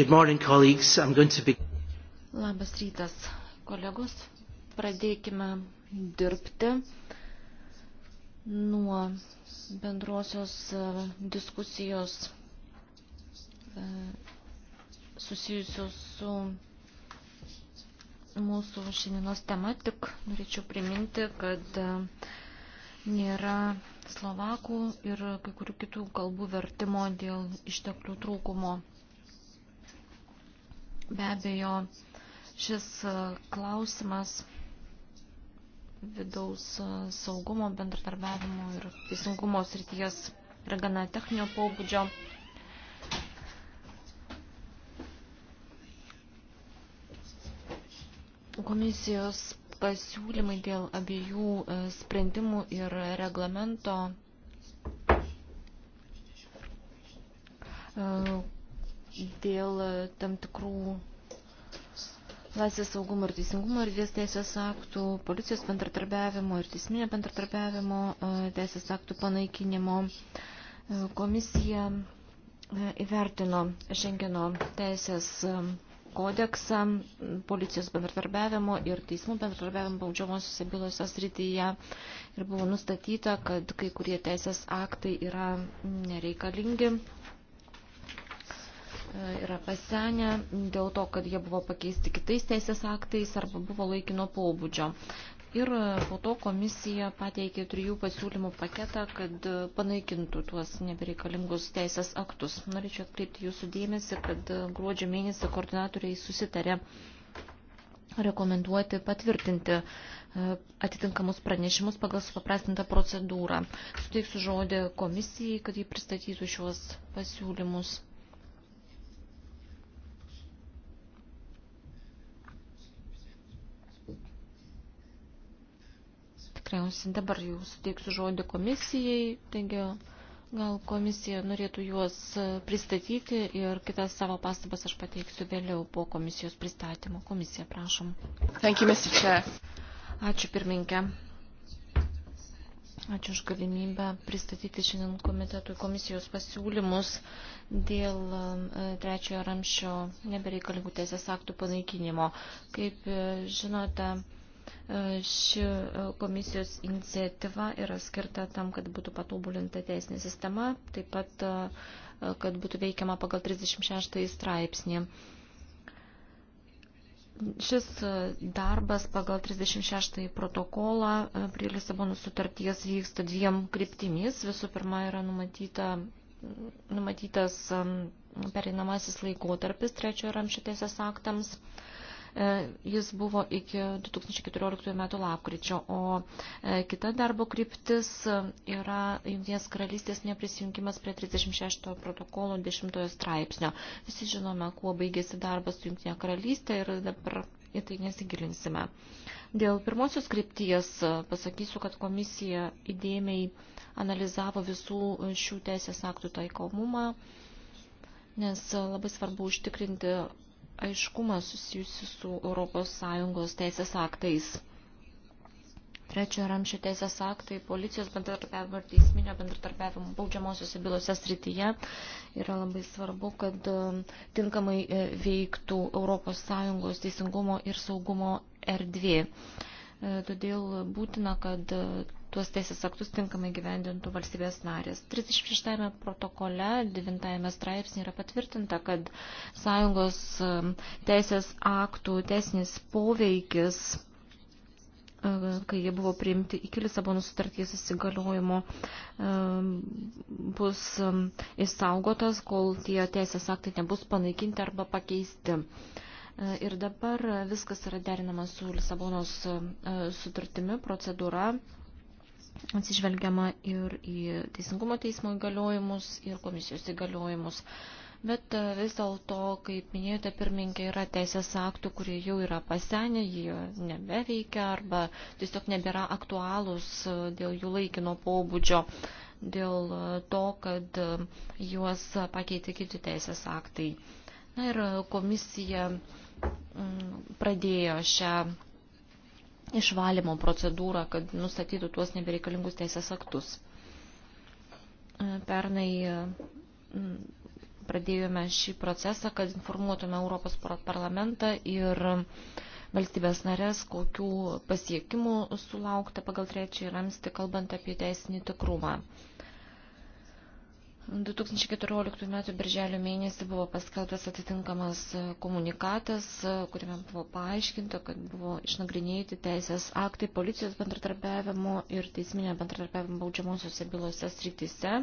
Good morning, colleagues. I'm going to be... Labas rytas, kolegos. Pradėkime dirbti nuo bendrosios e, diskusijos e, susijusios su mūsų šiandienos tema. Tik norėčiau priminti, kad e, nėra slovakų ir kai kurių kitų kalbų vertimo dėl išteklių trūkumo. Be abejo, šis e, klausimas vidaus e, saugumo bendradarbiavimo ir teisingumo srities yra gana techninio pobūdžio. Komisijos pasiūlymai dėl abiejų e, sprendimų ir reglamento dėl e, tam tikrų laisvės saugumo ir teisingumo ir vies teisės aktų, policijos bendratarbiavimo ir teisminio bendratarbiavimo e, teisės aktų panaikinimo. E, komisija įvertino Šengeno teisės kodeksą policijos bendradarbiavimo ir teismų bendradarbiavimo baudžiamosiuose bylose srityje ir buvo nustatyta, kad kai kurie teisės aktai yra nereikalingi yra pasenę dėl to, kad jie buvo pakeisti kitais teisės aktais arba buvo laikino pobūdžio. Ir po to komisija pateikė trijų pasiūlymų paketą, kad panaikintų tuos nebereikalingus teisės aktus. Norėčiau atkreipti jūsų dėmesį, kad gruodžio mėnesį koordinatoriai susitarė rekomenduoti patvirtinti e, atitinkamus pranešimus pagal supaprastintą procedūrą. Suteiksiu žodį komisijai, kad jį pristatytų šiuos pasiūlymus. Tikriausiai dabar jau suteiksiu žodį komisijai, taigi gal komisija norėtų juos e, pristatyti ir kitas savo pastabas aš pateiksiu vėliau po komisijos pristatymo. Komisija, prašom. Thank you, Mr. Chair. Ačiū pirminkė. Ačiū už galimybę pristatyti šiandien komitetui komisijos pasiūlymus dėl e, trečiojo ramščio nebereikalingų teisės aktų panaikinimo. Kaip e, žinote, Ši e, komisijos iniciatyva yra skirta tam, kad būtų patobulinta teisinė sistema, taip pat, e, kad būtų veikiama pagal 36 straipsnį. Šis e, darbas pagal 36 protokolą prie Lisabonų sutarties vyksta dviem kryptimis. Visų pirma yra numatyta, numatytas pereinamasis laikotarpis trečiojo ramšio teisės aktams. E, jis buvo iki 2014 metų lapkričio, o e, kita darbo kryptis e, yra Jungtinės karalystės neprisijungimas prie 36 protokolo 10 straipsnio. Visi žinome, kuo baigėsi darbas su Jungtinė karalystė ir dabar į tai nesigilinsime. Dėl pirmosios krypties pasakysiu, kad komisija įdėmiai analizavo visų šių teisės aktų taikomumą, nes labai svarbu užtikrinti aiškumą susijusi su ES teisės aktais. Trečio ramšio teisės aktai policijos bendratarpiavimo ir teisminio bendratarpiavimo baudžiamosiose bylose srityje yra labai svarbu, kad um, tinkamai e, veiktų ES teisingumo ir saugumo erdvė. E, todėl būtina, kad tuos teisės aktus tinkamai gyvendintų valstybės narės. 36 protokole 9 straipsnė yra patvirtinta, kad sąjungos um, teisės aktų teisinis poveikis uh, kai jie buvo priimti iki Lisabono sutarties įsigaliojimo, um, bus įsaugotas, um, kol tie teisės aktai nebus panaikinti arba pakeisti. Uh, ir dabar viskas yra derinama su Lisabonos uh, sutartimi, procedūra atsižvelgiama ir į Teisingumo teismo įgaliojimus ir komisijos įgaliojimus. Bet e, vis dėlto, kaip minėjote, pirmininkė yra teisės aktų, kurie jau yra pasenę, jie nebeveikia arba tiesiog nebėra aktualūs e, dėl jų laikino pobūdžio, dėl e, to, kad juos pakeitė kiti teisės aktai. Na ir komisija pradėjo šią išvalymo procedūrą, kad nustatytų tuos nebereikalingus teisės aktus. E, pernai e, pradėjome šį procesą, kad informuotume Europos parlamentą ir valstybės narės, kokių pasiekimų sulaukta pagal trečiąjį ramstį, kalbant apie teisinį tikrumą. 2014 m. birželio mėnesį buvo paskelbtas atitinkamas komunikatas, kuriame buvo paaiškinta, kad buvo išnagrinėti teisės aktai policijos bendratarpiavimo ir teisminio bendratarpiavimo baudžiamosiuose bylose srityse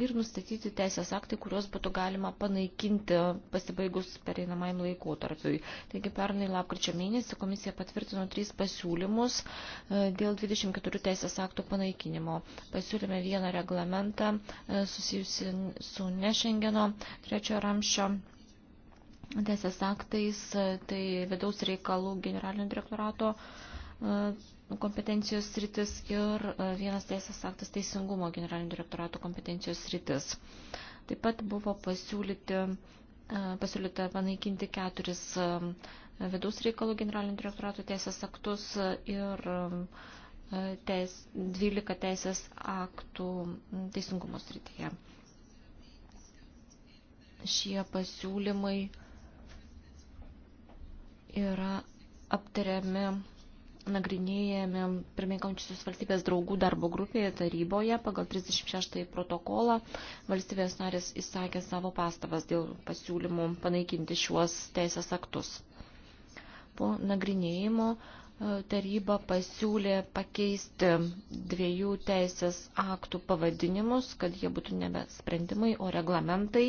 ir nustatyti teisės aktai, kuriuos būtų galima panaikinti pasibaigus pereinamajam laikotarpiui. Taigi pernai lapkričio mėnesį komisija patvirtino trys pasiūlymus e, dėl 24 teisės aktų panaikinimo. Pasiūlyme vieną reglamentą e, susijusi su nešengeno trečiojo ramščio teisės aktais, e, tai vidaus reikalų generalinio direktorato kompetencijos sritis ir e, vienas teisės aktas teisingumo generalinio direktorato kompetencijos sritis. Taip pat buvo pasiūlyti, e, pasiūlyta panaikinti keturis e, vidaus reikalų generalinio direktorato teisės aktus ir teis, 12 teisės aktų teisingumo srityje. Šie pasiūlymai yra aptariami nagrinėjami pirmininkaujančiosios valstybės draugų darbo grupėje taryboje pagal 36 protokolą valstybės narės įsakė savo pastabas dėl pasiūlymų panaikinti šiuos teisės aktus. Po nagrinėjimo e, taryba pasiūlė pakeisti dviejų teisės aktų pavadinimus, kad jie būtų nebe sprendimai, o reglamentai.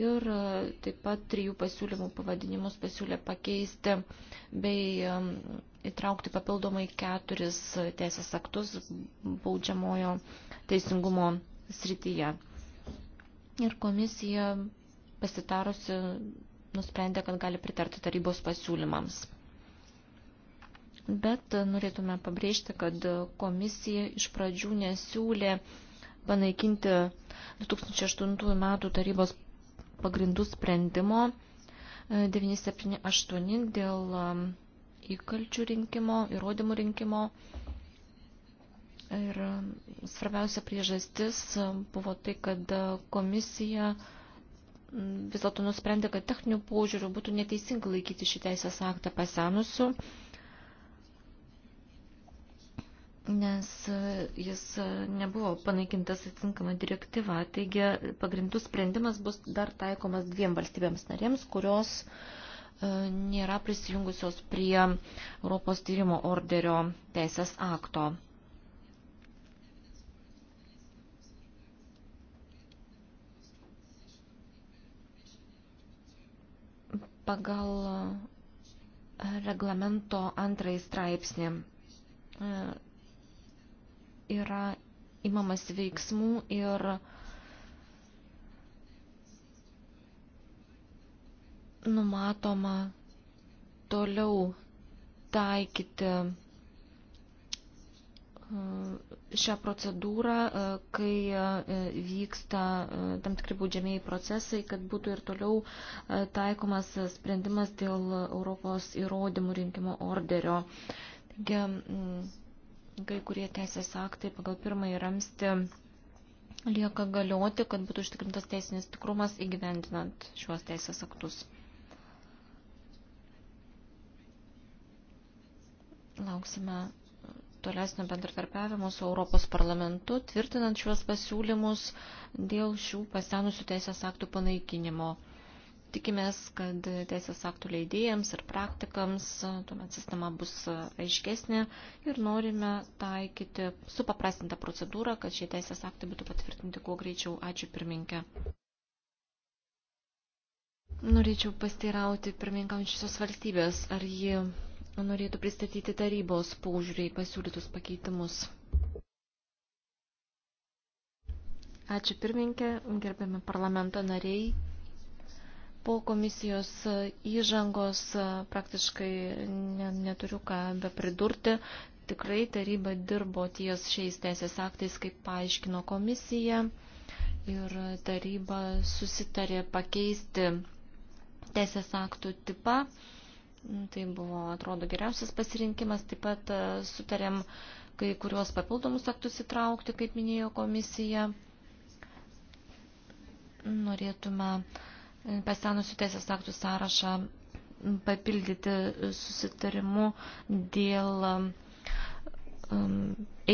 Ir e, taip pat trijų pasiūlymų pavadinimus pasiūlė pakeisti bei įtraukti papildomai keturis teisės aktus baudžiamojo teisingumo srityje. Ir komisija pasitarusi nusprendė, kad gali pritarti tarybos pasiūlymams. Bet norėtume pabrėžti, kad komisija iš pradžių nesiūlė panaikinti 2008 metų tarybos pagrindų sprendimo 978 e, dėl įkalčių rinkimo, įrodymų rinkimo. Ir um, svarbiausia priežastis um, buvo tai, kad uh, komisija mm, vis dėlto nusprendė, kad techninių požiūrių būtų neteisinga laikyti šį teisės aktą pasenusiu, nes uh, jis uh, nebuvo panaikintas atitinkama direktyva. Taigi pagrindų sprendimas bus dar taikomas dviem valstybėms narėms, kurios uh, E, nėra prisijungusios prie Europos tyrimo orderio teisės akto. Pagal reglamento antrąjį straipsnį e, yra imamas veiksmų ir uh, numatoma toliau taikyti e, šią procedūrą, e, kai e, vyksta tam tikri baudžiamieji procesai, kad būtų ir toliau taikomas sprendimas dėl Europos įrodymų rinkimo orderio. Taigi, kai kurie teisės aktai pagal pirmąjį ramsti lieka galioti, kad būtų užtikrintas teisinis tikrumas įgyvendinant šiuos teisės aktus. Lauksime e, tolesnio bendradarbiavimo su Europos parlamentu, tvirtinant šiuos pasiūlymus dėl šių pasenusių teisės aktų panaikinimo. Tikimės, kad teisės aktų leidėjams ir praktikams e, tuomet sistema bus e, aiškesnė ir norime taikyti supaprastintą procedūrą, kad šie teisės aktai būtų patvirtinti kuo greičiau. Ačiū pirminkė. Norėčiau pasteirauti pirmininkaujančiosios valstybės, ar ji Nu, norėtų pristatyti tarybos paužiūrį į pasiūlytus pakeitimus. Ačiū pirmininkė, gerbiami parlamento nariai. Po komisijos įžangos e, praktiškai neturiu ką be pridurti. Tikrai taryba dirbo ties šiais teisės aktais, kaip paaiškino komisija. Ir taryba susitarė pakeisti teisės aktų tipą Tai buvo, atrodo, geriausias pasirinkimas. Taip pat e, sutarėm kai kuriuos papildomus aktus įtraukti, kaip minėjo komisija. Norėtume e, pasenusių teisės aktų sąrašą papildyti e, susitarimu dėl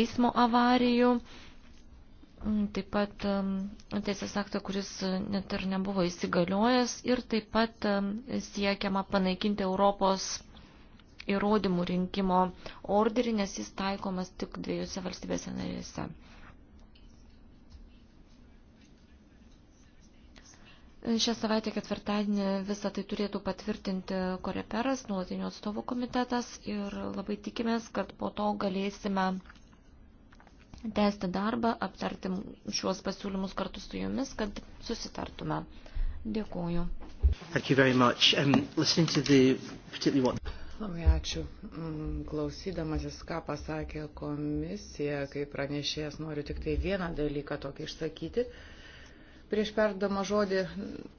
eismo avarijų. Mm, taip pat mm, teisės aktą, kuris e, net ir nebuvo įsigaliojęs ir taip pat e, siekiama panaikinti Europos įrodymų rinkimo orderį, nes jis taikomas tik dviejose valstybėse narėse. Šią savaitę ketvirtadienį visą tai turėtų patvirtinti Koreperas, nuolatinio atstovų komitetas ir labai tikimės, kad po to galėsime tęsti darbą, aptarti šiuos pasiūlymus kartu su jumis, kad susitartume. Dėkuoju. Um, Labai ačiū. Mm, klausydamasis, ką pasakė komisija, kaip pranešėjas, noriu tik tai vieną dalyką tokį išsakyti. Uh, Prieš perdama žodį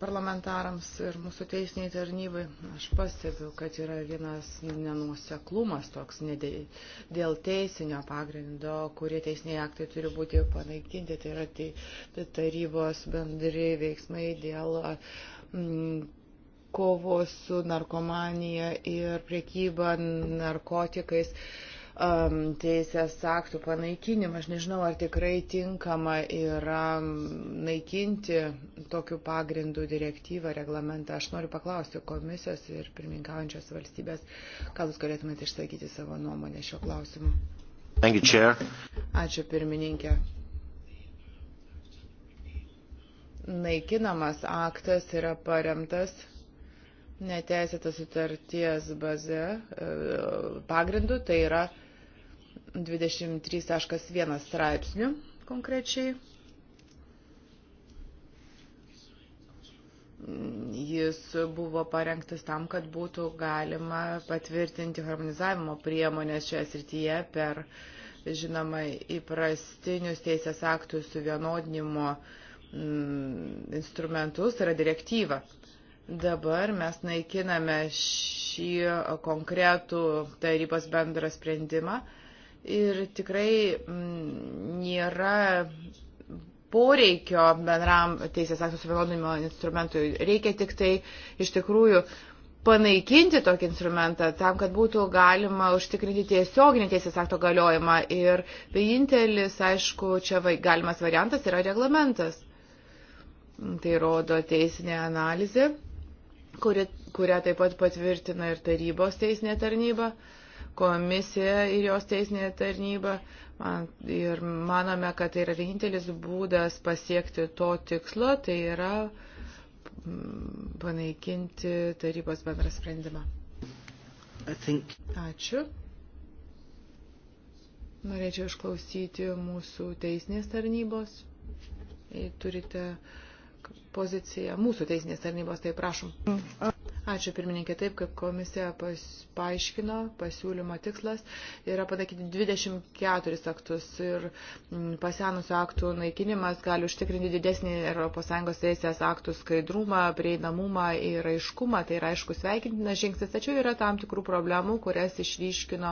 parlamentarams ir mūsų teisiniai tarnybai, aš pastebiu, kad yra vienas nenuoseklumas toks nedė, dėl teisinio pagrindo, kurie teisiniai aktai turi būti panaikinti. Tai yra tai, tai tarybos bendri veiksmai dėl mm, kovos su narkomanija ir priekyba narkotikais. Mm, um, teisės aktų panaikinimą. Aš nežinau, ar tikrai tinkama yra um, naikinti tokiu pagrindu direktyvą, reglamentą. Aš noriu paklausti komisijos ir pirmininkaujančios valstybės, gal jūs galėtumėte išsakyti savo nuomonę šio klausimu. Ačiū pirmininkė naikinamas aktas yra paremtas neteisėtas sutarties baze e, pagrindu, tai yra 23.1 straipsnių konkrečiai. Jis buvo parengtas tam, kad būtų galima patvirtinti harmonizavimo priemonės šioje srityje per, žinoma, įprastinius teisės aktų suvienodinimo mm, instrumentus, tai yra direktyva. Dabar mes naikiname šį konkretų tarybos bendrą sprendimą ir tikrai mm, nėra poreikio bendram teisės aktų suvienodinimo instrumentui. Reikia tik tai iš tikrųjų panaikinti tokį instrumentą tam, kad būtų galima užtikrinti tiesioginį teisės akto galiojimą. Ir vienintelis, aišku, čia galimas variantas yra reglamentas. Tai rodo teisinė analizė, kuri, kurią taip pat patvirtina ir tarybos teisinė tarnyba. Uh, komisija ir jos teisinė tarnyba. Man, ir manome, kad tai yra vienintelis būdas pasiekti to tikslo, tai yra mm, panaikinti tarybos bendrą sprendimą. Think... Ačiū. Norėčiau išklausyti mūsų teisinės tarnybos. Jei turite poziciją mūsų teisinės tarnybos, tai prašom. Ačiū pirmininkė, taip kaip komisija pas, paaiškino, pasiūlymo tikslas yra padaryti 24 aktus ir mm, pasenusių aktų naikinimas gali užtikrinti didesnį ES teisės aktų skaidrumą, prieinamumą ir aiškumą. Tai yra aišku sveikintinas žingsnis, tačiau yra tam tikrų problemų, kurias išryškino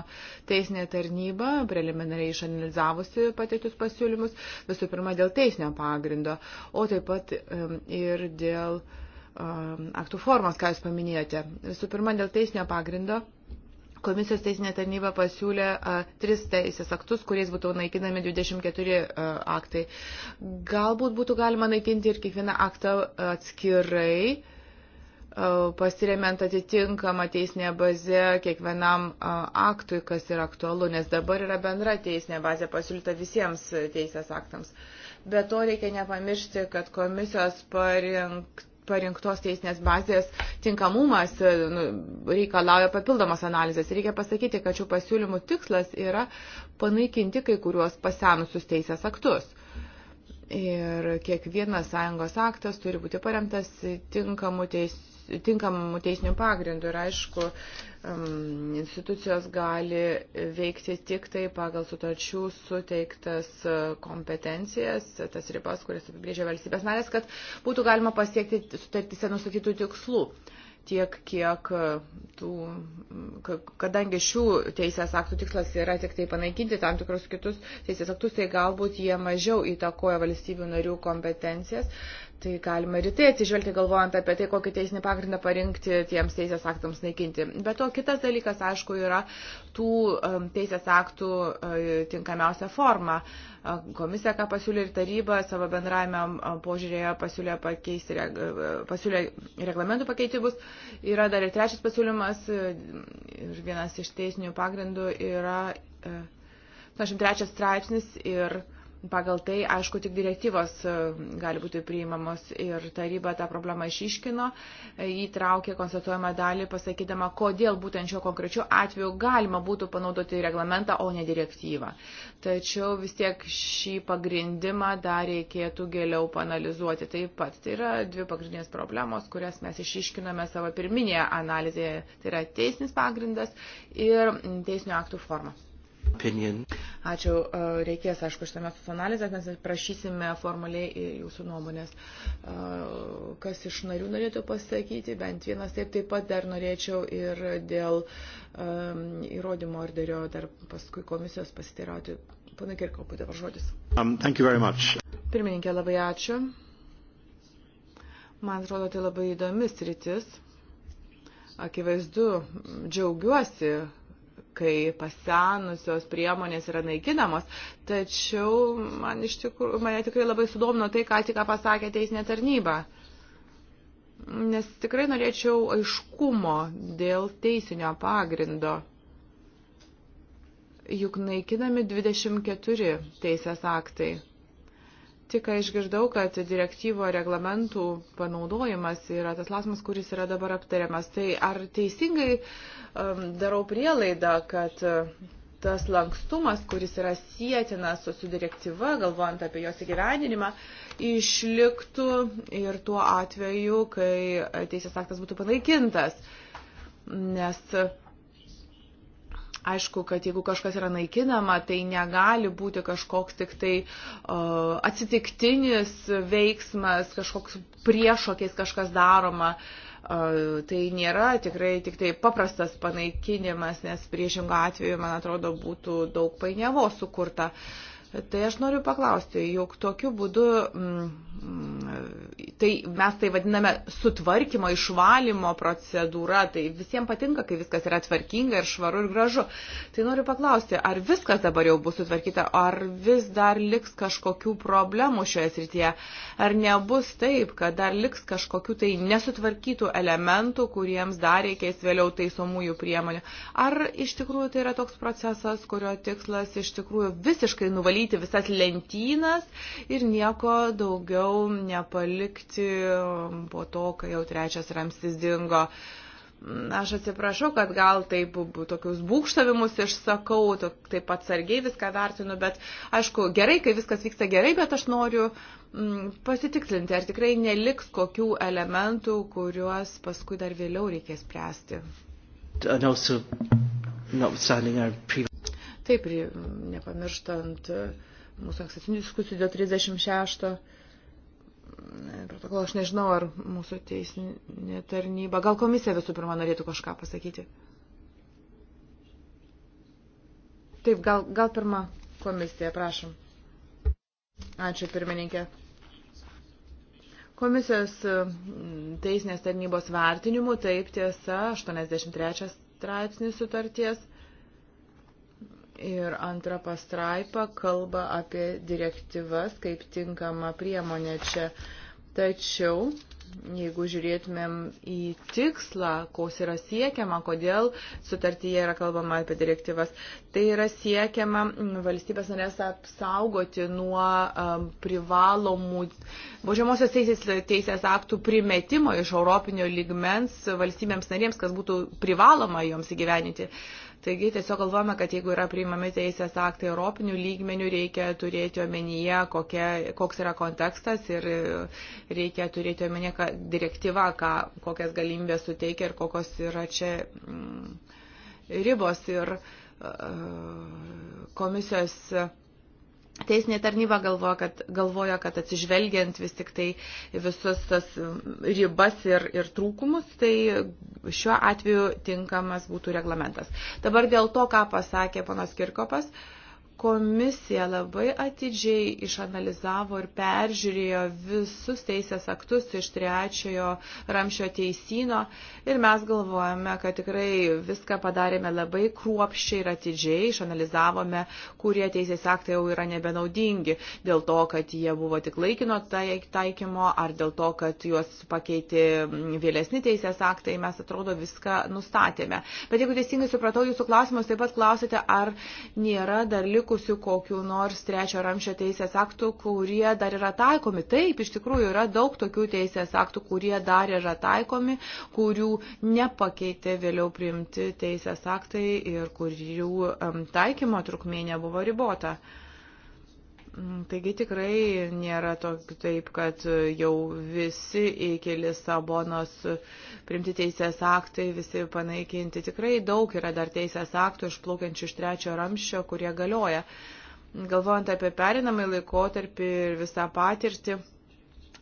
teisinė tarnyba, preliminariai išanalizavusi pateiktus pasiūlymus, visų pirma dėl teisinio pagrindo, o taip pat ir dėl. Um, Um, aktų formos, ką Jūs paminėjote. Visų pirma, dėl teisinio pagrindo. Komisijos teisinė tarnyba pasiūlė a, tris teisės aktus, kuriais būtų naikinami 24 a, aktai. Galbūt būtų galima naikinti ir kiekvieną aktą atskirai, pasiremiant atitinkamą teisinę bazę kiekvienam aktui, kas yra aktualu, nes dabar yra bendra teisinė bazė pasiūlyta visiems teisės aktams. Bet to reikia nepamiršti, kad komisijos parinkt parinktos teisinės bazės tinkamumas e, nu, reikalauja papildomos analizės. Reikia pasakyti, kad šių pasiūlymų tikslas yra panaikinti kai kuriuos pasenusius teisės aktus. Ir kiekvienas sąjungos aktas turi būti paremtas tinkamu teisės tinkamų teisinių pagrindų ir aišku, institucijos gali veikti tik tai pagal sutarčių suteiktas e, kompetencijas, tas ribas, kurias apibrėžia valstybės narės, kad būtų galima pasiekti sutartise nustatytų tikslų tiek kiek e, tų, kadangi šių teisės aktų tikslas yra tik tai panaikinti tam tikrus kitus teisės aktus, tai galbūt jie mažiau įtakoja valstybių narių kompetencijas, Tai galima ir tai atsižvelgti galvojant apie tai, kokį teisinį pagrindą parinkti tiems teisės aktams naikinti. Bet to kitas dalykas, aišku, yra tų teisės aktų e, tinkamiausia forma. E, komisija, ką pasiūlė ir taryba, savo bendraime požiūrėje pasiūlė, pakeisti, e, pasiūlė reglamentų pakeitimus. Yra dar ir trečias pasiūlymas ir vienas iš teisinių pagrindų yra 83 straipsnis ir Pagal tai, aišku, tik direktyvos e, gali būti priimamos ir taryba tą problemą išiškino, e, įtraukė konstatuojamą dalį, pasakydama, kodėl būtent šiuo konkrečiu atveju galima būtų panaudoti reglamentą, o ne direktyvą. Tačiau vis tiek šį pagrindimą dar reikėtų gėliau panalizuoti taip pat. Tai yra dvi pagrindinės problemos, kurias mes išiškinome savo pirminėje analizėje. Tai yra teisinis pagrindas ir teisinių aktų forma. Opinion. Ačiū. E, reikės, aišku, šitame analizės, mes prašysime formaliai jūsų nuomonės, e, kas iš narių norėtų pasakyti, bent vienas taip taip pat dar norėčiau ir dėl um, įrodymo orderio dar paskui komisijos pasitirauti. Pana Kirkaupui dabar žodis. Um, Pirmininkė, labai ačiū. Man atrodo, tai labai įdomis rytis. Akivaizdu, džiaugiuosi, kai pasenusios priemonės yra naikinamos. Tačiau man iš tikrųjų, mane tikrai labai sudomino tai, ką tik pasakė teisinė tarnyba. Nes tikrai norėčiau aiškumo dėl teisinio pagrindo. Juk naikinami 24 teisės aktai. Tik ką išgirdau, kad direktyvo reglamentų panaudojimas yra tas lasmas, kuris yra dabar aptariamas. Tai ar teisingai um, darau prielaidą, kad uh, tas lankstumas, kuris yra sėtinas su, su direktyva, galvojant apie jos įgyvendinimą, išliktų ir tuo atveju, kai uh, teisės aktas būtų panaikintas. Nes uh, Aišku, kad jeigu kažkas yra naikinama, tai negali būti kažkoks tik tai uh, atsitiktinis veiksmas, kažkoks priešokiais kažkas daroma. Uh, tai nėra tikrai tik tai paprastas panaikinimas, nes priešingą atveju, man atrodo, būtų daug painiavos sukurta. Uh, Tai aš noriu paklausti, juk tokiu būdu, mm, tai mes tai vadiname sutvarkymo, išvalymo procedūra, tai visiems patinka, kai viskas yra tvarkinga ir švaru ir gražu. Tai noriu paklausti, ar viskas dabar jau bus sutvarkyta, ar vis dar liks kažkokių problemų šioje srityje, ar nebus taip, kad dar liks kažkokių tai nesutvarkytų elementų, kuriems dar reikės vėliau taisomųjų priemonių. Ar iš tikrųjų tai yra toks procesas, kurio tikslas iš tikrųjų visiškai nuvalyti uždaryti visas lentynas ir nieko daugiau nepalikti po to, kai jau trečias ramstis dingo. Aš atsiprašau, kad gal taip tokius būkštavimus išsakau, taip atsargiai viską vertinu, bet aišku, gerai, kai viskas vyksta gerai, bet aš noriu mm, pasitikslinti, ar tikrai neliks kokių elementų, kuriuos paskui dar vėliau reikės spręsti. Our... Taip, nepamirštant mūsų ankstesnių diskusijų dėl 36 protokolo, aš nežinau, ar mūsų teisinė tarnyba, gal komisija visų pirma norėtų kažką pasakyti. Taip, gal, gal pirma komisija, prašom. Ačiū, pirmininkė. Komisijos teisinės tarnybos vertinimu, taip tiesa, 83 straipsnis sutarties Ir antra pastraipa kalba apie direktyvas kaip tinkamą priemonę čia. Tačiau, jeigu žiūrėtumėm į tikslą, kos yra siekiama, kodėl sutartyje yra kalbama apie direktyvas, tai yra siekiama valstybės narės apsaugoti nuo um, privalomų baudžiamosios teisės, teisės aktų primetimo iš europinio ligmens valstybėms narėms, kas būtų privaloma joms įgyveninti. Uh, Taigi tiesiog galvojame, kad jeigu yra priimami teisės aktai Europinių lygmenių, reikia turėti omenyje, kokia, koks yra kontekstas ir e, reikia turėti omenyje kad direktyva, ką, kokias galimybės suteikia ir kokios yra čia mm, ribos. Ir, uh, komisijos uh, Teisinė tarnyba galvoja, kad, galvoja, kad atsižvelgiant vis tik tai visus tas ribas ir, ir trūkumus, tai šiuo atveju tinkamas būtų reglamentas. Dabar dėl to, ką pasakė panas Kirkopas, uh, Komisija labai atidžiai išanalizavo ir peržiūrėjo visus teisės aktus iš trečiojo ramšio teisino ir mes galvojame, kad tikrai viską padarėme labai kruopščiai ir atidžiai, išanalizavome, kurie teisės aktai jau yra nebenaudingi, dėl to, kad jie buvo tik laikino tai-, taikymo ar dėl to, kad juos pakeitė vėlesni teisės aktai, mes atrodo viską nustatėme. Bet jeigu teisingai supratau jūsų klausimus, taip pat klausėte, ar nėra dar liko likusių kokių nors trečio ramšio teisės aktų, kurie dar yra taikomi. Taip, iš tikrųjų yra daug tokių teisės aktų, kurie dar yra taikomi, kurių nepakeitė vėliau priimti teisės aktai ir kurių um, taikymo trukmė nebuvo ribota. Uh, Mm, taigi tikrai nėra to, taip, kad jau visi iki Lisabonos primti teisės aktai, visi panaikinti. Tikrai daug yra dar teisės aktų išplaukiančių iš trečio ramščio, kurie galioja. Galvojant apie perinamą laikotarpį ir visą patirtį,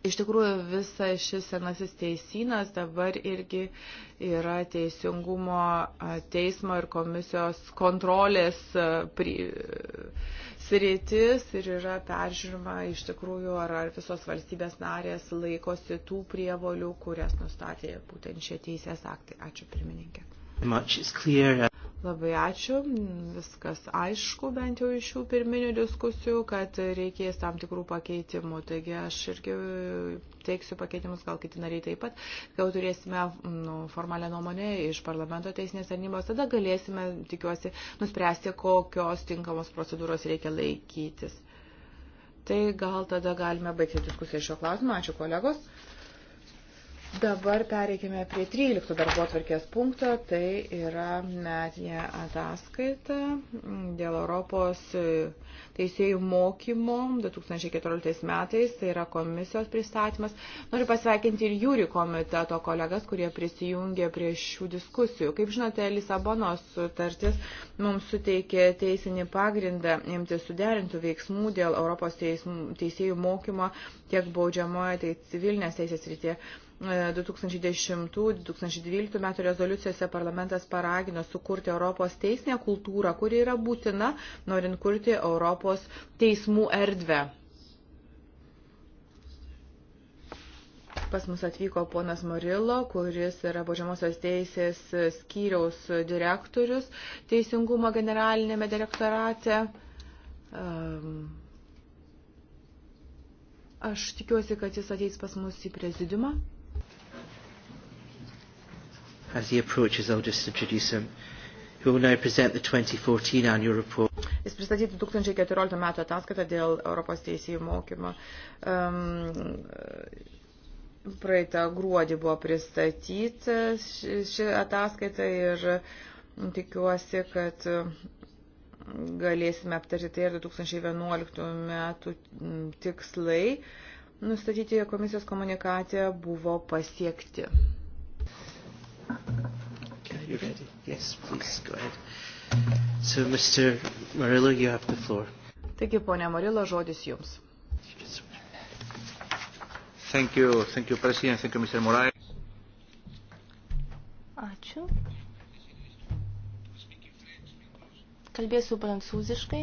iš tikrųjų visas šis senasis teisinas dabar irgi yra teisingumo teismo ir komisijos kontrolės. Pri, sritis ir yra peržiūrima iš tikrųjų, ar, ar visos valstybės narės laikosi tų prievolių, kurias nustatė būtent šie teisės aktai. Ačiū pirmininkė. Labai ačiū, viskas aišku bent jau iš šių pirminių diskusijų, kad reikės tam tikrų pakeitimų. Taigi aš irgi teiksiu pakeitimus, gal kiti nariai taip pat, kai jau turėsime nu, formalią nuomonę iš parlamento teisinės tarnybos, tada galėsime, tikiuosi, nuspręsti, kokios tinkamos procedūros reikia laikytis. Tai gal tada galime baigti diskusiją šio klausimu. Ačiū kolegos. Dabar pereikime prie 13 darbo atvarkės punkto, tai yra metinė ataskaita dėl Europos teisėjų mokymo 2014 metais, tai yra komisijos pristatymas. Noriu pasveikinti ir jūri komiteto kolegas, kurie prisijungė prie šių diskusijų. Kaip žinote, Lisabonos sutartis mums suteikė teisinį pagrindą imti suderintų veiksmų dėl Europos teisėjų mokymo tiek baudžiamoje, tai civilinės teisės rytėje. 2010-2012 metų rezoliucijose parlamentas paragino sukurti Europos teisinę kultūrą, kuri yra būtina, norint kurti Europos teismų erdvę. Pas mus atvyko ponas Morilo, kuris yra baudžiamosios teisės skyriaus direktorius teisingumo generalinėme direktorate. Um, Aš tikiuosi, kad jis ateis pas mus į prezidiumą. As he approaches, I'll just introduce him. He will now present the 2014 annual report. Jis pristatys 2014 metų ataskaitą dėl Europos teisėjų mokymo. Um, praeitą gruodį buvo pristatyta ši ataskaita ir tikiuosi, kad galėsime aptarti tai ir 2011 metų tikslai nustatyti komisijos komunikate buvo pasiekti. Are you ready? Yes, please go ahead. So, Mr. Murillo, you have the floor. Taigi, ponia Murillo, žodis jums. Thank you, thank you, President. Thank you, Mr. Moraes. Ačiū. Kalbėsiu prancūziškai.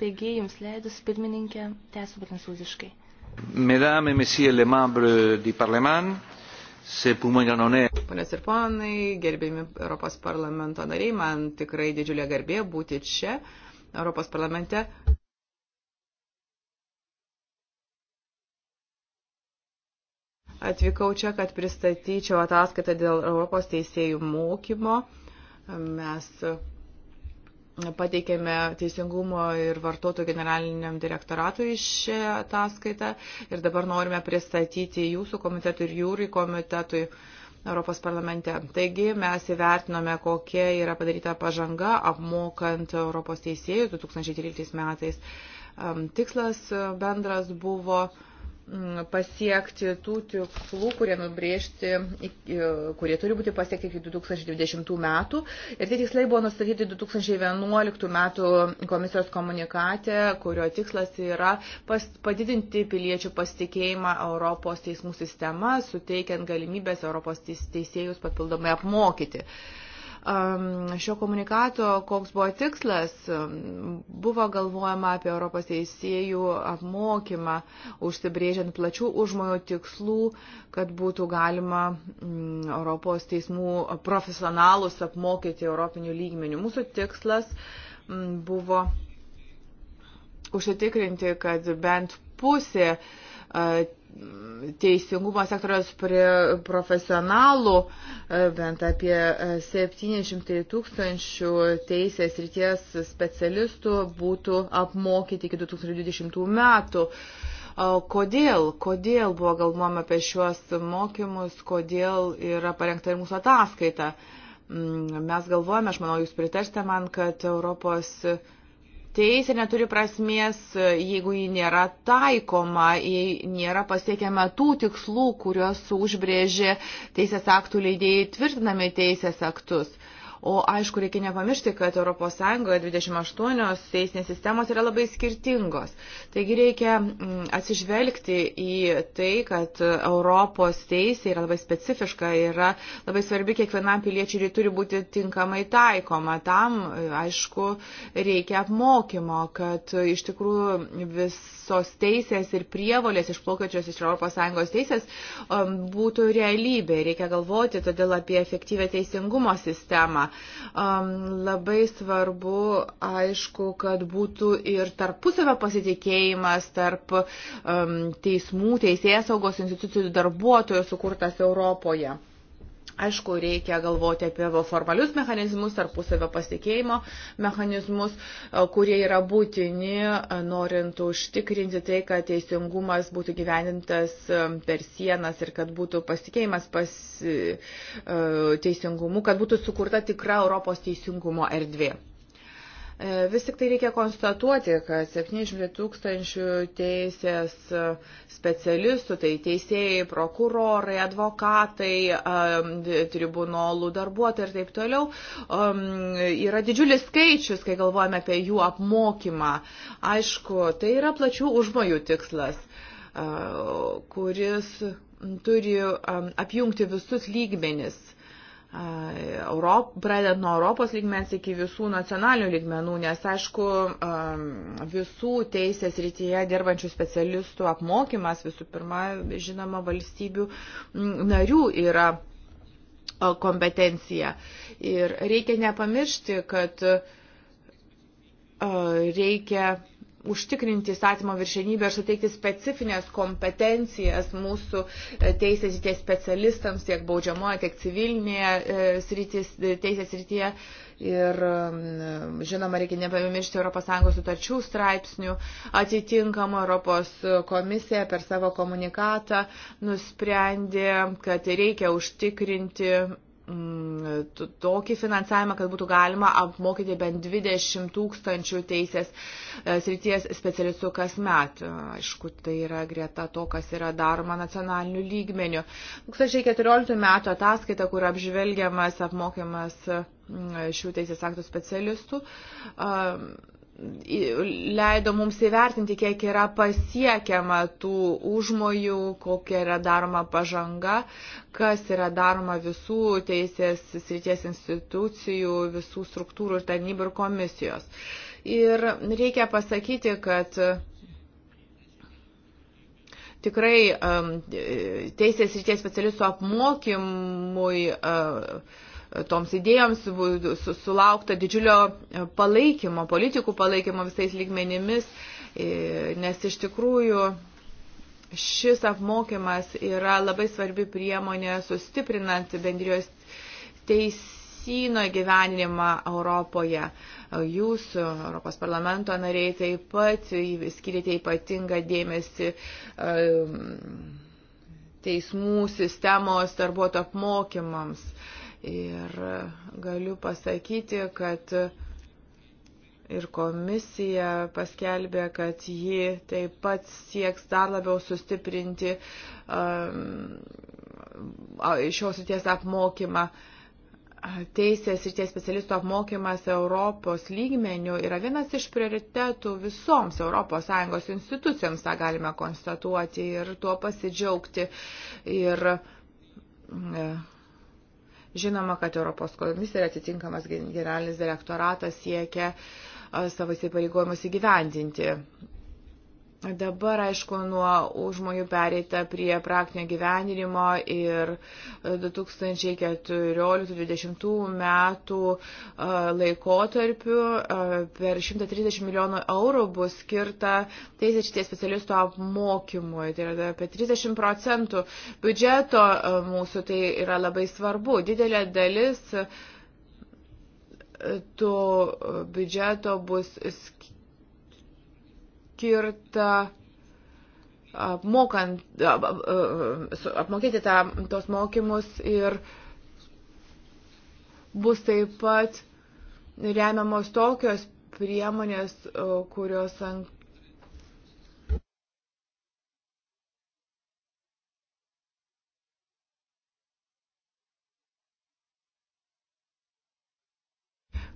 Taigi, jums leidus pirmininkė, tęsiu prancūziškai. Mesdames et messieurs les membres du Parlement, Ponios ir ponai, gerbėmi Europos parlamento nariai, man tikrai didžiulė garbė būti čia, Europos parlamente. Atvykau čia, kad pristatyčiau ataskaitą dėl Europos teisėjų mokymo. Mes pateikėme Teisingumo ir vartotojų generaliniam direktoratui šią ataskaitą ir dabar norime pristatyti jūsų komitetui ir jūrų komitetui. Europos parlamente. Taigi mes įvertinome, kokia yra padaryta pažanga apmokant Europos teisėjų 2013 metais. Tikslas bendras buvo pasiekti tų tikslų, kurie nubrėžti, e, kurie turi būti pasiekti iki 2020 metų. Ir tie tikslai buvo nustatyti 2011 metų komisijos komunikate, kurio tikslas yra pas, padidinti piliečių pasitikėjimą Europos teismų sistema, suteikiant galimybės Europos teisėjus papildomai apmokyti. Uh, šio komunikato, koks buvo tikslas, buvo galvojama apie Europos teisėjų apmokymą, užsibrėžiant plačių užmojų tikslų, kad būtų galima Europos teismų profesionalus apmokyti Europinių lygmenių. Mūsų tikslas buvo užsitikrinti, kad bent pusė uh, teisingumo sektoriaus profesionalų, bent apie 700 tūkstančių teisės ryties specialistų būtų apmokyti iki 2020 metų. Kodėl, kodėl buvo galvojama apie šiuos mokymus, kodėl yra parengta ir mūsų ataskaita. Mm, mes galvojame, aš manau, jūs pritarsite man, kad Europos teisė neturi prasmės, jeigu ji nėra taikoma, jei nėra pasiekiama tų tikslų, kuriuos užbrėžė teisės aktų leidėjai tvirtinami teisės aktus. O aišku, reikia nepamiršti, kad ES 28 teisinės sistemos yra labai skirtingos. Taigi reikia mm, atsižvelgti į tai, kad Europos teisė yra labai specifiška, yra labai svarbi kiekvienam piliečiui ir ji turi būti tinkamai taikoma. Tam, aišku, reikia apmokymo, kad iš tikrųjų visos teisės ir prievolės išplaukiančios iš ES teisės um, būtų realybė. Reikia galvoti todėl apie efektyvę teisingumo sistemą um, labai svarbu, aišku, kad būtų ir tarpusavio pasitikėjimas tarp um, teismų, teisėsaugos institucijų darbuotojų sukurtas Europoje. Aišku, reikia galvoti apie formalius mechanizmus, tarpusavio pasikeimo mechanizmus, e, kurie yra būtini, e, norint užtikrinti tai, kad teisingumas būtų gyvenintas e, per sienas ir kad būtų pasikeimas pas teisingumu, kad būtų sukurta tikra Europos teisingumo erdvė. E, vis tik tai reikia konstatuoti, kad 70 tūkstančių teisės e, specialistų, tai teisėjai, prokurorai, advokatai, e, tribunolų darbuotojai ir taip toliau, yra didžiulis skaičius, kai galvojame apie jų apmokymą. Aišku, tai yra plačių užmojų tikslas, kuris turi apjungti visus lygmenis Europ, pradedant nuo Europos lygmens iki visų nacionalinių lygmenų, nes aišku, um, visų teisės rytyje dirbančių specialistų apmokymas visų pirma, žinoma, valstybių narių yra kompetencija. Ir reikia nepamiršti, kad reikia užtikrinti įstatymo viršenybę ir suteikti specifines kompetencijas mūsų e, teisės tie specialistams tiek baudžiamoje, tiek civilinėje e, sritis, e, teisės srityje. Ir žinoma, reikia nepamiršti ES sutarčių straipsnių. Atitinkama Europos komisija per savo komunikatą nusprendė, kad reikia užtikrinti Mm, tokį finansavimą, kad būtų galima apmokyti bent 20 tūkstančių teisės e, srities specialistų kas met. Aišku, tai yra greta to, kas yra daroma nacionaliniu lygmeniu. 2014 metų ataskaita, kur apžvelgiamas apmokiamas mm, šių teisės aktų specialistų, leido mums įvertinti, kiek yra pasiekiama tų užmojų, kokia yra daroma pažanga, kas yra daroma visų teisės srities institucijų, visų struktūrų ir tarnybų ir komisijos. Ir reikia pasakyti, kad tikrai um, teisės srities specialistų apmokymui uh, toms idėjoms sulaukta didžiulio e, palaikymo, politikų palaikymo visais lygmenimis, e, nes iš tikrųjų šis apmokymas yra labai svarbi priemonė sustiprinant bendrijos teisyno gyvenimą Europoje. Jūs, Europos parlamento nariai, taip pat skirite ypatingą dėmesį. Um, teismų sistemos darbuotojų apmokymams. Uh, Ir galiu pasakyti, kad ir komisija paskelbė, kad ji taip pat sieks dar labiau sustiprinti um, šios ryties apmokymą. Teisės ir tie specialistų apmokymas Europos lygmenių yra vienas iš prioritetų visoms ES institucijoms, tą galime konstatuoti ir tuo pasidžiaugti. Ir mm, Žinoma, kad Europos komisija ir atitinkamas generalinis direktoratas siekia savo įsipareigojimus įgyvendinti. Dabar, aišku, nuo užmojų pereita prie praktinio gyvenimo ir 2014-2020 e, metų e, laikotarpiu e, per 130 milijonų eurų bus skirta teisės šitie specialistų apmokymui. Tai yra apie 30 procentų biudžeto mūsų, tai yra labai svarbu. Didelė dalis to biudžeto bus skirta skirta apmokant, ap, ap, apmokėti tą, tos mokymus ir bus taip pat remiamos tokios priemonės, kurios anksčiau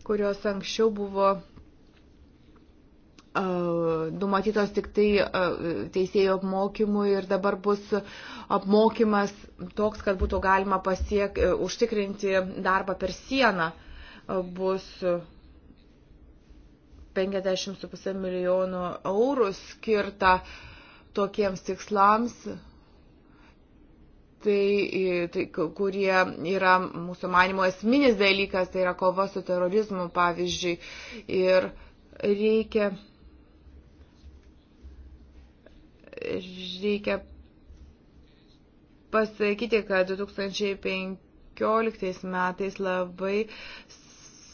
kurios anksčiau buvo numatytos tik tai teisėjų apmokymui ir dabar bus apmokymas toks, kad būtų galima pasiek, e, užtikrinti darbą per sieną. Bus 50,5 milijonų eurų skirta tokiems tikslams, tai, tai, kurie yra mūsų manimo esminis dalykas, tai yra kova su terorizmu, pavyzdžiui. Ir reikia reikia pasakyti, kad 2015 metais labai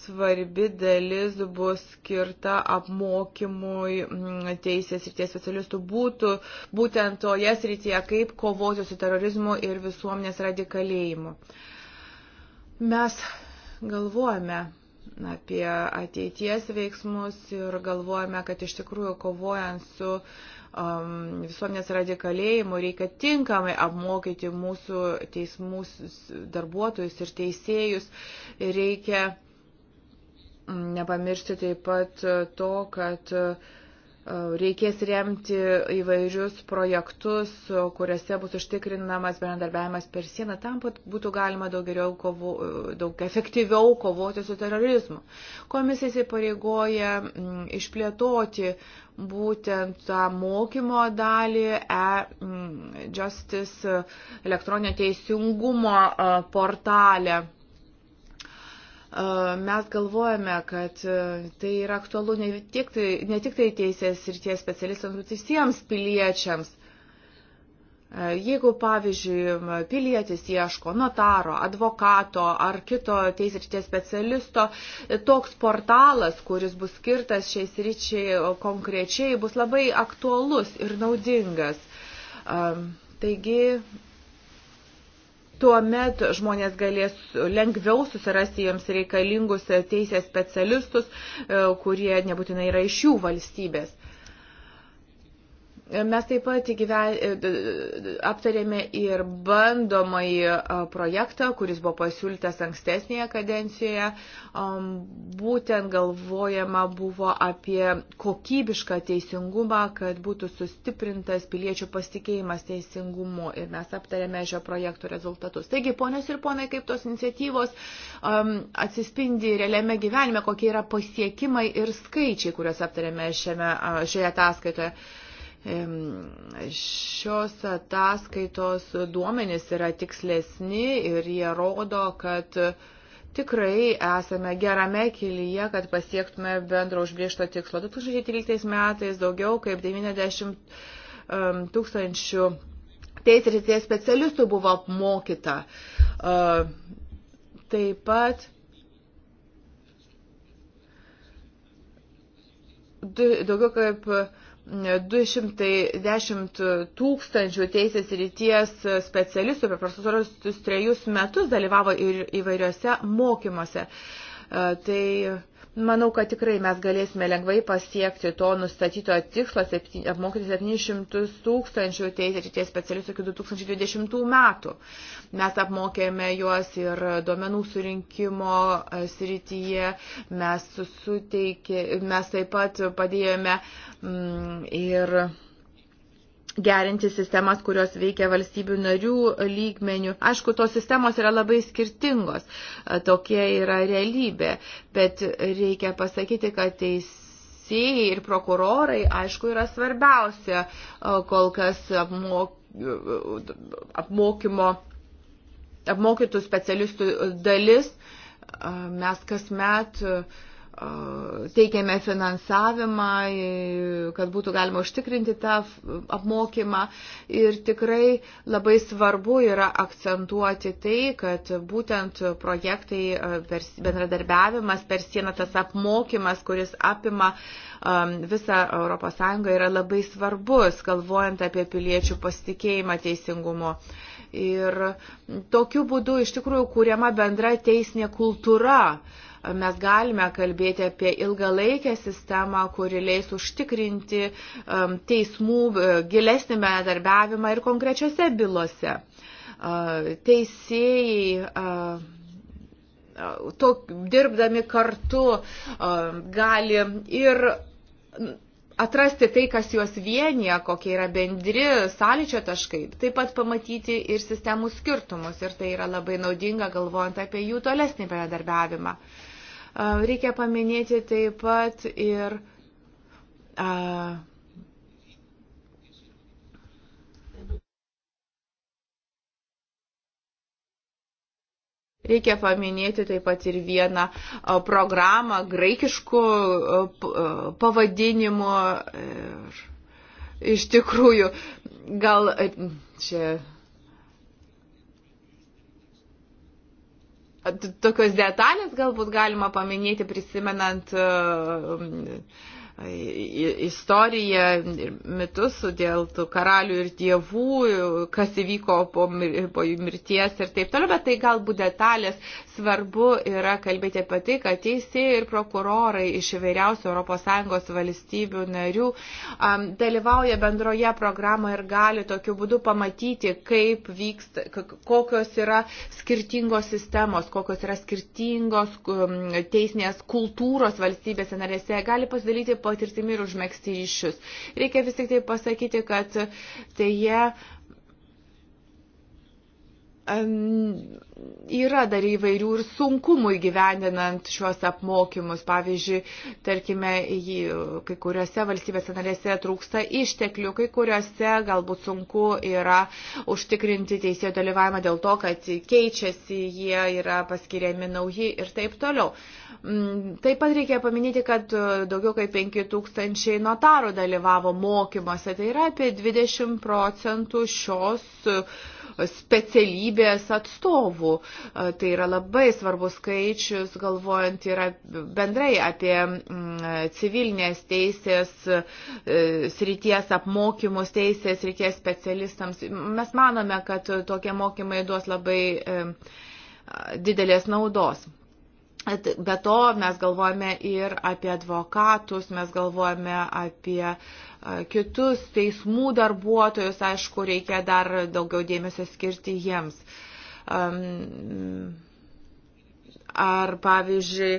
svarbi dalis bus skirta apmokymui mm, teisės ir ties specialistų būtų būtent toje srityje, kaip kovoti su terorizmu ir visuomenės radikalėjimu. Mes galvojame apie ateities veiksmus ir galvojame, kad iš tikrųjų kovojant su uh, um, visuomenės radikalėjimo, reikia tinkamai apmokyti mūsų teismų darbuotojus ir teisėjus, reikia nepamiršti taip pat to, kad uh, reikės remti įvairius projektus, kuriuose bus užtikrinamas bendradarbiavimas per sieną, tam, kad būtų galima daug, geriau kovo, daug efektyviau kovoti su terorizmu. Komisija įsipareigoja mm, išplėtoti būtent tą mokymo dalį e-justice mm, elektroninio teisingumo e, portalę mes galvojame, kad e, tai yra aktualu ne tik tai, ne tik tai teisės ir tie specialistams, bet visiems piliečiams. E, jeigu, pavyzdžiui, pilietis ieško notaro, advokato ar kito teisėčities specialisto, e, toks portalas, kuris bus skirtas šiais ryčiai konkrečiai, bus labai aktualus ir naudingas. Taigi tuo met žmonės galės lengviau susirasti jiems reikalingus teisės specialistus, e, kurie nebūtinai yra iš jų valstybės. Mes taip pat įgyve... aptarėme ir bandomąjį projektą, kuris buvo pasiūlytas ankstesnėje kadencijoje. Būtent galvojama buvo apie kokybišką teisingumą, kad būtų sustiprintas piliečių pasitikėjimas teisingumu ir mes aptarėme šio projekto rezultatus. Taigi, ponios ir ponai, kaip tos iniciatyvos atsispindi realiame gyvenime, kokie yra pasiekimai ir skaičiai, kuriuos aptarėme šiame, šioje ataskaitoje. Šios ataskaitos duomenys yra tikslesni ir jie rodo, kad tikrai esame gerame kelyje, kad pasiektume bendro užbriežto tikslo. 2013 metais daugiau kaip 90 tūkstančių teisės specialistų buvo apmokyta. Taip pat daugiau kaip 210 tūkstančių teisės ryties specialistų per pastaruosius trejus metus dalyvavo ir įvairiuose mokymuose. E, tai Manau, kad tikrai mes galėsime lengvai pasiekti to nustatyto tikslo apmokyti 700 tūkstančių teisėties specialistų iki 2020 metų. Mes apmokėme juos ir duomenų surinkimo e, srityje, mes, suteikė, mes taip pat padėjome mm, ir gerinti sistemas, kurios veikia valstybių narių lygmenių. Aišku, tos sistemos yra labai skirtingos, e, tokia yra realybė, bet reikia pasakyti, kad teisėjai ir prokurorai, aišku, yra svarbiausia e, kol kas apmokymo, apmokytų specialistų dalis. E, mes kasmet met teikiame finansavimą, kad būtų galima užtikrinti tą apmokymą. Ir tikrai labai svarbu yra akcentuoti tai, kad būtent projektai, per bendradarbiavimas per sieną, tas apmokymas, kuris apima visą ES, yra labai svarbus, galvojant apie piliečių pasitikėjimą teisingumu. Ir tokiu būdu iš tikrųjų kūriama bendra teisinė kultūra. Uh, mes galime kalbėti apie ilgalaikę sistemą, kuri leis užtikrinti um, teismų uh, gilesnį bendarbiavimą ir konkrečiose bylose. Uh, teisėjai uh, to, dirbdami kartu um, gali ir atrasti tai, kas juos vienyje, kokie yra bendri sąlyčio taškai, taip pat pamatyti ir sistemų skirtumus ir tai yra labai naudinga galvojant apie jų tolesnį bendradarbiavimą. Uh, Reikia paminėti taip pat ir a, Reikia paminėti taip pat ir vieną programą graikiškų pavadinimų. Iš tikrųjų, gal čia Tokios detalės galbūt galima paminėti prisimenant uh, istoriją ir mitus dėl tų karalių ir dievų, kas įvyko po, po jų mirties ir taip toliau, bet tai galbūt detalės svarbu yra kalbėti apie tai, kad teisėjai ir prokurorai iš įvairiausių ES valstybių narių um, dalyvauja bendroje programoje ir gali tokiu būdu pamatyti, kaip vyksta, kokios yra skirtingos sistemos, kokios yra skirtingos teisinės kultūros valstybėse narėse, gali pasidalyti patirtimi ir užmėgsti iššius. Reikia vis tik tai pasakyti, kad e, tai jie yra dar įvairių ir sunkumų įgyvendinant šiuos apmokymus. Pavyzdžiui, tarkime, kai kuriuose valstybėse narėse trūksta išteklių, kai kuriuose galbūt sunku yra užtikrinti teisėjo dalyvavimą dėl to, kad keičiasi, jie yra paskiriami nauji ir taip toliau. Mm, taip pat reikia paminėti, kad daugiau kaip 5000 notarų dalyvavo mokymuose. Tai yra apie 20 procentų šios specialybės atstovų. Tai yra labai svarbus skaičius, galvojant ir bendrai apie mm, civilinės teisės e, srities apmokymus, teisės srities specialistams. Mes manome, kad tokie mokymai duos labai e, didelės naudos. Be to mes galvojame ir apie advokatus, mes galvojame apie kitus teismų darbuotojus, aišku, reikia dar daugiau dėmesio skirti jiems. Ar pavyzdžiui,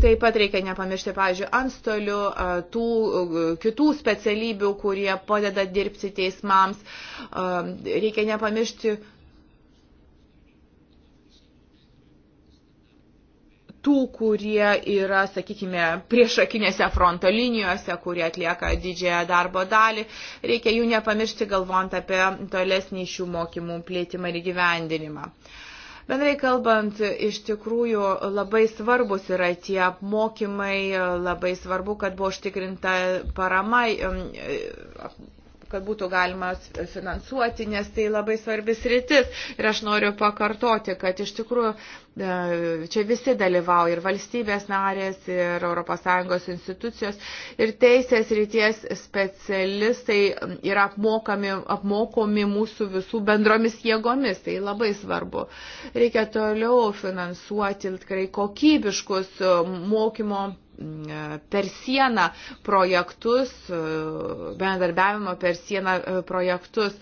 Taip pat reikia nepamiršti, pavyzdžiui, antstolių, tų kitų specialybių, kurie padeda dirbti teismams. Reikia nepamiršti tų, kurie yra, sakykime, priešakinėse fronto linijose, kurie atlieka didžiąją darbo dalį. Reikia jų nepamiršti, galvojant apie tolesnį šių mokymų plėtimą ir gyvendinimą. Uh, Bendrai kalbant, iš tikrųjų labai svarbus yra tie apmokymai, labai svarbu, kad buvo užtikrinta parama kad būtų galima finansuoti, nes tai labai svarbis rytis. Ir aš noriu pakartoti, kad iš tikrųjų e, čia visi dalyvauja ir valstybės narės, ir ES institucijos, ir teisės ryties specialistai yra apmokami, apmokomi mūsų visų bendromis jėgomis. Tai labai svarbu. Reikia toliau finansuoti tikrai kokybiškus mokymo per sieną projektus, bendarbiavimo per sieną e, projektus.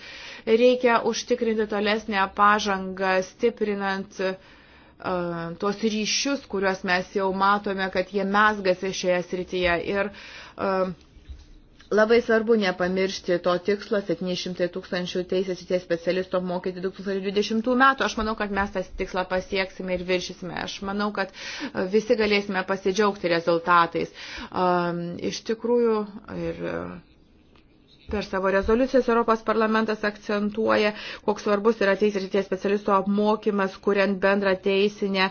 Reikia užtikrinti tolesnę pažangą, stiprinant e, tuos ryšius, kuriuos mes jau matome, kad jie mesgasi šioje srityje. Ir uh, Labai svarbu nepamiršti to tikslo 700 tūkstančių teisės įties specialisto mokyti 2020 metų. Aš manau, kad mes tą tikslą pasieksime ir viršysime. Aš manau, kad e, visi galėsime pasidžiaugti rezultatais. Iš tikrųjų, ir Per savo rezoliucijas Europos parlamentas akcentuoja, koks svarbus yra teisryties specialisto apmokymas, kuriant bendrą teisinę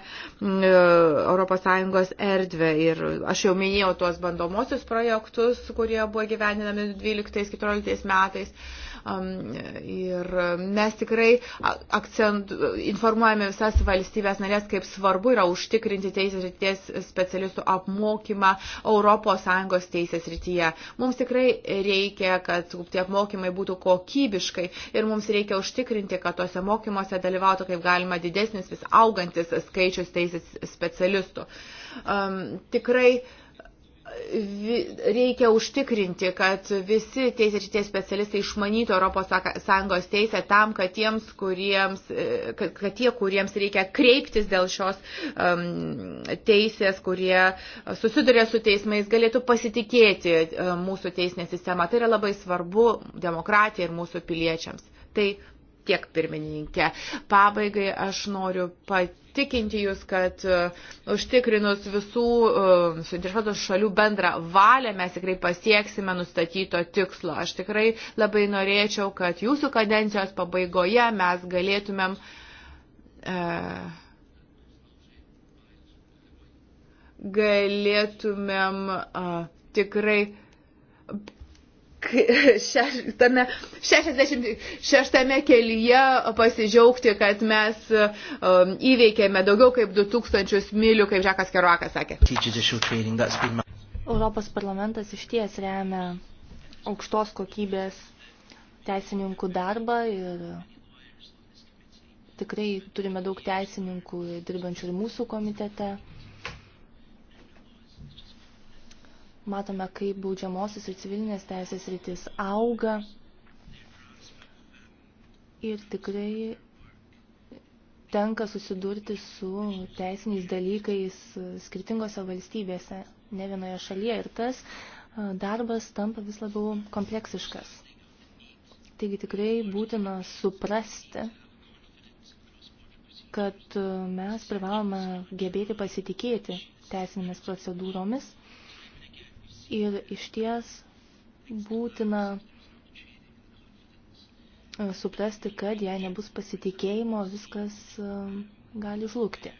ES erdvę. Ir aš jau minėjau tuos bandomosius projektus, kurie buvo gyveninami 12-14 metais. Ir mes tikrai akcent, informuojame visas valstybės narės, kaip svarbu yra užtikrinti teisės ryties specialistų apmokymą ES teisės rytyje. Mums tikrai reikia, kad tie apmokymai būtų kokybiškai ir mums reikia užtikrinti, kad tose mokymuose dalyvautų kaip galima didesnis vis augantis skaičius teisės specialistų. Um, tikrai uh, reikia užtikrinti, kad visi teisės šitie specialistai išmanytų ES teisę tam, kad, tiems, kuriems, e, kad, kad tie, kuriems reikia kreiptis dėl šios um, teisės, kurie susiduria su teismais, galėtų pasitikėti um, mūsų teisinę sistemą. Tai yra labai svarbu demokratijai ir mūsų piliečiams. Tai tiek pirmininkė. Pabaigai aš noriu pat tikinti jūs, kad e, užtikrinus visų e, suinteresuotų šalių bendrą valią mes tikrai pasieksime nustatyto tikslo. Aš tikrai labai norėčiau, kad jūsų kadencijos pabaigoje mes galėtumėm. Uh, galėtumėm uh, tikrai tame 66 kelyje pasidžiaugti, kad mes um, įveikėme daugiau kaip 2000 mylių, kaip Žekas Keruakas sakė. Europos parlamentas iš ties remia aukštos kokybės teisininkų darbą ir tikrai turime daug teisininkų dirbančių ir mūsų komitete. Matome, kaip baudžiamosios ir civilinės teisės rytis auga. Ir tikrai tenka susidurti su teisiniais dalykais skirtingose valstybėse, ne vienoje šalyje. Ir tas darbas tampa vis labiau kompleksiškas. Taigi tikrai būtina suprasti, kad mes privalome gebėti pasitikėti teisinėmis procedūromis ir iš ties būtina e, suprasti, kad jei nebus pasitikėjimo, viskas e, gali žlugti. E,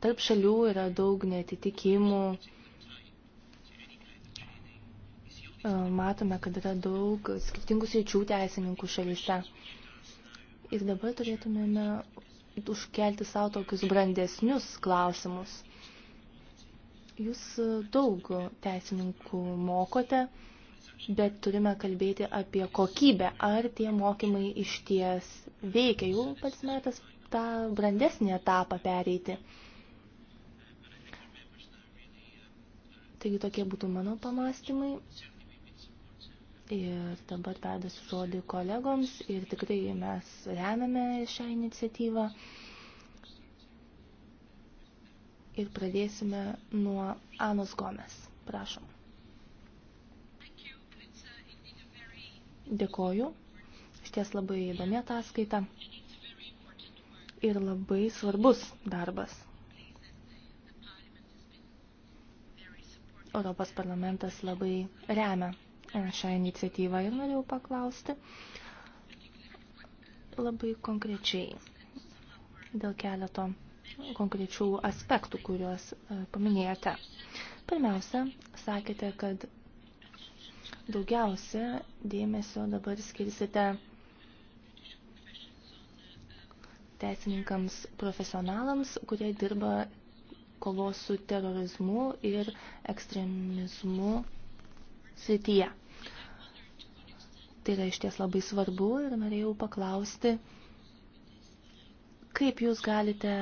tarp šalių yra daug netitikimų. Matome, kad yra daug skirtingų sričių teisininkų šalyse. Ir dabar turėtumėme užkelti savo tokius brandesnius klausimus – Jūs e, daug teisininkų mokote, bet turime kalbėti apie kokybę. Ar tie mokymai iš ties veikia? Jau pats metas tą brandesnį etapą pereiti. Taigi tokie būtų mano pamastymai. Ir dabar perduosiu žodį kolegoms ir tikrai mes remiame šią iniciatyvą ir pradėsime nuo Anos Gomes. Prašom. Dėkoju. Šties labai įdomi ataskaita ir labai svarbus darbas. Europos parlamentas labai remia e, šią iniciatyvą ir norėjau paklausti labai konkrečiai dėl keleto konkrečių aspektų, kuriuos e, paminėjote. Pirmiausia, sakėte, kad daugiausia dėmesio dabar skirsite teisininkams profesionalams, kurie dirba kovos su terorizmu ir ekstremizmu srityje. Tai yra išties labai svarbu ir norėjau paklausti, Kaip jūs galite,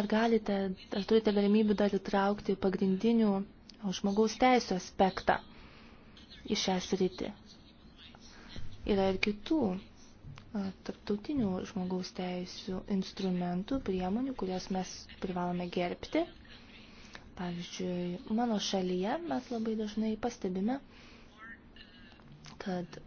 ar galite, ar turite galimybių dar įtraukti pagrindinių žmogaus teisų aspektą į šią sritį? Yra ir kitų tarptautinių žmogaus teisų instrumentų, priemonių, kurias mes privalome gerbti. Pavyzdžiui, mano šalyje mes labai dažnai pastebime, kad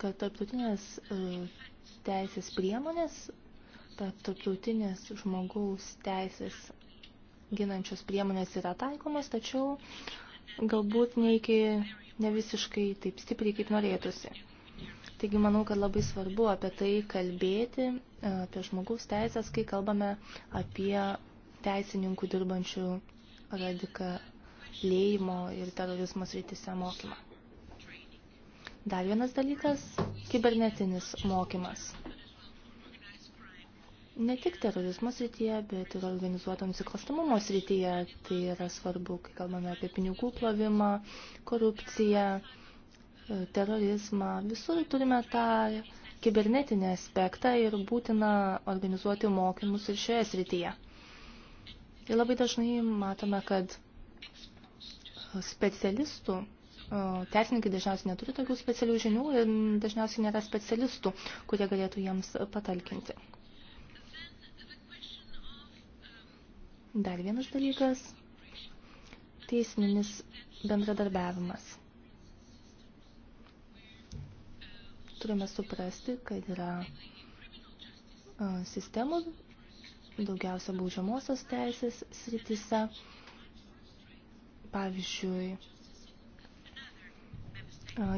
kad tarptautinės e, teisės priemonės, tarptautinės žmogaus teisės ginančios priemonės yra taikomas, tačiau galbūt ne, iki, ne visiškai taip stipriai, kaip norėtųsi. Taigi manau, kad labai svarbu apie tai kalbėti, e, apie žmogaus teisės, kai kalbame apie teisininkų dirbančių radikalėjimo ir terorizmo srityse mokymą. Dar vienas dalykas – kibernetinis mokymas. Ne tik terorizmo srityje, bet ir organizuoto nusikalstamumo srityje. Tai yra svarbu, kai kalbame apie pinigų plovimą, korupciją, terorizmą. Visur turime tą kibernetinį aspektą ir būtina organizuoti mokymus ir šioje srityje. Ir labai dažnai matome, kad specialistų Teisininkai dažniausiai neturi tokių specialių žinių ir dažniausiai nėra specialistų, kurie galėtų jiems patalkinti. Dar vienas dalykas – teisminis bendradarbiavimas. Turime suprasti, kad yra sistemų daugiausia baudžiamosios teisės srityse. Pavyzdžiui,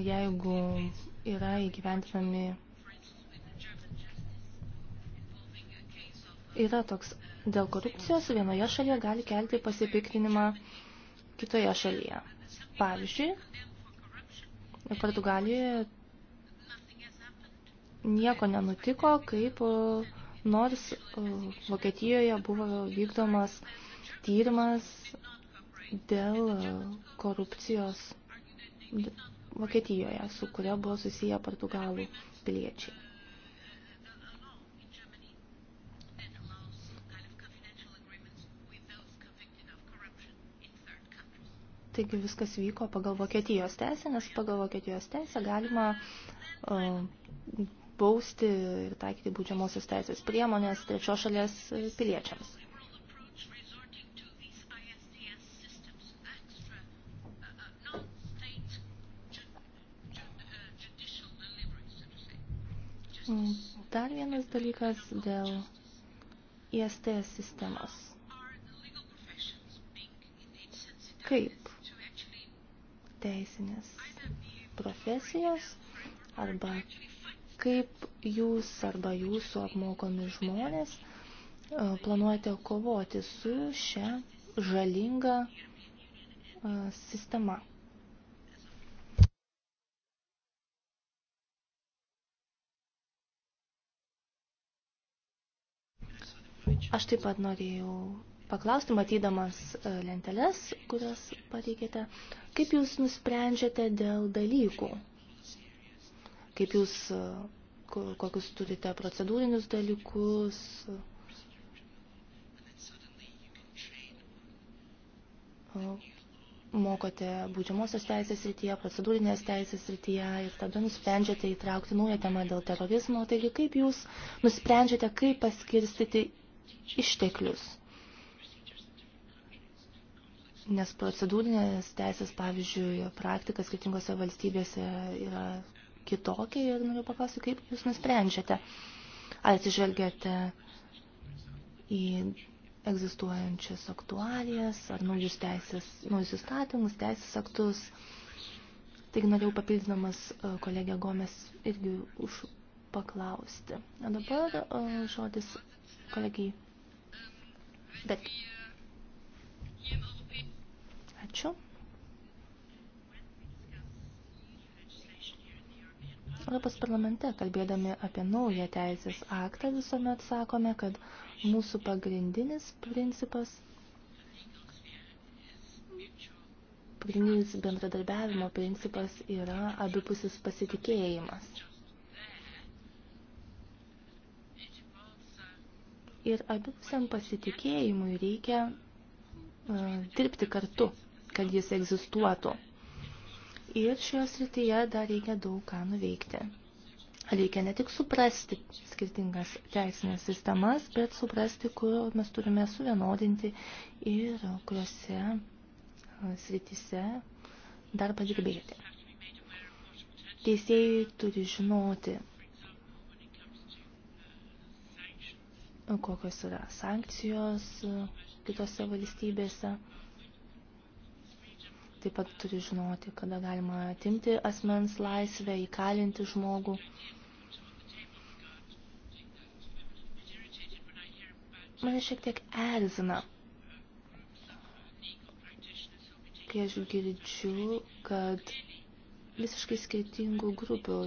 jeigu yra įgyventinami. Yra toks dėl korupcijos vienoje šalyje gali kelti pasipiktinimą kitoje šalyje. Pavyzdžiui, Portugalijoje nieko nenutiko, kaip nors Vokietijoje buvo vykdomas tyrimas dėl korupcijos Vokietijoje, su kuria buvo susiję portugalų piliečiai. Taigi viskas vyko pagal Vokietijos teisę, nes pagal Vokietijos teisę galima uh, bausti ir taikyti būdžiamosios teisės priemonės trečios šalies e, piliečiams. Dar vienas dalykas dėl IST sistemos. Kaip teisinės profesijos arba kaip jūs arba jūsų apmokomi žmonės e, planuojate kovoti su šia žalinga e, sistema. Aš taip pat norėjau paklausti, matydamas e, lenteles, kurias pateikėte, kaip jūs nusprendžiate dėl dalykų? Kaip jūs, e, kokius turite procedūrinius dalykus? Mokote būdžiamosios teisės rytyje, procedūrinės teisės rytyje ir tada nusprendžiate įtraukti naują temą dėl terorizmo. Taigi kaip jūs nusprendžiate, kaip paskirstyti išteklius. Nes procedūrinės teisės, pavyzdžiui, praktika skirtingose valstybėse yra kitokia ir noriu paklausti, kaip jūs nusprendžiate. Ar atsižvelgiate į egzistuojančias aktualijas, ar naujus, teisės, naujus įstatymus, teisės aktus. Taigi norėjau papildydamas e, kolegę Gomes irgi už paklausti. O dabar e, žodis kolegijai. Bet. Ačiū. Europos parlamente, kalbėdami apie naują teisės aktą, visuomet sakome, kad mūsų pagrindinis principas, pagrindinis bendradarbiavimo principas yra abipusis pasitikėjimas. Ir abipusiam pasitikėjimui reikia e, dirbti kartu, kad jis egzistuotų. Ir šioje srityje dar reikia daug ką nuveikti. Reikia ne tik suprasti skirtingas teisinės sistemas, bet suprasti, kur mes turime suvienodinti ir kuriuose e, srityse dar padirbėti. Teisėjai turi žinoti, kokios yra sankcijos e, kitose valstybėse. Taip pat turi žinoti, kada galima atimti asmens laisvę, įkalinti žmogų. Mane šiek tiek erzina, kai aš girdžiu, kad visiškai skirtingų grupių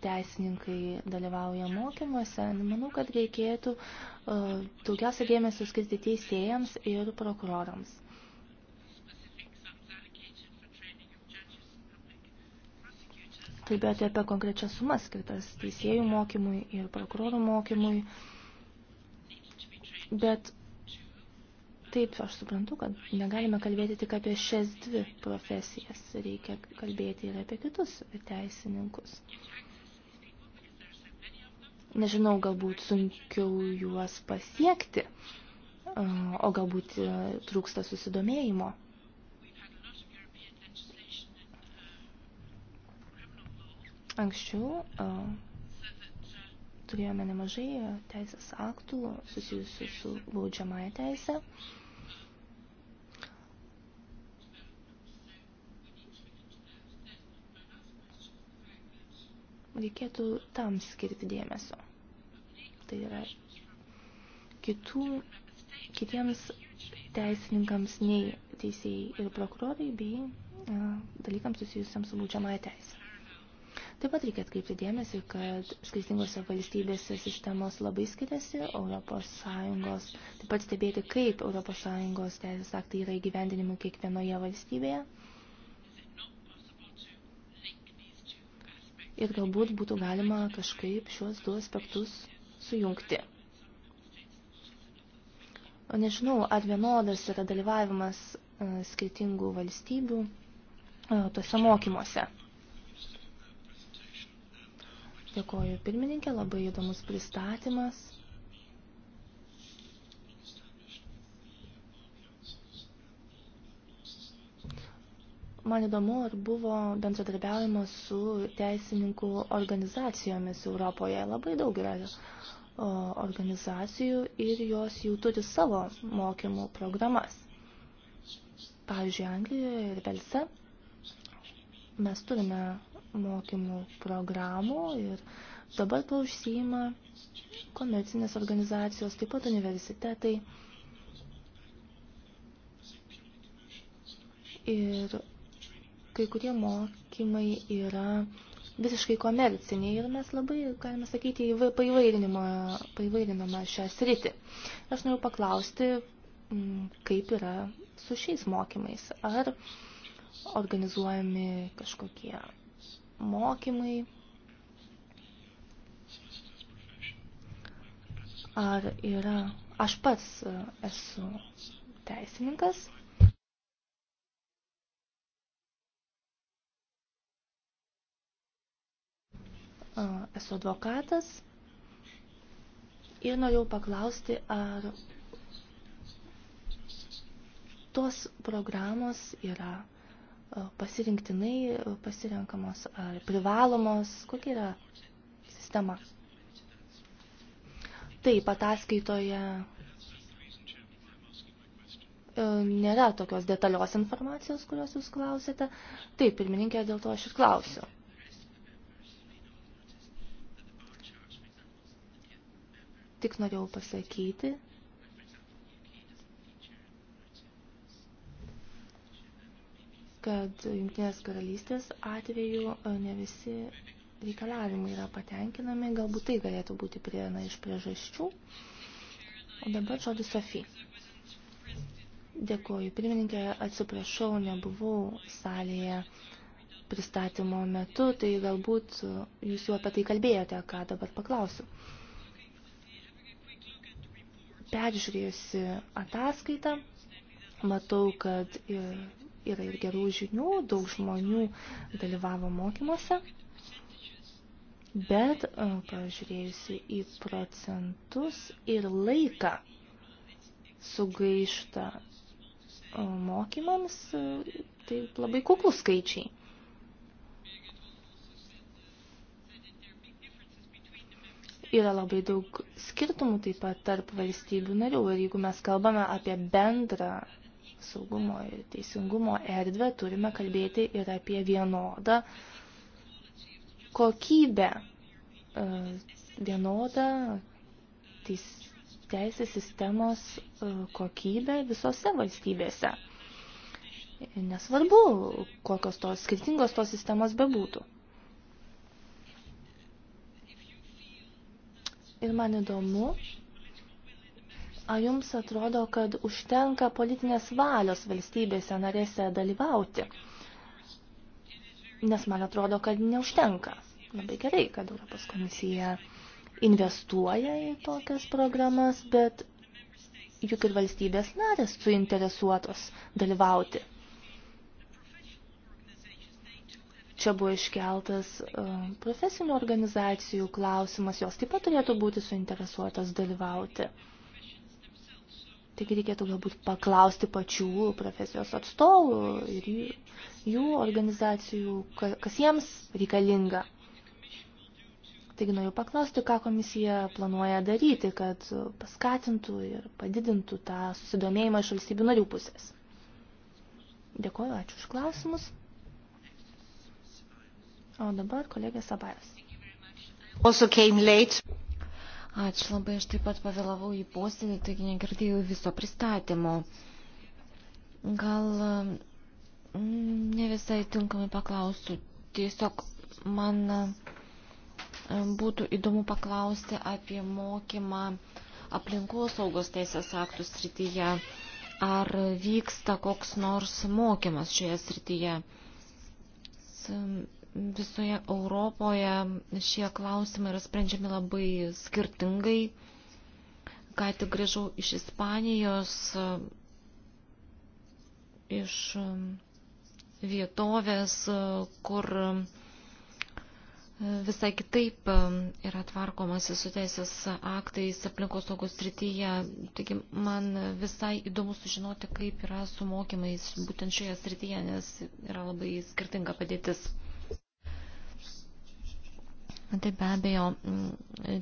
teisininkai dalyvauja mokymuose, manau, kad reikėtų e, daugiausia dėmesio skirti teisėjams ir prokurorams. Kalbėti apie konkrečias sumas skirtas teisėjų mokymui ir prokurorų mokymui, bet Taip, aš suprantu, kad negalime kalbėti tik apie šias dvi profesijas, reikia kalbėti ir apie kitus teisininkus nežinau, galbūt sunkiau juos pasiekti, o galbūt e, trūksta susidomėjimo. Anksčiau turėjome nemažai teisės aktų susijusių su baudžiamąją teisę. reikėtų tam skirti dėmesio. Tai yra kitų, kitiems teisininkams nei teisėjai ir prokurorai bei a, e, dalykams susijusiams su būdžiamąją teisę. Taip pat reikia atkreipti dėmesį, kad skirtingose valstybėse sistemos labai skiriasi, Europos Sąjungos, taip pat stebėti, kaip Europos Sąjungos teisės aktai yra įgyvendinimi kiekvienoje valstybėje. ir galbūt būtų galima kažkaip šiuos du aspektus sujungti. O nežinau, ar vienodas yra dalyvavimas e, skirtingų valstybių e, tose mokymuose. Dėkoju pirmininkė, labai įdomus pristatymas. Man įdomu, ar buvo bendradarbiaujama su teisininkų organizacijomis Europoje. Labai daug yra organizacijų ir jos jau turi savo mokymų programas. Pavyzdžiui, Anglijoje ir Velse mes turime mokymų programų ir dabar to užsijima komercinės organizacijos, taip pat universitetai. Ir kai kurie mokymai yra visiškai komerciniai ir mes labai, galime sakyti, paįvairinome šią sritį. Aš noriu paklausti, mm, kaip yra su šiais mokymais. Ar organizuojami kažkokie mokymai, ar yra, aš pats e, esu teisininkas esu advokatas ir norėjau paklausti, ar tos programos yra pasirinktinai pasirenkamos ar privalomos, kokia yra sistema. Taip, ataskaitoje e, nėra tokios detalios informacijos, kurios jūs klausėte. Taip, pirmininkė, dėl to aš ir klausiu. Tik norėjau pasakyti, kad Junktinės karalystės atveju e, ne visi reikalavimai yra patenkinami, galbūt tai galėtų būti priena iš priežasčių. O dabar žodis Sofija. Dėkuoju. Pirmininkė, atsiprašau, nebuvau salėje pristatymo metu, tai galbūt jūs jau apie tai kalbėjote, ką dabar paklausiu peržiūrėjusi ataskaitą, matau, kad yra ir gerų žinių, daug žmonių dalyvavo mokymuose, bet e, pažiūrėjusi į procentus ir laiką sugaišta e, mokymams, e, tai labai kuklų skaičiai. yra labai daug skirtumų taip pat tarp valstybių narių ir jeigu mes kalbame apie bendrą saugumo ir teisingumo erdvę, turime kalbėti ir apie vienodą kokybę, e, vienodą teis, teisės sistemos e, kokybę visose valstybėse. Nesvarbu, kokios tos skirtingos tos sistemos bebūtų. Ir man įdomu, ar jums atrodo, kad užtenka politinės valios valstybėse narėse dalyvauti? Nes man atrodo, kad neužtenka. Labai gerai, kad Europos komisija investuoja į tokias programas, bet juk ir valstybės narės suinteresuotos dalyvauti Čia buvo iškeltas e, profesinių organizacijų klausimas, jos taip pat turėtų būti suinteresuotos dalyvauti. Taigi reikėtų galbūt paklausti pačių profesijos atstovų ir jų organizacijų, kas jiems reikalinga. Taigi noriu paklausti, ką komisija planuoja daryti, kad paskatintų ir padidintų tą susidomėjimą iš valstybių narių pusės. Dėkuoju, ačiū už klausimus. O dabar kolegė Sabaras. Ačiū labai, aš taip pat pavėlavau į posėdį, taigi negirdėjau viso pristatymo. Gal mm, ne visai tinkamai paklausiu, tiesiog man e, būtų įdomu paklausti apie mokymą aplinkosaugos teisės aktų srityje. Ar vyksta koks nors mokymas šioje srityje? visoje Europoje šie klausimai yra sprendžiami labai skirtingai. Ką tik grįžau iš Ispanijos, iš vietovės, kur visai kitaip yra tvarkomasi su teisės aktais aplinkos saugos srityje. Taigi man visai įdomu sužinoti, kaip yra su mokymais būtent šioje srityje, nes yra labai skirtinga padėtis. Tai be abejo, mm,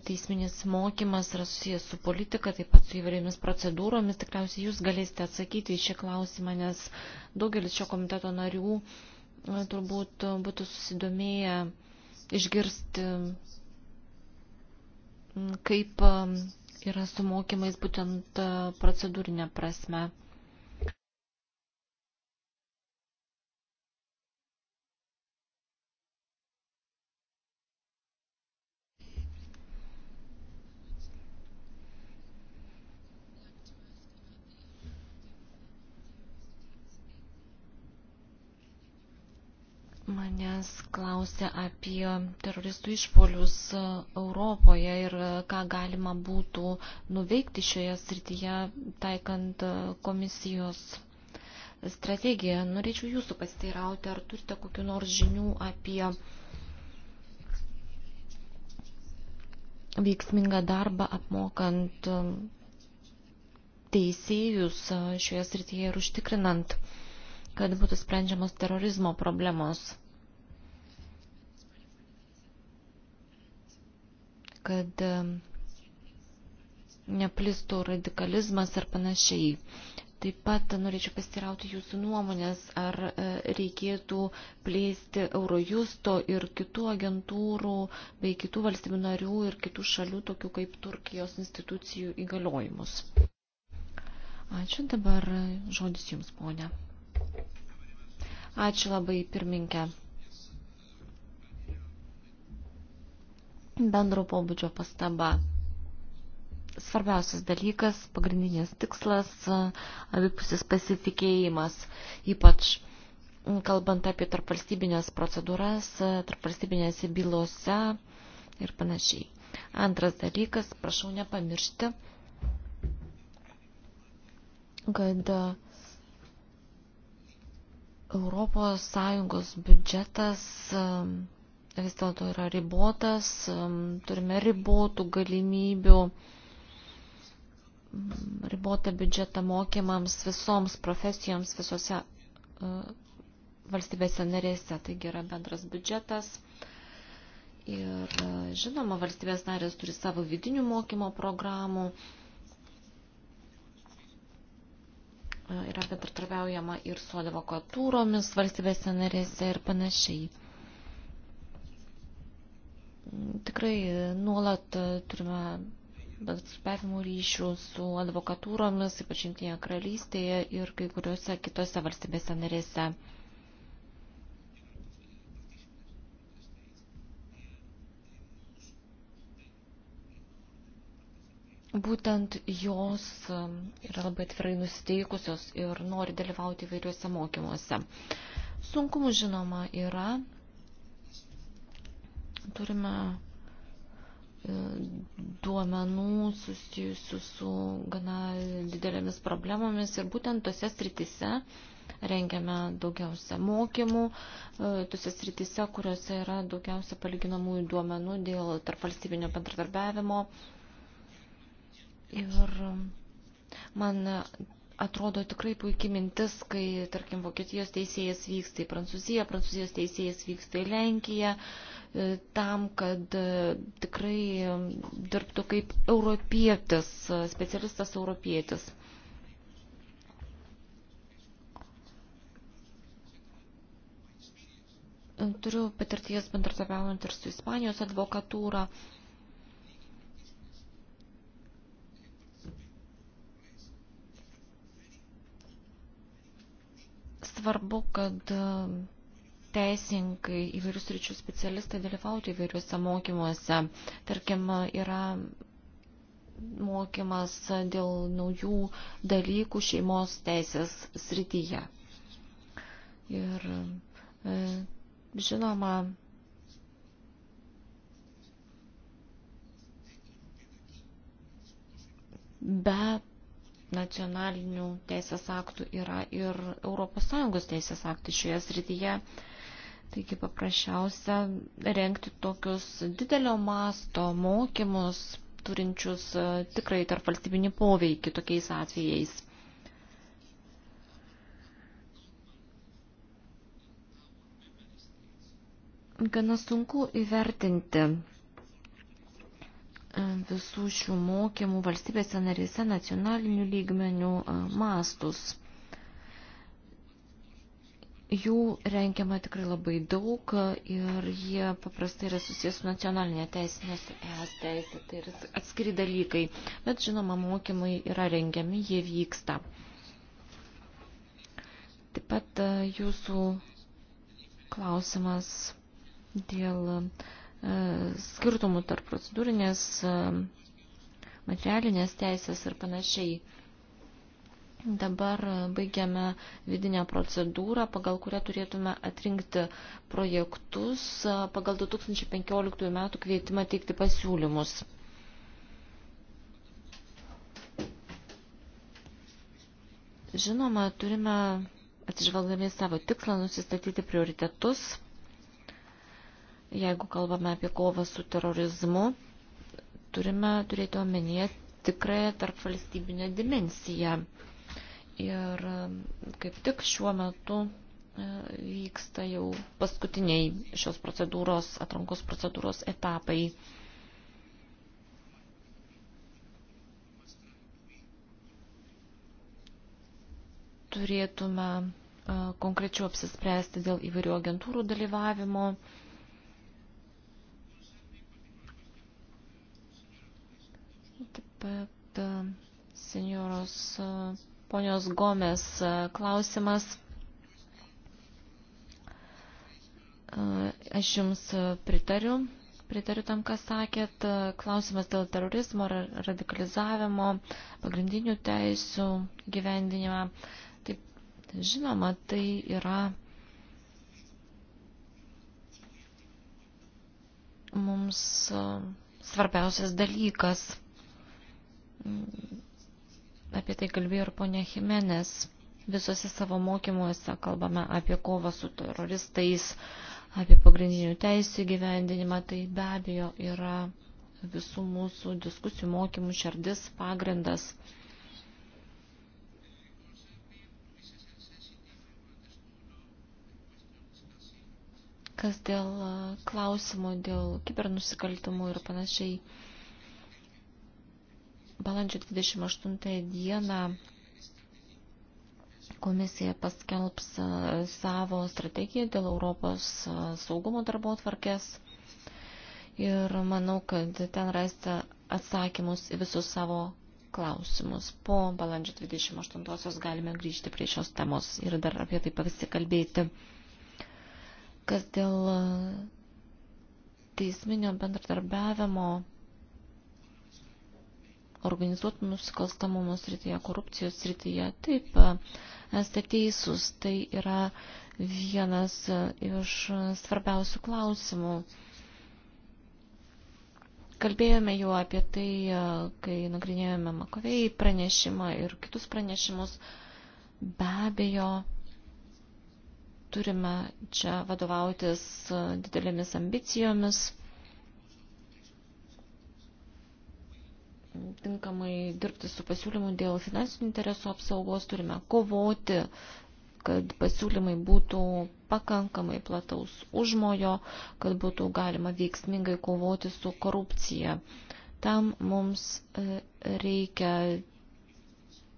teisminis mokymas yra susijęs su politika, taip pat su įvairiomis procedūromis. Tikriausiai jūs galėsite atsakyti į šį klausimą, nes daugelis šio komiteto narių mm, turbūt būtų susidomėję išgirsti, mm, kaip yra su mokymais būtent e, procedūrinė prasme. manęs klausė apie teroristų išpolius e, Europoje ir e, ką galima būtų nuveikti šioje srityje, taikant e, komisijos strategiją. Norėčiau jūsų pasiteirauti, ar turite kokiu nors žinių apie veiksmingą darbą apmokant teisėjus šioje srityje ir užtikrinant kad būtų sprendžiamos terorizmo problemos. kad neplistų radikalizmas ar panašiai. Taip pat norėčiau pasirauti jūsų nuomonės, ar e, reikėtų plėsti Eurojusto ir kitų agentūrų bei kitų valstybių narių ir kitų šalių, tokių kaip Turkijos institucijų įgaliojimus. Ačiū dabar žodis jums, ponė. Ačiū labai pirminkę. bendro pobūdžio pastaba. Svarbiausias dalykas, pagrindinės tikslas, abipusis pasitikėjimas, ypač mm, kalbant apie tarpvalstybinės procedūras, tarpvalstybinėse bylose ir panašiai. Antras dalykas, prašau nepamiršti, kad Europos Sąjungos biudžetas vis dėlto yra ribotas, turime ribotų galimybių, ribotą biudžetą mokymams visoms profesijoms visose e, valstybėse narėse. Taigi yra bendras biudžetas. Ir e, žinoma, valstybės narės turi savo vidinių mokymo programų. E, yra bendratarbiaujama ir su advokatūromis valstybėse narėse ir panašiai. Tikrai nuolat turime bendradarbiavimo ryšių su advokatūromis, ypač Jungtinėje karalystėje ir kai kuriuose kitose valstybėse narėse. Būtent jos yra labai atvirai nusiteikusios ir nori dalyvauti įvairiuose mokymuose. Sunkumų žinoma yra, Turime e, duomenų susijusių su gana didelėmis problemomis ir būtent tose sritise rengiame daugiausia mokymų, e, tose sritise, kuriuose yra daugiausia palyginamųjų duomenų dėl tarpvalstybinio bendradarbiavimo. Ir man atrodo tikrai puikiai mintis, kai, tarkim, Vokietijos teisėjas vyksta į Prancūziją, Prancūzijos teisėjas vyksta į Lenkiją, uh, E, tam, kad e, tikrai e, dirbtų kaip europietis, specialistas europietis. Turiu patirties bendradarbiaujant ir su Ispanijos advokatūra. Svarbu, kad teisininkai, įvairių sričių specialistai dalyvauti įvairiuose mokymuose. Tarkim, yra mokymas dėl naujų dalykų šeimos teisės srityje. Ir e, žinoma, be nacionalinių teisės aktų yra ir ES teisės aktai šioje srityje. Uh, Taigi paprasčiausia renkti tokius didelio masto mokymus, turinčius e, tikrai tarp valstybinį poveikį tokiais atvejais. Gana sunku įvertinti e, visų šių mokymų valstybėse narėse nacionalinių lygmenių e, mastus. Jų rengiama tikrai labai daug ir jie paprastai yra susijęs su nacionalinė teisinė, su ES teisė, tai yra atskiri dalykai. Bet žinoma, mokymai yra rengiami, jie vyksta. Taip pat e, jūsų klausimas dėl e, skirtumų tarp procedūrinės, e, materialinės teisės ir panašiai. Dabar baigiame vidinę procedūrą, pagal kurią turėtume atrinkti projektus pagal 2015 metų kvietimą teikti pasiūlymus. Žinoma, turime atsižvelgdami savo tikslą nusistatyti prioritetus, jeigu kalbame apie kovą su terorizmu, turime turėti omenyje tikrąją tarp valstybinę dimensiją. Ir um, kaip tik šiuo metu e, vyksta jau paskutiniai šios procedūros, atrankos procedūros etapai. Turėtume e, konkrečiau apsispręsti dėl įvairių agentūrų dalyvavimo. Taip pat e, senioros Ponios Gomes e, klausimas. E, aš Jums pritariu. Pritariu tam, ką sakėt. E, klausimas dėl terorizmo, radikalizavimo, pagrindinių teisių gyvendinimą. Taip, žinoma, tai yra mums svarbiausias dalykas apie tai kalbėjo ir ponė Jimenez. Visose savo mokymuose kalbame apie kovą su teroristais, apie pagrindinių teisų gyvendinimą. Tai be abejo yra visų mūsų diskusijų mokymų šerdis pagrindas. Kas dėl klausimų, dėl kibernusikaltimų ir panašiai balandžio 28 dieną komisija paskelbs e, savo strategiją dėl Europos e, saugumo darbo tvarkės. Ir manau, kad ten rasite atsakymus į visus savo klausimus. Po balandžio 28-osios galime grįžti prie šios temos ir dar apie tai pasikalbėti. Kas dėl e, teisminio bendradarbiavimo organizuotų nusikalstamumo srityje, korupcijos srityje. Taip, esate teisūs, tai yra vienas e, iš svarbiausių klausimų. Kalbėjome jau apie tai, e, kai nagrinėjome Makovei pranešimą ir kitus pranešimus. Be abejo, turime čia vadovautis e, didelėmis ambicijomis tinkamai dirbti su pasiūlymu dėl finansinių interesų apsaugos, turime kovoti, kad pasiūlymai būtų pakankamai plataus užmojo, kad būtų galima veiksmingai kovoti su korupcija. Tam mums e, reikia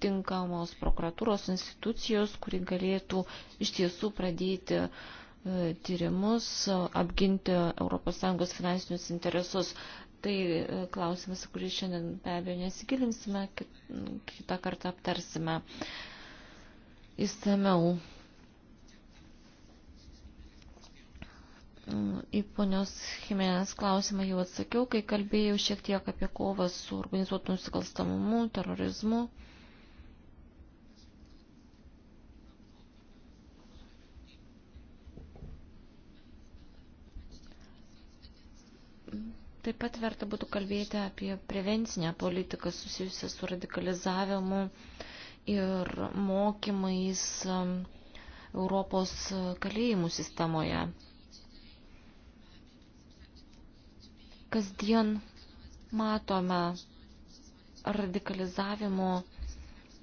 tinkamos prokuratūros institucijos, kuri galėtų iš tiesų pradėti e, tyrimus, apginti ES finansinius interesus. Tai e, klausimas, kurį šiandien be abejo nesigilinsime, kitą kartą aptarsime įsameu. Mm, į ponios Jimenės klausimą jau atsakiau, kai kalbėjau šiek tiek apie kovą su organizuotų nusikalstamumu, terorizmu. Taip pat verta būtų kalbėti apie prevencinę politiką susijusią su radikalizavimu ir mokymais um, Europos kalėjimų sistemoje. Kasdien matome radikalizavimo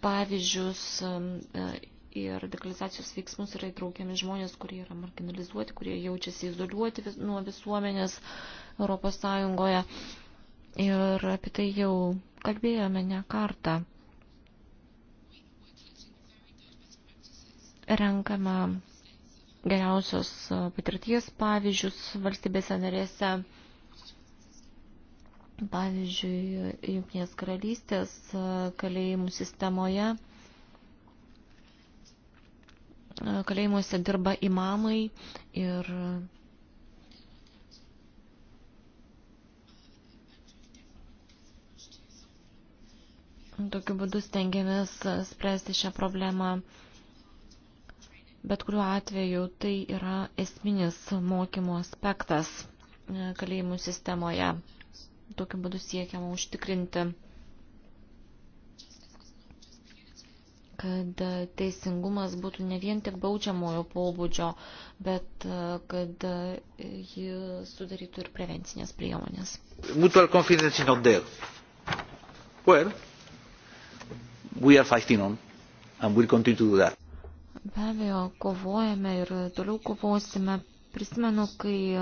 pavyzdžius um, į radikalizacijos veiksmus yra įtraukiami žmonės, kurie yra marginalizuoti, kurie jaučiasi izoliuoti vis, nuo visuomenės Europos Sąjungoje. Ir apie tai jau kalbėjome ne kartą. Renkama geriausios patirties pavyzdžius valstybėse narėse. Pavyzdžiui, Junktinės karalystės kalėjimų sistemoje E, kalėjimuose dirba imamai ir tokiu būdu stengiamės spręsti šią problemą. Bet kuriuo atveju tai yra esminis mokymo aspektas e, kalėjimų sistemoje. Tokiu būdu siekiama užtikrinti kad e, teisingumas būtų ne vien tik baudžiamojo pobūdžio, bet e, kad e, ji sudarytų ir prevencinės priemonės. Mutual confidence is not there. Well, we are fighting on and we'll continue to do that. Be abejo, kovojame ir toliau kovosime. Prisimenu, kai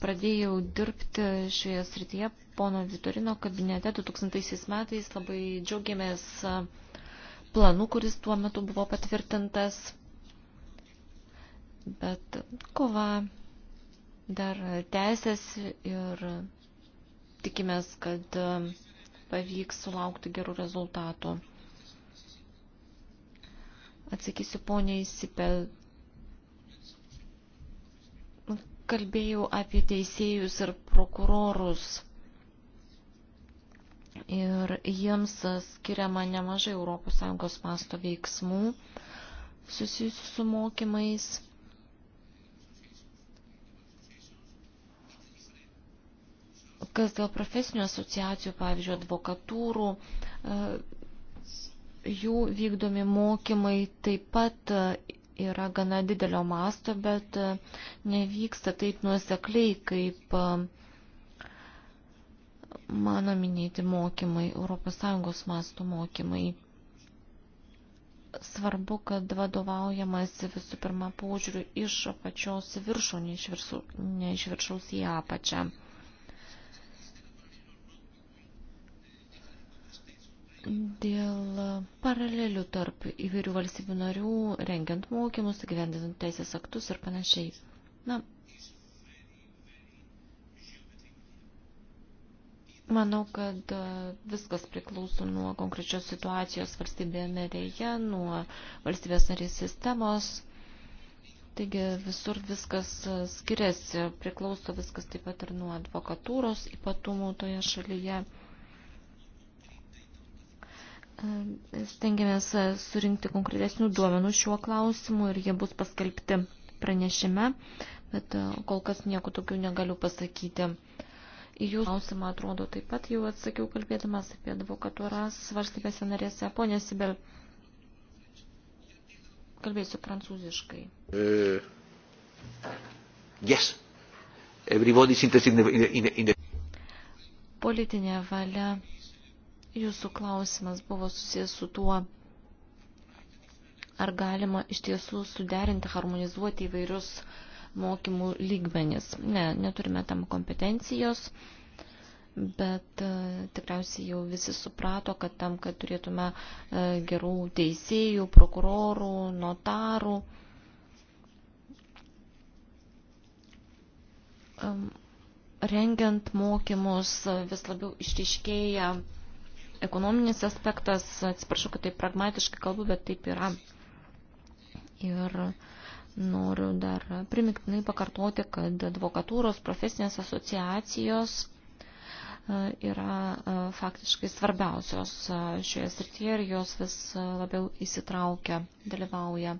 pradėjau dirbti šioje srityje pono Vitorino kabinete 2000 metais labai džiaugiamės planu, kuris tuo metu buvo patvirtintas. Bet kova dar tęsiasi ir tikimės, kad pavyks sulaukti gerų rezultatų. Atsakysiu poniai Sipel. Kalbėjau apie teisėjus ir prokurorus ir jiems skiriama nemažai ES masto veiksmų susijusių su mokymais. Kas dėl profesinių asociacijų, pavyzdžiui, advokatūrų, e, jų vykdomi mokymai taip pat yra gana didelio masto, bet e, nevyksta taip nuosekliai, kaip e, mano minėti mokymai, ES mastų mokymai. Svarbu, kad vadovaujamasi visų pirma požiūriu iš apačios viršų, ne iš, viršų, ne iš viršaus į apačią. Dėl paralelių tarp įvairių valstybių narių, rengiant mokymus, gyvendinant teisės aktus ir panašiai. Na, Manau, kad e, viskas priklauso nuo konkrečios situacijos valstybėje narėje, nuo valstybės narės sistemos. Taigi visur viskas e, skiriasi, priklauso viskas taip pat ir nuo advokatūros ypatumų toje šalyje. E, stengiamės surinkti konkretesnių duomenų šiuo klausimu ir jie bus paskelbti pranešime, bet kol kas nieko tokių negaliu pasakyti. Jūs klausimą atrodo taip pat jau atsakiau kalbėdamas apie advokatūras valstybėse narėse. Pone Sibel, kalbėsiu prancūziškai. Uh, yes. Everybody's interested in the, in the, in the... Politinė valia. Jūsų klausimas buvo susijęs su tuo, ar galima iš tiesų suderinti, harmonizuoti įvairius uh, mokymų lygmenis. Ne, neturime tam kompetencijos, bet e, tikriausiai jau visi suprato, kad tam, kad turėtume e, gerų teisėjų, prokurorų, notarų, rengiant mokymus e, vis labiau ištiškėja ekonominis aspektas, atsiprašau, kad taip pragmatiškai kalbu, bet taip yra. Ir uh, Noriu dar primiktinai pakartoti, kad advokatūros profesinės asociacijos e, yra e, faktiškai svarbiausios e, šioje srityje ir jos vis labiau įsitraukia, dalyvauja.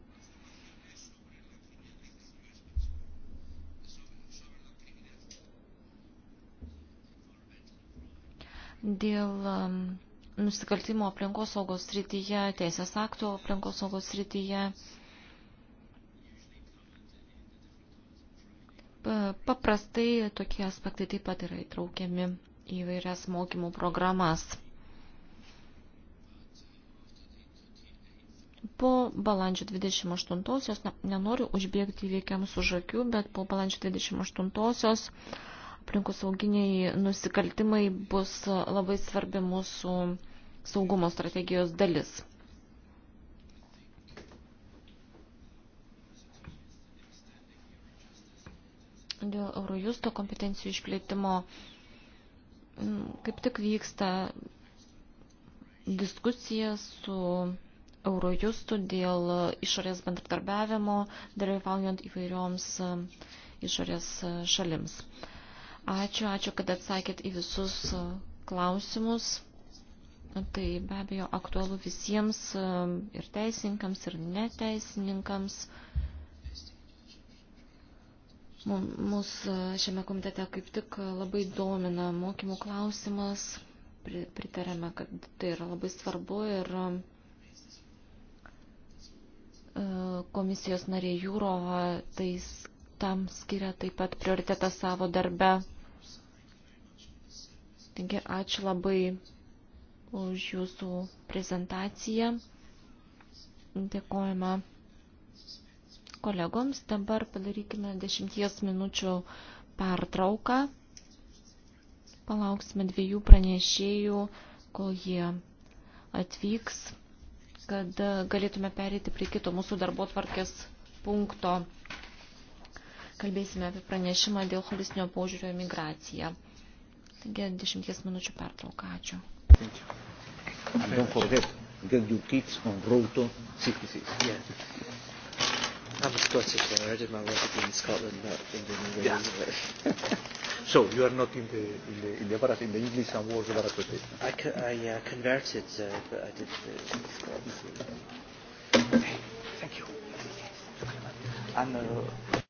Dėl nusikaltimo aplinkosaugos srityje, teisės aktų aplinkosaugos srityje Paprastai tokie aspektai taip pat yra įtraukiami į vairias mokymų programas. Po balandžio 28-osios, nenoriu užbėgti įveikiams už akių, bet po balandžio 28-osios aplinkosauginiai nusikaltimai bus labai svarbi mūsų saugumo strategijos dalis. dėl Eurojusto kompetencijų išplėtimo kaip tik vyksta diskusija su Eurojustu dėl išorės bendradarbiavimo, dalyvaujant įvairioms išorės e, šalims. Ačiū, ačiū, kad atsakėt į visus e, klausimus. Tai be abejo aktualu visiems e, ir teisininkams, ir neteisininkams. Mus e, šiame komitete kaip tik e, labai domina mokymų klausimas, pritarėme, kad tai yra labai svarbu ir e, komisijos narė Jūrova tai tam skiria taip pat prioritetą savo darbe. Taigi ačiū labai už jūsų prezentaciją. Dėkojame kolegoms. Dabar padarykime dešimties minučių pertrauką. Palauksime dviejų pranešėjų, kol jie atvyks, kad galėtume perėti prie kito mūsų darbo tvarkės punkto. Kalbėsime apie pranešimą dėl holistinio požiūrio į migraciją. Taigi, dešimties minučių pertrauką. Ačiū. Thank you. Don't forget, get your kids on road to 66. Yeah. I'm a Scottish lawyer. I did my work in Scotland, not in the Wales. Yeah. so you are not in the in the in the, Barat, in the English and Wales Barakote. I co- I uh, converted, uh, but I did the Scots. Okay. Thank you. Anna. Uh,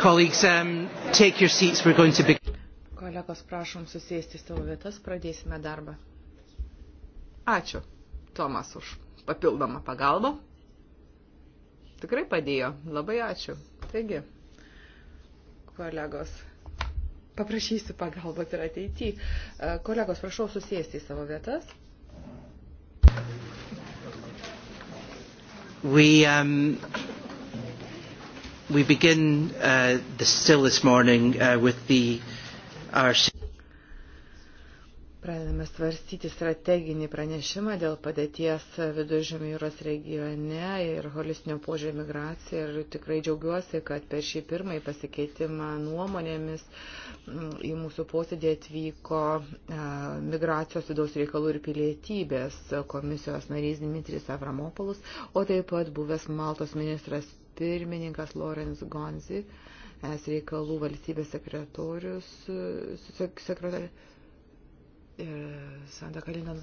Colleagues, um, take your seats. We're going to begin. Kolegos, prašom susėsti savo vietas, pradėsime darbą. Ačiū, Tomas, už papildomą pagalbą. Tikrai padėjo, labai ačiū. Taigi, kolegos, paprašysiu pagalbos ir ateityje. Kolegos, prašau susėsti į savo vietas. We, um, we begin uh, the still this morning uh, with the our. Pradedame svarstyti strateginį pranešimą dėl padėties uh, viduržėmio jūros regione ir holistinio požiūrį migraciją. Ir tikrai džiaugiuosi, kad per šį pirmąjį pasikeitimą nuomonėmis mm, į mūsų posėdį atvyko uh, migracijos vidaus reikalų ir pilietybės uh, komisijos narys Dimitris Avramopoulos, o taip pat buvęs Maltos ministras pirmininkas Lorenz Gonzi, es reikalų valstybės sekretorius, sek, sekretorė e, Santa Kalinan.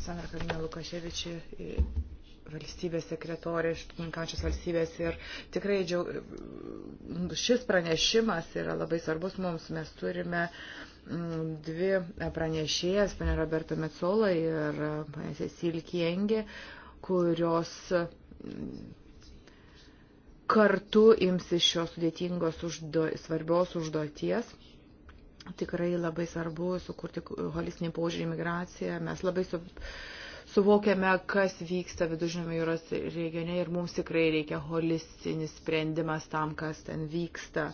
Sandra Kalina Lukaševičiai e, valstybės sekretorė iš tuninkančios valstybės ir tikrai džiau, šis pranešimas yra labai svarbus mums. Mes turime mm, dvi pranešėjas, panė Roberta Metzola ir mm, panė Cecil Kiengi, kurios mm, kartu imsis šios sudėtingos uždo, svarbios užduoties tikrai labai svarbu sukurti holistinį požiūrį į migraciją. Mes labai su, suvokiame, kas vyksta viduržėmio jūros regione ir mums tikrai reikia holistinis sprendimas tam, kas ten vyksta.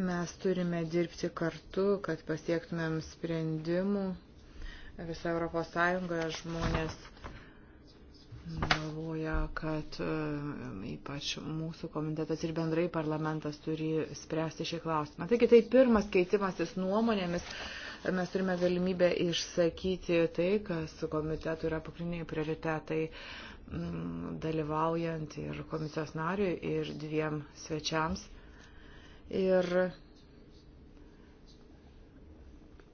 Mes turime dirbti kartu, kad pasiektumėm sprendimų visą Europos Sąjungoje žmonės galvoja, kad e, ypač mūsų komitetas ir bendrai parlamentas turi spręsti šį klausimą. Taigi tai pirmas keitimasis nuomonėmis mes turime galimybę išsakyti tai, kas komitetų yra pagrindiniai prioritetai mm, dalyvaujant ir komisijos nariui, ir dviem svečiams. Ir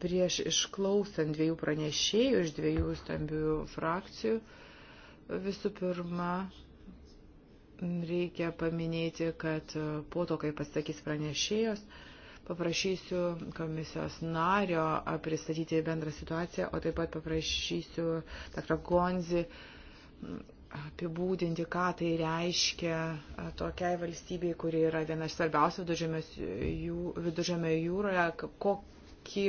prieš išklausant dviejų pranešėjų iš dviejų stambių frakcijų, visų pirma, reikia paminėti, kad po to, kai pasakys pranešėjos, Paprašysiu komisijos nario pristatyti bendrą situaciją, o taip pat paprašysiu Dr. Gonzi apibūdinti, ką tai reiškia tokiai valstybei, kuri yra viena iš svarbiausių viduržėmio jūroje, kokį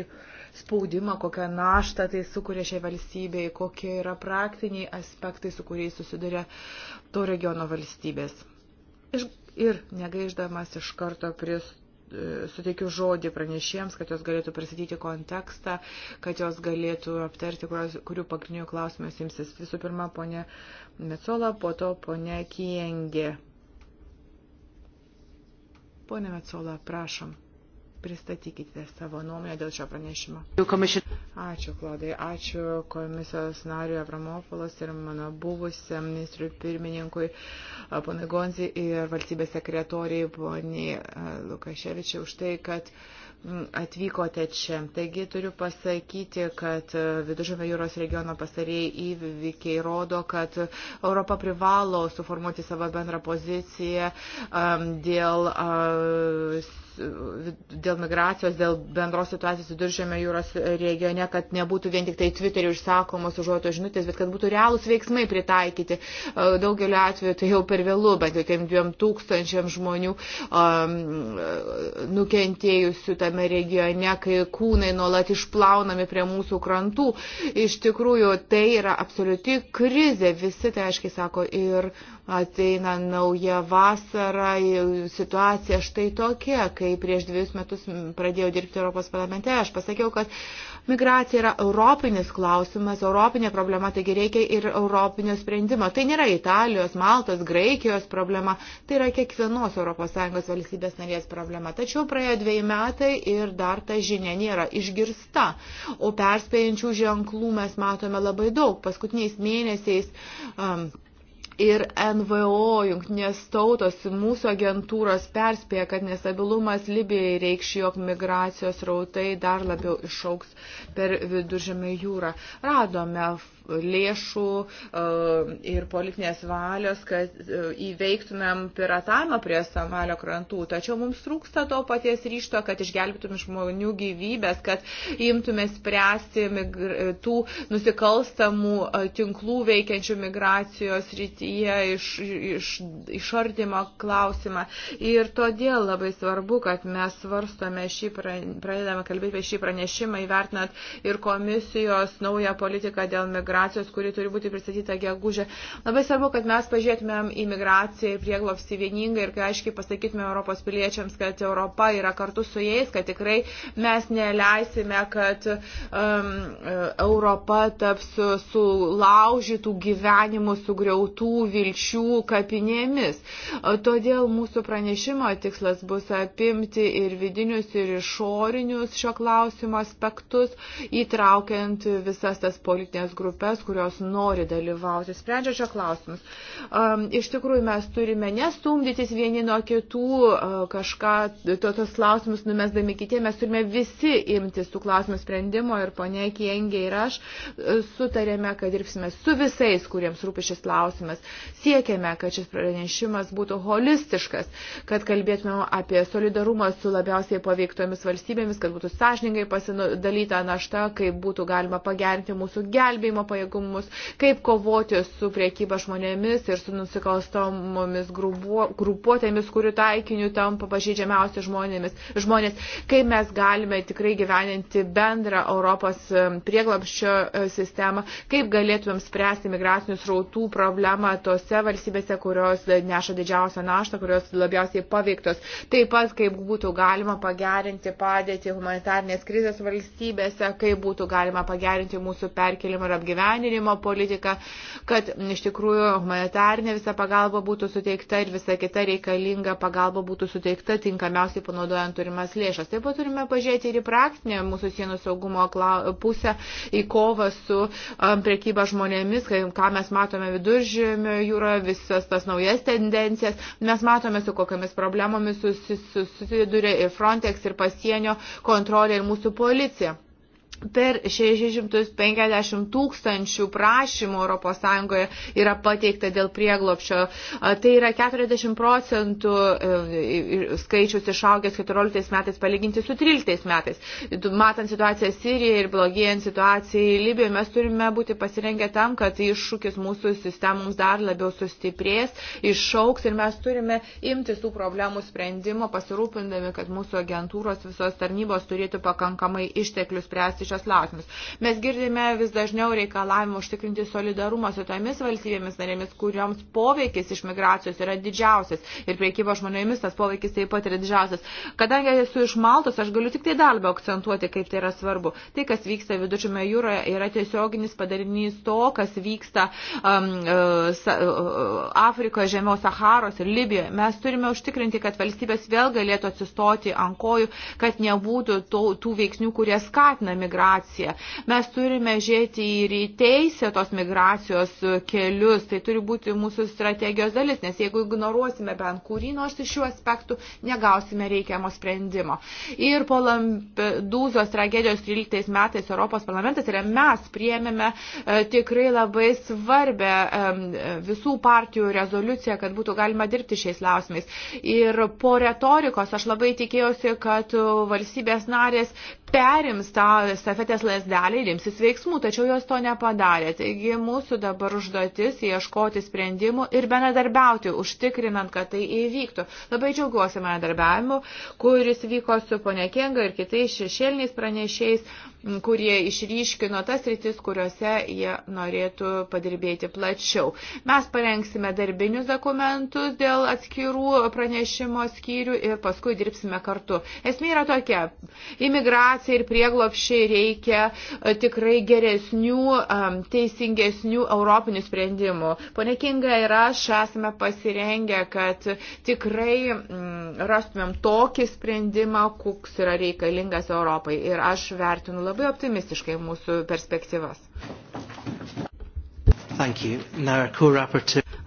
spaudimą, kokią naštą tai sukuria šiai valstybei, kokie yra praktiniai aspektai, su kuriais susiduria to regiono valstybės. Ir negaiždamas iš karto pristatyti E, suteikiu žodį pranešėjams, kad jos galėtų pristatyti kontekstą, kad jos galėtų aptarti, kurios, kurių pagrindinių klausimų imsis. Visų pirma, ponė Metsola, po to ponė Kijengė. Pone Metsola, prašom pristatykite savo nuomonę dėl šio pranešimo. Ačiū, Klaudai. Ačiū komisijos nariui Avramopolos ir mano buvusiam ministrui pirmininkui ponai Gonzi ir valstybės sekretoriai poniai Lukaševičiai už tai, kad atvykote čia. Taigi turiu pasakyti, kad Viduržėmio jūros regiono pasarėjai įvykiai rodo, kad Europa privalo suformuoti savo bendrą poziciją um, dėl uh, dėl migracijos, dėl bendros situacijos viduržėme jūros regione, kad nebūtų vien tik tai Twitteriu išsakomos užuoto žinutės, bet kad būtų realūs veiksmai pritaikyti. E, daugeliu atveju tai jau per vėlų, bet jau tiem dviem tūkstančiam žmonių um, nukentėjusių tame regione, kai kūnai nuolat išplaunami prie mūsų krantų. Iš tikrųjų, tai yra absoliuti krizė, visi tai aiškiai sako. Ir ateina nauja vasara, situacija štai tokia, kai kai prieš dviejus metus pradėjau dirbti Europos parlamente, aš pasakiau, kad migracija yra europinis klausimas, europinė problema, taigi reikia ir europinio sprendimo. Tai nėra Italijos, Maltos, Graikijos problema, tai yra kiekvienos ES valstybės narės problema. Tačiau praėjo dviejai metai ir dar ta žinia nėra išgirsta, o perspėjančių ženklų mes matome labai daug. Paskutiniais mėnesiais um, Ir NVO, jungtinės tautos, mūsų agentūros perspėja, kad nestabilumas Libijai reikš, jog migracijos rautai dar labiau išauks per viduržėmę jūrą. Radome lėšų e, ir politinės valios, kad e, įveiktumėm piratavimą prie Somalio krantų. Tačiau mums trūksta to paties ryšto, kad išgelbėtum žmonių gyvybės, kad imtume spręsti tų nusikalstamų e, tinklų veikiančių migracijos rytyje iš, iš, išardymo klausimą. Ir todėl labai svarbu, kad mes svarstome šį, pradedame kalbėti apie šį pranešimą, įvertinant ir komisijos naują politiką dėl migracijos migracijos, kuri turi būti pristatyta gegužė. Labai svarbu, kad mes pažiūrėtumėm į migraciją ir prieglopstį vieningai ir kai aiškiai pasakytume Europos piliečiams, kad Europa yra kartu su jais, kad tikrai mes neleisime, kad um, Europa taps sulaužytų su gyvenimų, sugriautų vilčių kapinėmis. Todėl mūsų pranešimo tikslas bus apimti ir vidinius, ir išorinius šio klausimo aspektus, įtraukiant visas tas politinės grupės grupės, kurios nori dalyvauti, sprendžia šio klausimus. Iš tikrųjų, mes turime nestumdytis vieni nuo kitų, kažką, to, tos klausimus numesdami kitie, mes turime visi imtis tų klausimų sprendimo ir ponia Kiengė ir aš e, sutarėme, kad dirbsime su visais, kuriems rūpi šis klausimas. Siekėme, kad šis pranešimas būtų holistiškas, kad kalbėtume apie solidarumą su labiausiai paveiktomis valstybėmis, kad būtų sąžiningai pasidalyta našta, kaip būtų galima pagerinti mūsų gelbėjimo pajėgumus pajėgumus, kaip kovoti su priekyba žmonėmis ir su nusikalstamomis grupuotėmis, kurių taikiniu tampa pažydžiamiausi žmonėmis. žmonės, kaip mes galime tikrai gyveninti bendrą Europos prieglapščio e, sistemą, kaip galėtumėm spręsti migracinių srautų problemą tose valstybėse, kurios neša didžiausią naštą, kurios labiausiai paveiktos. Taip pat, kaip būtų galima pagerinti padėtį humanitarnės krizės valstybėse, kaip būtų galima pagerinti mūsų perkelimą ir apgyvendinimą įgyveninimo politiką, kad iš tikrųjų humanitarnė visa pagalba būtų suteikta ir visa kita reikalinga pagalba būtų suteikta tinkamiausiai panaudojant turimas lėšas. Taip pat turime pažiūrėti ir į praktinę mūsų sienų saugumo pusę, į kovą su um, prekyba žmonėmis, ką mes matome viduržėmio jūroje, visas tas naujas tendencijas. Mes matome, su kokiamis problemomis susiduria ir Frontex, ir pasienio kontrolė, ir mūsų policija. Per 650 tūkstančių prašymų ES yra pateikta dėl prieglopščio. Tai yra 40 procentų e, skaičius išaugęs 14 metais palyginti su 13 metais. Matant situaciją Sirijoje ir blogėjant situacijai Libijoje, mes turime būti pasirengę tam, kad iššūkis mūsų sistemoms dar labiau sustiprės, išauks ir mes turime imtis tų problemų sprendimo, pasirūpindami, kad mūsų agentūros visos tarnybos turėtų pakankamai išteklių spręsti spręsti šios klausimus. Mes girdime vis dažniau reikalavimą užtikrinti solidarumą su tomis valstybėmis narėmis, kurioms poveikis iš migracijos yra didžiausias ir priekybo žmonėmis tas poveikis taip pat yra didžiausias. Kadangi esu iš Maltos, aš galiu tik tai dar labiau akcentuoti, kaip tai yra svarbu. Tai, kas vyksta vidučiame jūroje, yra tiesioginis padarinys to, kas vyksta um, uh, Afrikoje, žemiau Saharos ir Libijoje. Mes turime užtikrinti, kad valstybės vėl galėtų atsistoti ant kojų, kad nebūtų tų, tų veiksnių, kurie skatina migraciją migraciją. Mes turime žiūrėti ir į teisę tos migracijos kelius. Tai turi būti mūsų strategijos dalis, nes jeigu ignoruosime bent kurį nors iš šių aspektų, negausime reikiamo sprendimo. Ir po Lampedūzos tragedijos 13 metais Europos parlamentas ir tai mes priėmėme e, tikrai labai svarbę e, visų partijų rezoliuciją, kad būtų galima dirbti šiais klausimais. Ir po retorikos aš labai tikėjausi, kad valstybės narės perims tą stafetės lasdelį ir imsis veiksmų, tačiau jos to nepadarė. Taigi mūsų dabar užduotis ieškoti sprendimų ir benedarbiauti, užtikrinant, kad tai įvyktų. Labai džiaugiuosi benedarbiavimu, kuris vyko su ponekenga ir kitais šešėliniais pranešėjais kurie išryškino tas rytis, kuriuose jie norėtų padirbėti plačiau. Mes parengsime darbinius dokumentus dėl atskirų pranešimo skyrių ir paskui dirbsime kartu. Esmė yra tokia, imigracija ir prieglopšiai reikia e, tikrai geresnių, teisingesnių europinių sprendimų. Pone Kinga ir aš esame pasirengę, kad tikrai mm, rastumėm tokį sprendimą, koks yra reikalingas Europai. Ir aš vertinu labai optimistiškai mūsų perspektyvas.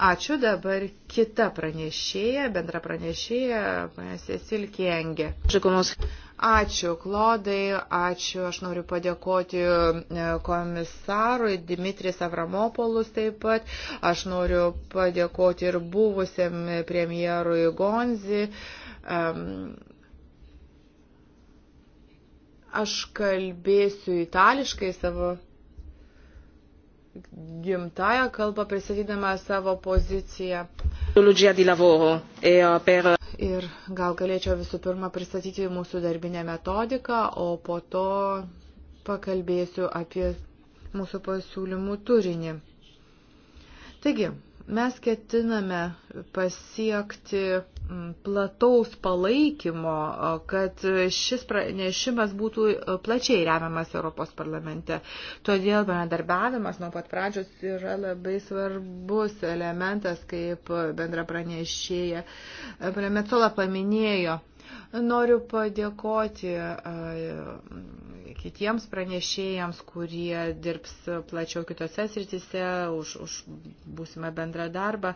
Ačiū dabar kita pranešėja, bendra pranešėja, Cecil Kiengė. Ačiū, Klodai, ačiū, aš noriu padėkoti e, komisarui Dimitris Avramopolus taip pat, aš noriu padėkoti ir buvusiam premjerui Gonzi. Um, Aš kalbėsiu itališkai savo gimtają kalbą pristatydama savo poziciją. E, uh, uh, Ir gal galėčiau visų pirma pristatyti mūsų darbinę metodiką, o po to pakalbėsiu apie mūsų pasiūlymų turinį. Taigi, Mes ketiname pasiekti mm, plataus palaikymo, kad šis pranešimas būtų e, plačiai remiamas Europos parlamente. Todėl bendradarbiavimas nuo pat pradžios yra labai svarbus elementas, kaip bendra pranešėja e, Metzola paminėjo Noriu padėkoti e, kitiems pranešėjams, kurie dirbs plačiau kitose sritise už, už būsimą bendrą darbą.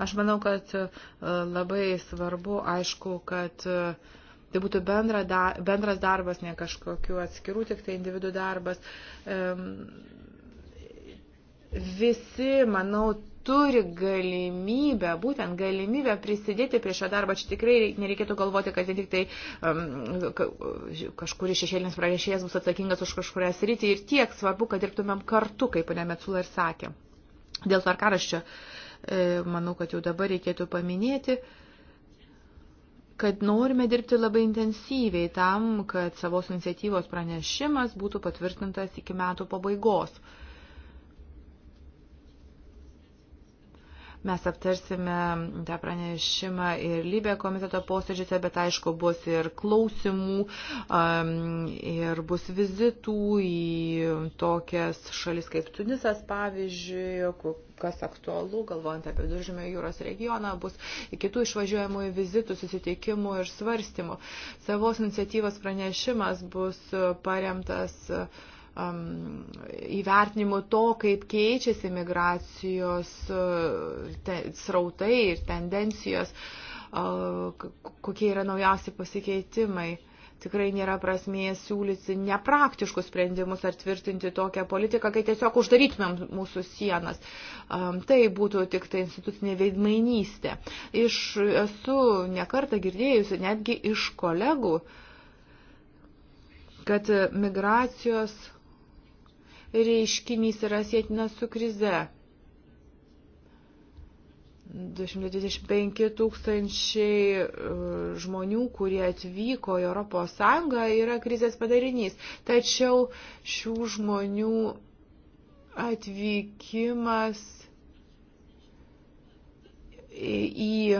Aš manau, kad e, labai svarbu, aišku, kad e, tai būtų bendra, da, bendras darbas, ne kažkokiu atskirų, tik tai individų darbas. Visi, manau, turi galimybę, būtent galimybę prisidėti prie šio darbo. Čia tikrai nereikėtų galvoti, kad tik tai um, kažkuris šešėlinis pranešėjas bus atsakingas už kažkurią sritį ir tiek svarbu, kad dirbtumėm kartu, kaip ponia Metsula ir sakė. Dėl tvarkaraščio, e, manau, kad jau dabar reikėtų paminėti, kad norime dirbti labai intensyviai tam, kad savos iniciatyvos pranešimas būtų patvirtintas iki metų pabaigos. Mes aptarsime tą pranešimą ir Lybė komiteto posėdžiuose, bet aišku, bus ir klausimų, ir bus vizitų į tokias šalis kaip Tunisas, pavyzdžiui, kas aktualu, galvojant apie Viduržymio jūros regioną, bus kitų išvažiuojamųjų vizitų, susitikimų ir svarstymų. Savos iniciatyvos pranešimas bus paremtas uh, um, įvertinimu to, kaip keičiasi migracijos uh, te, srautai ir tendencijos, uh, kokie yra naujausi pasikeitimai. Tikrai nėra prasmės siūlyti nepraktiškus sprendimus ar tvirtinti tokią politiką, kai tiesiog uždarytumėm mūsų sienas. Um, tai būtų tik tai institucinė veidmainystė. Iš, esu nekartą girdėjusi netgi iš kolegų, kad migracijos reiškinys yra sėtinas su krize. 225 tūkstančiai e, žmonių, kurie atvyko į Europos Sąjungą, yra krizės padarinys. Tačiau šių žmonių atvykimas į,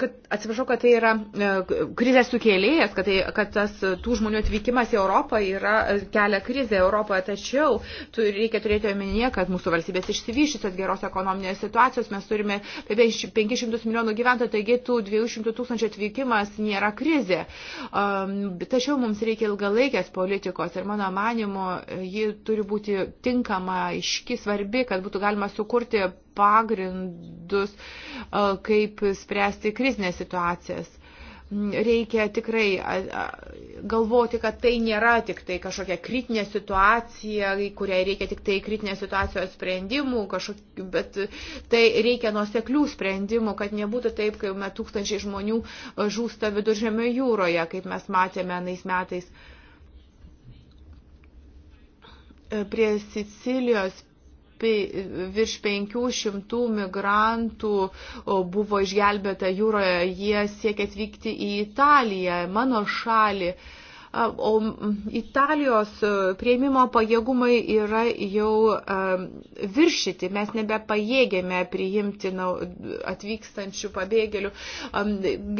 kad, atsiprašau, kad tai yra e, krizės sukėlėjas, kad, tai, kad tas tų žmonių atvykimas į Europą yra e, kelia krizę Europoje, tačiau tu, reikia turėti omenyje, kad mūsų valstybės išsivyšusios geros ekonominės situacijos, mes turime apie 500 milijonų gyventojų, taigi tų 200 tūkstančių atvykimas nėra krizė. Um, tačiau mums reikia ilgalaikės politikos ir mano manimo, e, ji turi būti tinkama, iški, svarbi, kad būtų galima sukurti pagrindus, kaip spręsti krizinės situacijas reikia tikrai galvoti, kad tai nėra tik tai kažkokia kritinė situacija, į kurią reikia tik tai kritinės situacijos sprendimų, kažkok, bet tai reikia nuoseklių sprendimų, kad nebūtų taip, kai mes tūkstančiai žmonių žūsta viduržėmio jūroje, kaip mes matėme nais metais. Prie Sicilijos virš 500 migrantų buvo išgelbėta jūroje, jie siekia atvykti į Italiją, mano šalį. O Italijos e, prieimimo pajėgumai yra jau e, viršyti. Mes nebepajėgėme priimti atvykstančių pabėgėlių.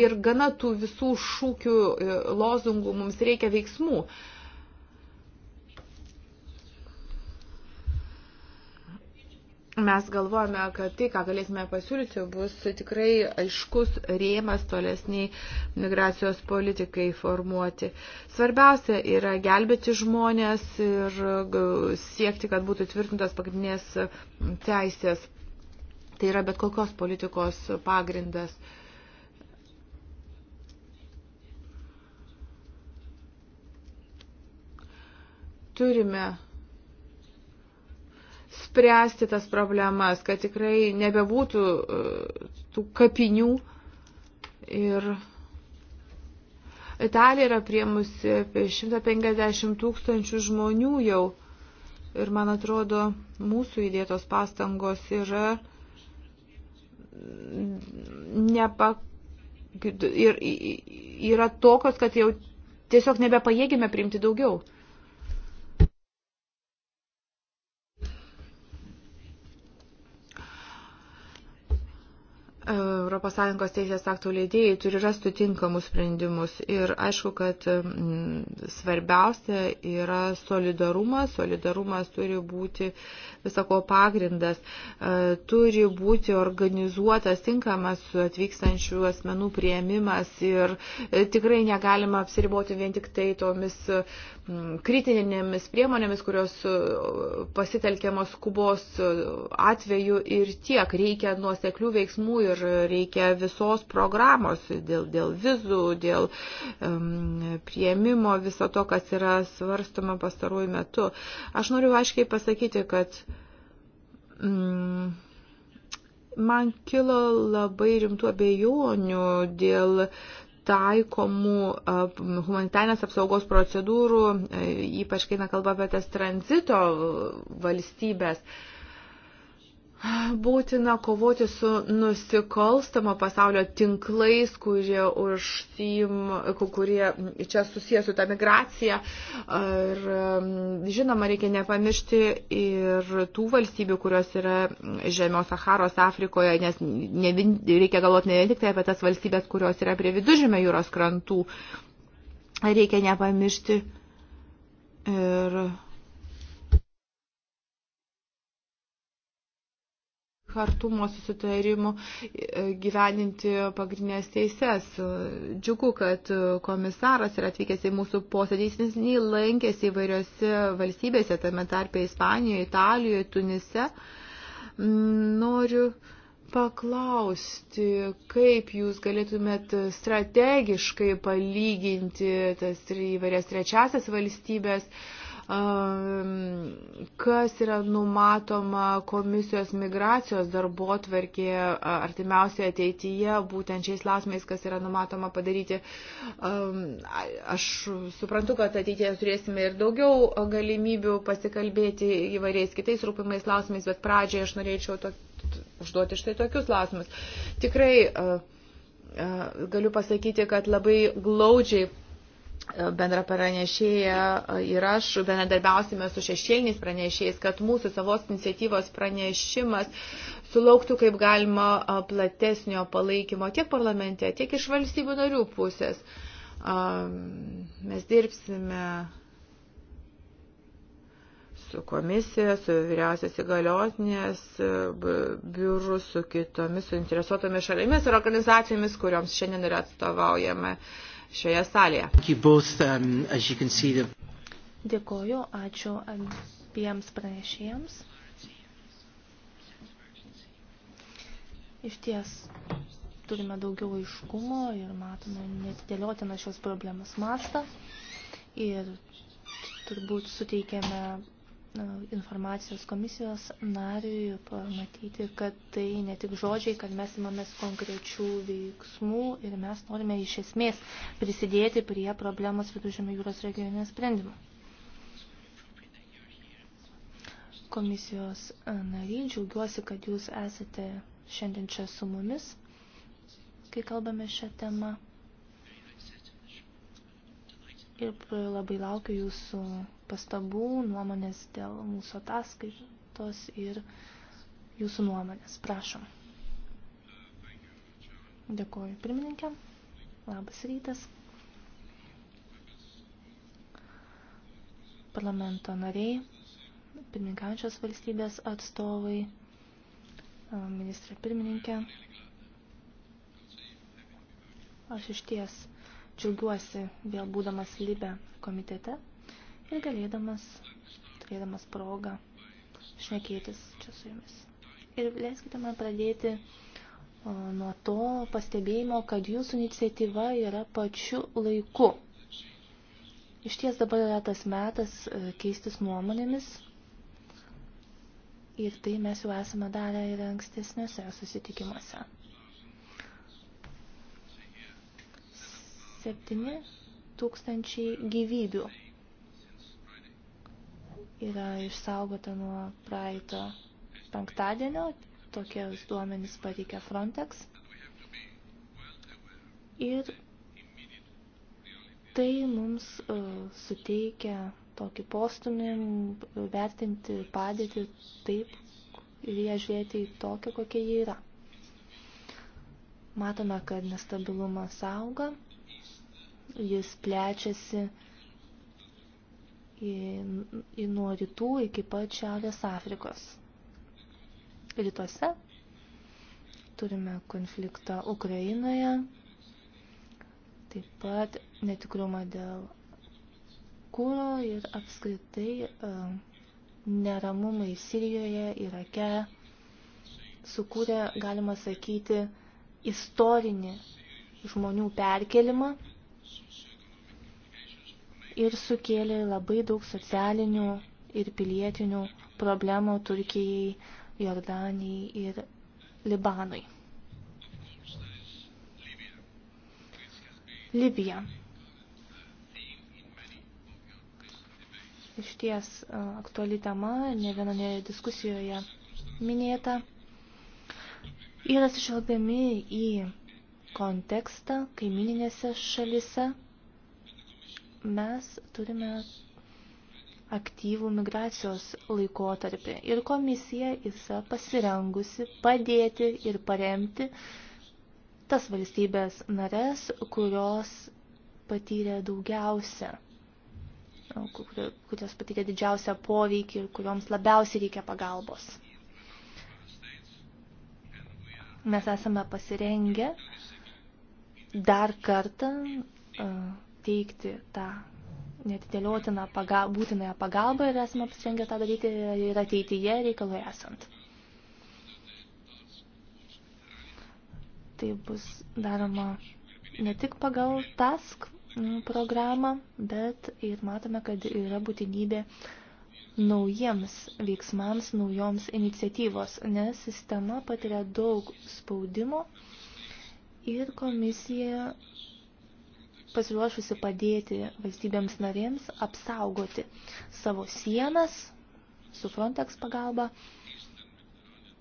Ir gana tų visų šūkių, e, lozungų mums reikia veiksmų. Mes galvojame, kad tai, ką galėsime pasiūlyti, bus tikrai aiškus rėmas tolesniai migracijos politikai formuoti. Svarbiausia yra gelbėti žmonės ir siekti, kad būtų tvirtintas pagrindinės teisės. Tai yra bet kokios politikos pagrindas. Turime spręsti tas problemas, kad tikrai nebebūtų e, tų kapinių. Ir Italija yra priemusi apie 150 tūkstančių žmonių jau. Ir man atrodo, mūsų įdėtos pastangos yra nepak... ir yra tokios, kad jau tiesiog nebepajėgime priimti daugiau. ES teisės aktų leidėjai turi rasti tinkamus sprendimus. Ir aišku, kad mm, svarbiausia yra solidarumas. Solidarumas turi būti visako pagrindas. E, turi būti organizuotas tinkamas atvykstančių asmenų prieimimas. Ir e, tikrai negalima apsiriboti vien tik tai tomis mm, kritinėmis priemonėmis, kurios e, pasitelkiamos skubos atveju ir tiek reikia nuoseklių veiksmų ir ir reikia visos programos dėl, dėl vizų, dėl um, prieimimo, viso to, kas yra svarstama pastaruoju metu. Aš noriu aiškiai pasakyti, kad mm, man kilo labai rimtų abejonių dėl taikomų humanitarnės apsaugos procedūrų, ypač kai nekalba apie tas tranzito valstybės. Uh, Būtina kovoti su nusikalstamo pasaulio tinklais, kurie, užsim, kurie čia susijęs su ta migracija. Ir um, žinoma, reikia nepamiršti ir tų valstybių, kurios yra žemiaus Saharos Afrikoje, nes ne, reikia galvoti ne tik tai apie tas valstybės, kurios yra prie viduržėme jūros krantų. Reikia nepamiršti ir. hartumo susitarimų e, gyveninti pagrindinės teises. Džiugu, kad komisaras yra atvykęs į mūsų posėdį, jis lankėsi įvairiose valstybėse, tame tarpe Ispanijoje, Italijoje, Tunise. Noriu paklausti, kaip jūs galėtumėt strategiškai palyginti tas įvairias trečiasias valstybės, uh, kas yra numatoma komisijos migracijos darbo tvarkėje artimiausioje ateityje, būtent šiais lasmais, kas yra numatoma padaryti. Aš suprantu, kad ateityje turėsime ir daugiau galimybių pasikalbėti įvairiais kitais rūpimais klausimais, bet pradžioje aš norėčiau to, užduoti štai tokius klausimus. Tikrai galiu pasakyti, kad labai glaudžiai bendra pranešėja ir aš bendradarbiausime su šešėliniais pranešėjais, kad mūsų savos iniciatyvos pranešimas sulauktų kaip galima platesnio palaikymo tiek parlamente, tiek iš valstybių narių pusės. Mes dirbsime su komisija, su vyriausias įgaliotinės biuru, su kitomis suinteresuotomis šalimis ir organizacijomis, kurioms šiandien yra atstovaujame. Uh, šioje salėje. Um, Dėkoju, ačiū abiems pranešėjams. Iš ties turime daugiau aiškumo ir matome netidėliotiną šios problemos mastą ir turbūt suteikiame informacijos komisijos nariui pamatyti, kad tai ne tik žodžiai, kad mes imamės konkrečių veiksmų ir mes norime iš esmės prisidėti prie problemos viduržėmio jūros regioninio sprendimo. Komisijos nariai, džiaugiuosi, kad jūs esate šiandien čia su mumis, kai kalbame šią temą. Ir labai laukiu jūsų pastabų, nuomonės dėl mūsų ataskaitos ir jūsų nuomonės. Prašom. Dėkuoju pirmininkė. Labas rytas. Parlamento nariai, pirmininkaujančios valstybės atstovai, ministrė pirmininkė. Aš iš ties džiaugiuosi vėl būdamas Libe komitete ir galėdamas, turėdamas progą šnekėtis čia su jumis. Ir leiskite man pradėti o, nuo to pastebėjimo, kad jūsų iniciatyva yra pačiu laiku. Iš ties dabar yra tas metas e, keistis nuomonėmis ir tai mes jau esame darę ir ankstesniuose susitikimuose. Septyni tūkstančiai gyvybių yra išsaugota nuo praeito penktadienio, tokios duomenys pateikė Frontex. Ir tai mums uh, suteikia tokį postumį vertinti padėtį taip ir ją žiūrėti į tokią, kokia jį yra. Matome, kad nestabilumas auga, jis plečiasi uh, į, į nuo rytų iki pat Šiaurės Afrikos. Rytuose turime konfliktą Ukrainoje, taip pat netikrumą dėl kūro ir apskritai e, neramumai Sirijoje, Irake sukūrė, galima sakyti, istorinį žmonių perkelimą ir sukėlė labai daug socialinių ir pilietinių problemų Turkijai, Jordanijai ir Libanui. Libija. Iš ties aktuali tema, ne vienoje diskusijoje minėta. Yra sišalbiami į kontekstą kaimininėse šalise mes turime aktyvų migracijos laikotarpį ir komisija yra pasirengusi padėti ir paremti tas valstybės nares, kurios patyrė daugiausia, kurios patyrė didžiausią poveikį ir kurioms labiausiai reikia pagalbos. Mes esame pasirengę dar kartą teikti tą netidėliotiną pagal, būtinąją pagalbą ir esame apsirengę tą daryti ir ateityje reikalui esant. Tai bus daroma ne tik pagal task mm, programą, bet ir matome, kad yra būtinybė naujiems veiksmams, naujoms iniciatyvos, nes sistema patiria daug spaudimo ir komisija pasiruošusi padėti valstybėms narėms apsaugoti savo sienas su Frontex pagalba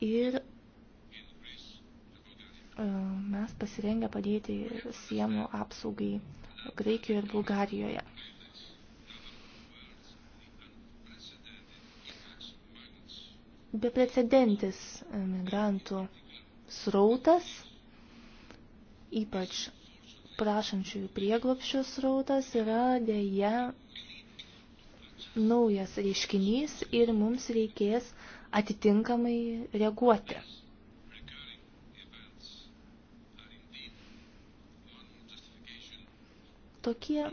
ir e, mes pasirengę padėti sienų apsaugai Graikijoje ir Bulgarijoje. Beprecedentis migrantų srautas, ypač prašančiųjų prieglopščių srautas yra dėja naujas reiškinys ir mums reikės atitinkamai reaguoti. Tokie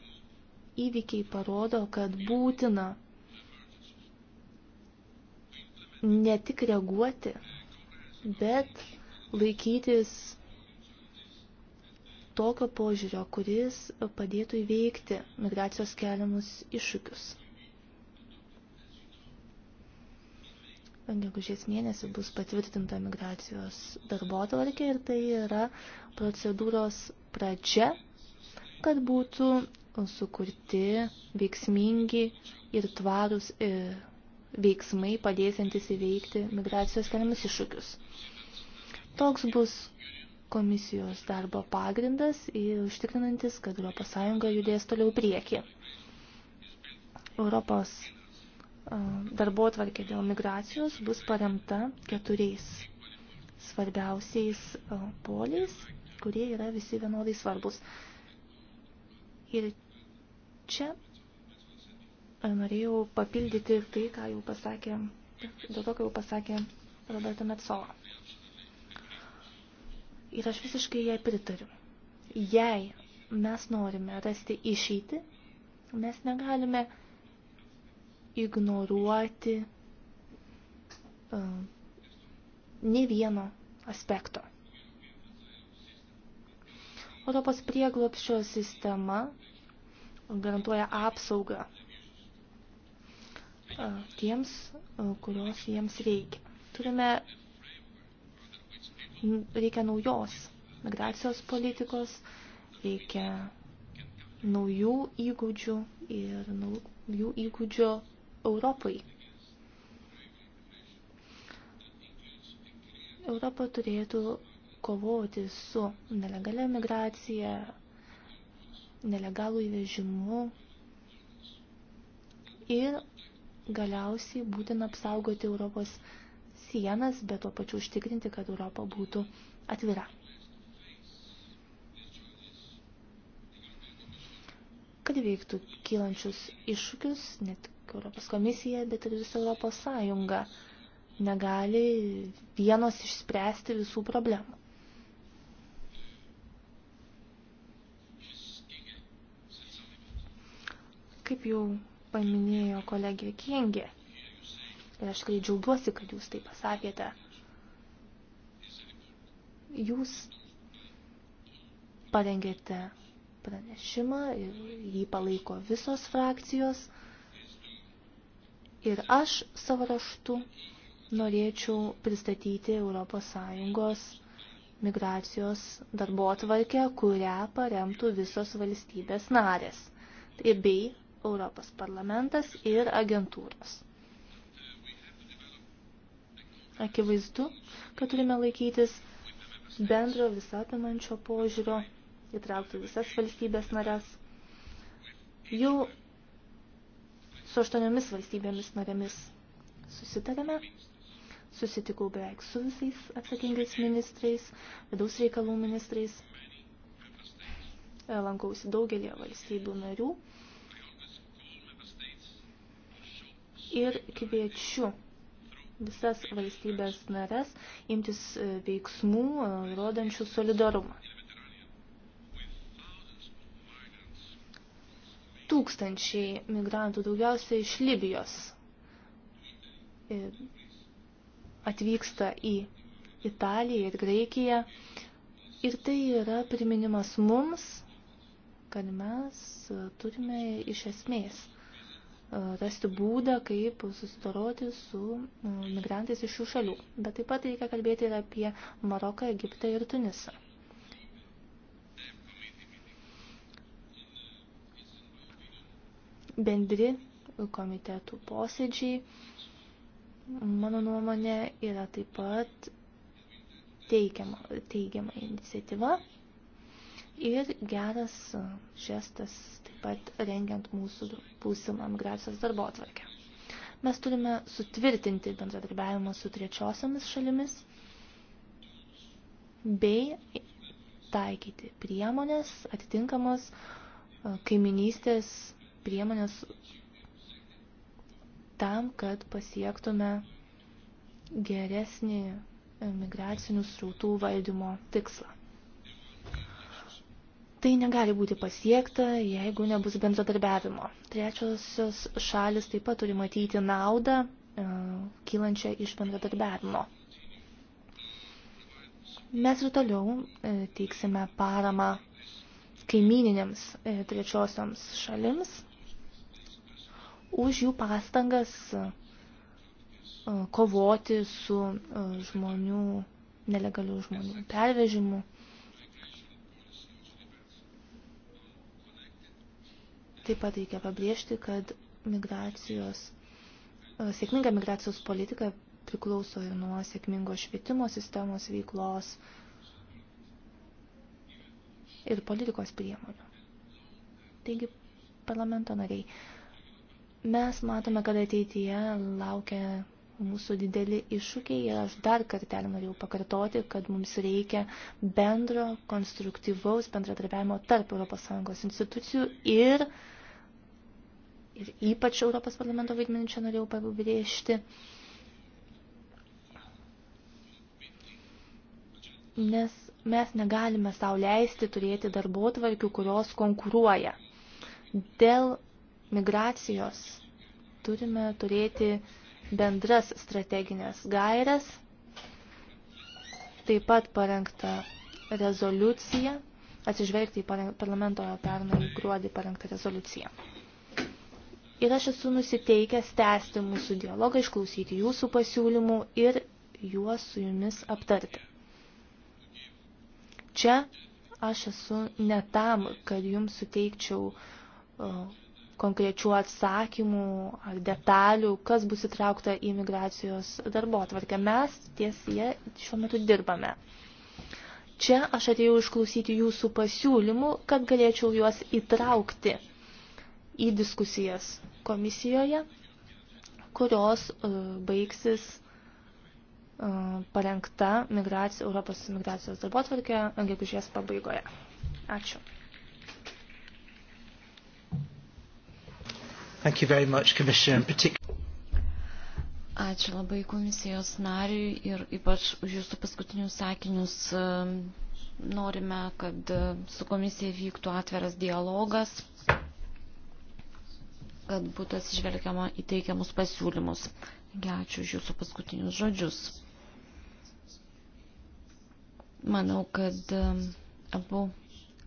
įvykiai parodo, kad būtina ne tik reaguoti, bet laikytis tokio požiūrio, kuris padėtų įveikti migracijos keliamus iššūkius. Gegužės mėnesį bus patvirtinta migracijos darbotvarkė ir tai yra procedūros pradžia, kad būtų sukurti veiksmingi ir tvarūs e, veiksmai padėsiantis įveikti migracijos keliamus iššūkius. Toks bus komisijos darbo pagrindas ir užtikrinantis, kad ES judės toliau prieki. Europos darbo atvarkė dėl migracijos bus paremta keturiais svarbiausiais poliais, kurie yra visi vienodai svarbus. Ir čia norėjau papildyti tai, ką jau pasakė, dėl to, ką jau pasakė Roberta Metsola ir aš visiškai jai pritariu. Jei mes norime rasti išeitį, mes negalime ignoruoti uh, e, ne vieno aspekto. Europos prieglopščio sistema garantuoja apsaugą e, tiems, e, kurios jiems reikia. Turime reikia naujos migracijos politikos, reikia naujų įgūdžių ir naujų įgūdžių Europai. Europa turėtų kovoti su nelegalia migracija, nelegalų įvežimu ir galiausiai būtina apsaugoti Europos sienas, bet tuo pačiu užtikrinti, kad Europa būtų atvira. Kad veiktų kylančius iššūkius, ne tik Europos komisija, bet ir visą Europos sąjungą negali vienos išspręsti visų problemų. Kaip jau paminėjo kolegė Kiengė, Ir aš tikrai džiaugiuosi, kad jūs tai pasakėte. Jūs parengėte pranešimą ir jį palaiko visos frakcijos. Ir aš savo raštu norėčiau pristatyti ES migracijos darbo atvarkę, kurią paremtų visos valstybės narės, tai bei Europos parlamentas ir agentūros. Akivaizdu, kad turime laikytis bendro visapimančio požiūrio, įtraukti visas valstybės narės. Jau su aštuoniomis valstybėmis narėmis susitarėme, susitikau beveik su visais atsakingais ministrais, vidaus reikalų ministrais, lankausi daugelį valstybių narių ir kviečiu visas valstybės narės imtis e, veiksmų, e, rodančių solidarumą. Tūkstančiai migrantų, daugiausiai iš Libijos, e, atvyksta į Italiją ir Graikiją. Ir tai yra priminimas mums, kad mes turime iš esmės rasti būdą, kaip susidoroti su migrantais iš šių šalių. Bet taip pat reikia kalbėti ir apie Maroką, Egiptą ir Tunisą. Bendri komitetų posėdžiai, mano nuomonė, yra taip pat teigiama, teigiama iniciatyva ir geras e, žestas taip pat rengiant mūsų būsimą migracijos darbo atvarkę. Mes turime sutvirtinti bendradarbiavimą su trečiosiamis šalimis bei taikyti priemonės atitinkamos e, kaiminystės priemonės tam, kad pasiektume geresnį e, migracinių srautų valdymo tikslą. Tai negali būti pasiekta, jeigu nebus bendradarbiavimo. Trečiosios šalis taip pat turi matyti naudą e, kylančią iš bendradarbiavimo. Mes ir toliau e, teiksime paramą kaimininėms e, trečiosioms šalims už jų pastangas kovoti su žmonių, nelegalių žmonių pervežimu Taip pat reikia pabrėžti, kad migracijos, e, sėkminga migracijos politika priklauso ir nuo sėkmingos švietimo sistemos veiklos ir politikos priemonių. Taigi, parlamento nariai, mes matome, kad ateityje laukia mūsų dideli iššūkiai ir aš dar kartelį norėjau pakartoti, kad mums reikia bendro, konstruktyvaus bendradarbiavimo tarp ES institucijų ir uh, ir ypač Europos parlamento vaidmenį čia norėjau pabrėžti. Nes mes negalime savo leisti turėti darbotvarkių, kurios konkuruoja. Dėl migracijos turime turėti bendras strateginės gairias, taip pat parengta rezoliucija, atsižvelgti į parlamento pernai gruodį parengtą rezoliuciją ir aš esu nusiteikęs tęsti mūsų dialogą, išklausyti jūsų pasiūlymų ir juos su jumis aptarti. Čia aš esu ne tam, kad jums suteikčiau konkrečių atsakymų ar detalių, kas bus įtraukta į migracijos darbo atvarkę. Mes tiesie šiuo metu dirbame. Čia aš atėjau išklausyti jūsų pasiūlymų, kad galėčiau juos įtraukti į diskusijas komisijoje, kurios e, baigsis e, parengta migracija, Europos migracijos darbotvarkė gegužės pabaigoje. Ačiū. Thank you very much, Commissioner, in particular. Ačiū labai komisijos nariui ir ypač už jūsų paskutinius sakinius. E, norime, kad su komisija vyktų atveras dialogas kad būtų atsižvelgiama į teikiamus pasiūlymus. Ačiū už jūsų paskutinius žodžius. Manau, kad um, abu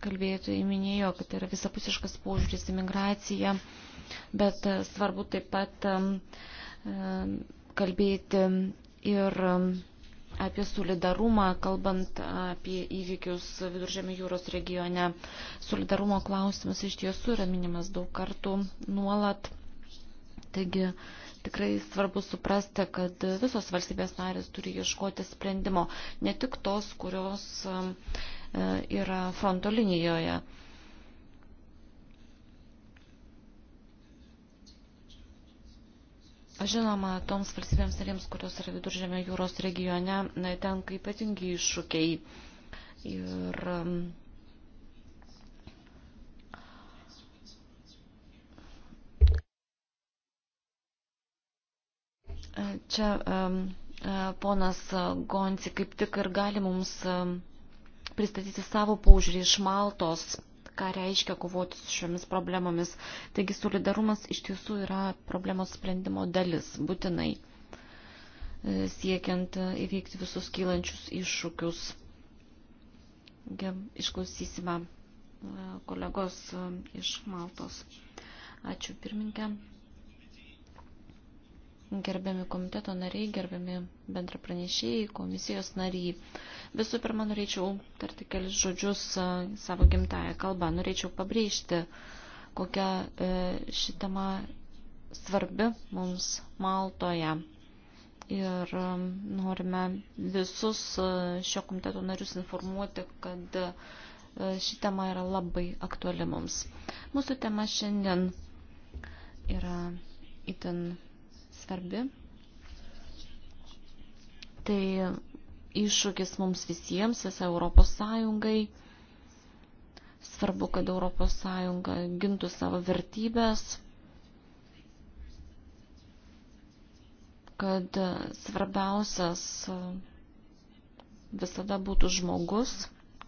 kalbėtojai minėjo, kad tai yra visapusiškas požiūris į migraciją, bet uh, svarbu taip pat um, um, kalbėti ir apie solidarumą, kalbant apie įvykius Viduržėmio jūros regione. Solidarumo klausimas iš tiesų yra minimas daug kartų nuolat. Taigi tikrai svarbu suprasti, kad visos valstybės narės turi ieškoti sprendimo, ne tik tos, kurios e, yra fronto linijoje. Žinoma, toms valstybėms narėms, kurios yra viduržėmio jūros regione, tenka ypatingi iššūkiai. Ir um, čia um, e, ponas Gonci kaip tik ir gali mums um, pristatyti savo paužiūrį iš Maltos ką reiškia kovoti su šiomis problemomis. Taigi solidarumas iš tiesų yra problemos sprendimo dalis, būtinai e, siekiant e, įveikti visus kylančius iššūkius. Išklausysime e, kolegos iš Maltos. Ačiū pirmininkė. Gerbiami komiteto nariai, gerbiami bendrapranešėjai, komisijos nariai. Visų pirma, norėčiau tarti kelis žodžius e, savo gimtają kalbą. Norėčiau pabrėžti, kokia e, ši tema svarbi mums Maltoje. Ir e, norime visus šio komiteto narius informuoti, kad ši tema yra labai aktuali mums. Mūsų tema šiandien yra itin svarbi. Tai iššūkis mums visiems, visą Europos Sąjungai. Svarbu, kad Europos Sąjunga gintų savo vertybės, kad svarbiausias visada būtų žmogus,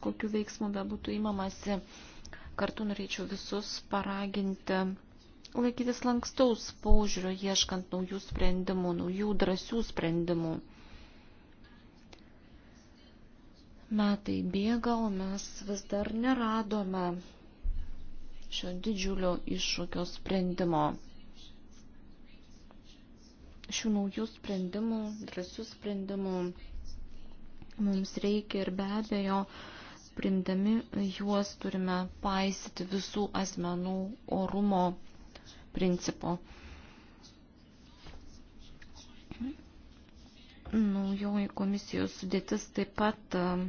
kokiu veiksmu bebūtų įmamasi. Kartu norėčiau visus paraginti laikytis lankstaus paužiūrio, ieškant naujų sprendimų, naujų drąsių sprendimų. Metai bėga, o mes vis dar neradome šio didžiulio iššūkio sprendimo. Šių naujų sprendimų, drąsių sprendimų mums reikia ir be abejo, primdami juos turime paisyti visų asmenų orumo principo. Naujoji komisijos sudėtis taip pat uh,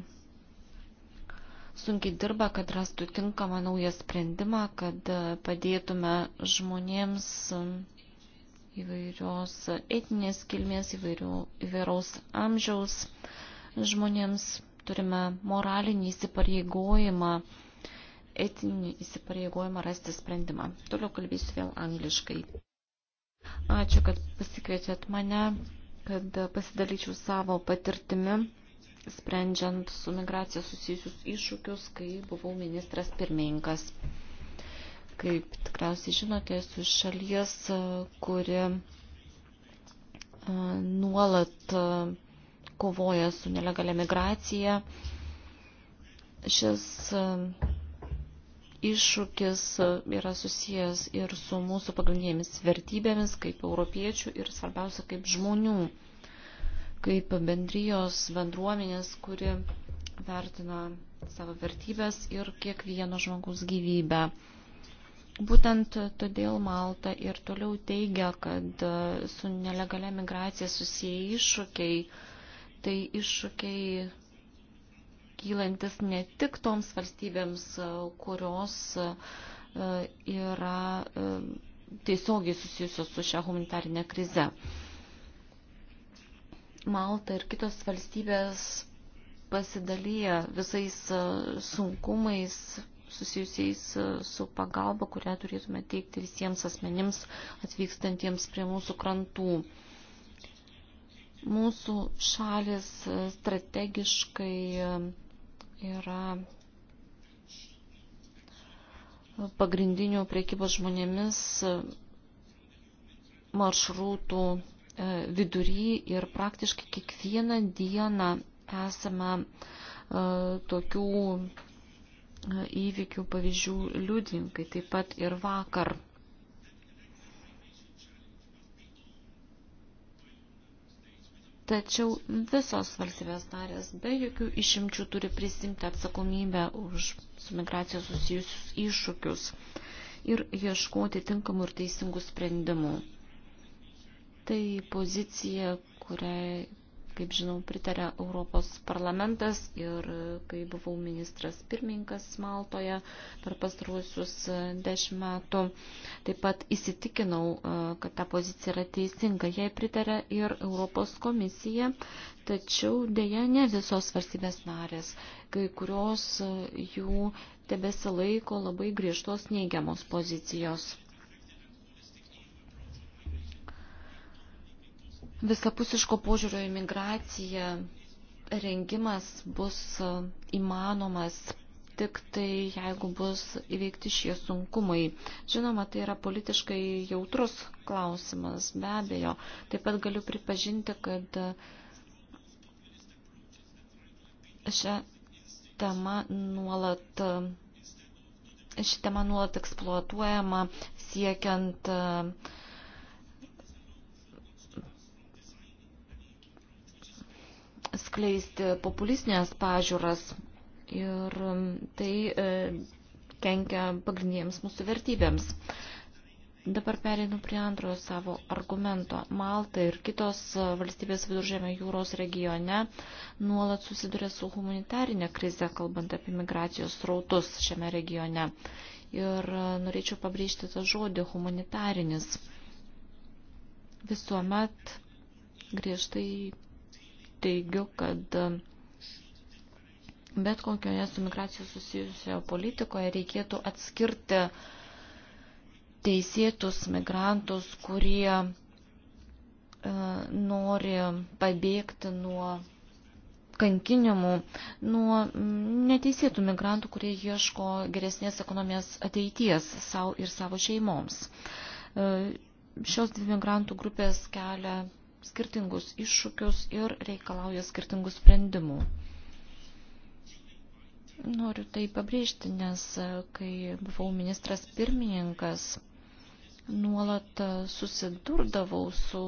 sunkiai dirba, kad rastų tinkamą naują sprendimą, kad e, padėtume žmonėms e, įvairios etinės kilmės, įvairių, įvairaus amžiaus žmonėms. Turime moralinį įsipareigojimą, etinį įsipareigojimą rasti sprendimą. Toliau kalbėsiu vėl angliškai. Ačiū, kad pasikvietėt mane, kad e, pasidalyčiau savo patirtimi sprendžiant su migracija susijusius iššūkius, kai buvau ministras pirmininkas. Kaip tikriausiai žinote, esu iš šalies, kuri nuolat kovoja su nelegalia migracija. Šis iššūkis yra susijęs ir su mūsų pagrindinėmis vertybėmis kaip europiečių ir svarbiausia kaip žmonių kaip bendrijos bendruomenės, kuri vertina savo vertybės ir kiekvieno žmogaus gyvybę. Būtent todėl Malta ir toliau teigia, kad su nelegalia migracija susiję iššūkiai, tai iššūkiai kylantis ne tik toms valstybėms, kurios e, yra e, tiesiogiai susijusios su šia humanitarinė krize. Malta ir kitos valstybės pasidalyja visais e, sunkumais susijusiais e, su pagalba, kurią turėtume teikti visiems asmenims atvykstantiems prie mūsų krantų. Mūsų šalis e, strategiškai yra pagrindinių priekybos žmonėmis maršrutų E, vidury ir praktiškai kiekvieną dieną esame e, tokių e, įvykių pavyzdžių liudininkai, taip pat ir vakar. Tačiau visos valstybės narės be jokių išimčių turi prisimti atsakomybę už su migracija susijusius iššūkius ir ieškoti tinkamų ir teisingų sprendimų. Tai pozicija, kuriai, kaip žinau, pritarė Europos parlamentas ir kai buvau ministras pirmininkas Maltoje per pastaruosius dešimt metų, taip pat įsitikinau, kad ta pozicija yra teisinga. Jai pritarė ir Europos komisija, tačiau dėja ne visos valstybės narės, kai kurios jų tebesilaiko labai griežtos neigiamos pozicijos. visapusiško požiūrio į migraciją rengimas bus įmanomas tik tai, jeigu bus įveikti šie sunkumai. Žinoma, tai yra politiškai jautrus klausimas, be abejo. Taip pat galiu pripažinti, kad šią temą nuolat ši tema nuolat eksploatuojama siekiant uh, skleisti populistinės pažiūras ir um, tai e, kenkia pagrindinėms mūsų vertybėms. Dabar pereinu prie antrojo savo argumento. Malta ir kitos e, valstybės viduržėmio jūros regione nuolat susiduria su humanitarinė krize, kalbant apie migracijos srautus šiame regione. Ir e, norėčiau pabrėžti tą žodį humanitarinis. Visuomet griežtai teigiu, kad bet kokioje su migracija susijusioje politikoje reikėtų atskirti teisėtus migrantus, kurie e, nori pabėgti nuo kankinimų, nuo neteisėtų migrantų, kurie ieško geresnės ekonomijos ateities savo ir savo šeimoms. E, šios dvi migrantų grupės kelia skirtingus iššūkius ir reikalauja skirtingų sprendimų. Noriu tai pabrėžti, nes e, kai buvau ministras pirmininkas, nuolat e, susidurdavau su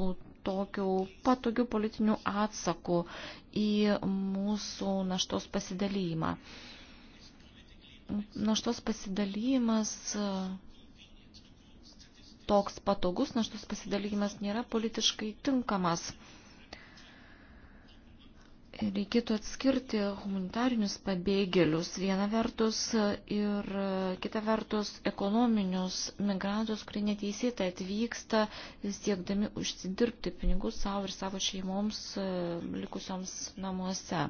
tokiu patogiu politiniu atsaku į mūsų naštos pasidalymą. Naštos pasidalymas e, toks patogus naštos pasidalymas nėra politiškai tinkamas. Reikėtų atskirti humanitarinius pabėgėlius viena vertus ir kita vertus ekonominius migrantus, kurie neteisėtai atvyksta, siekdami užsidirbti pinigų savo ir savo šeimoms likusioms namuose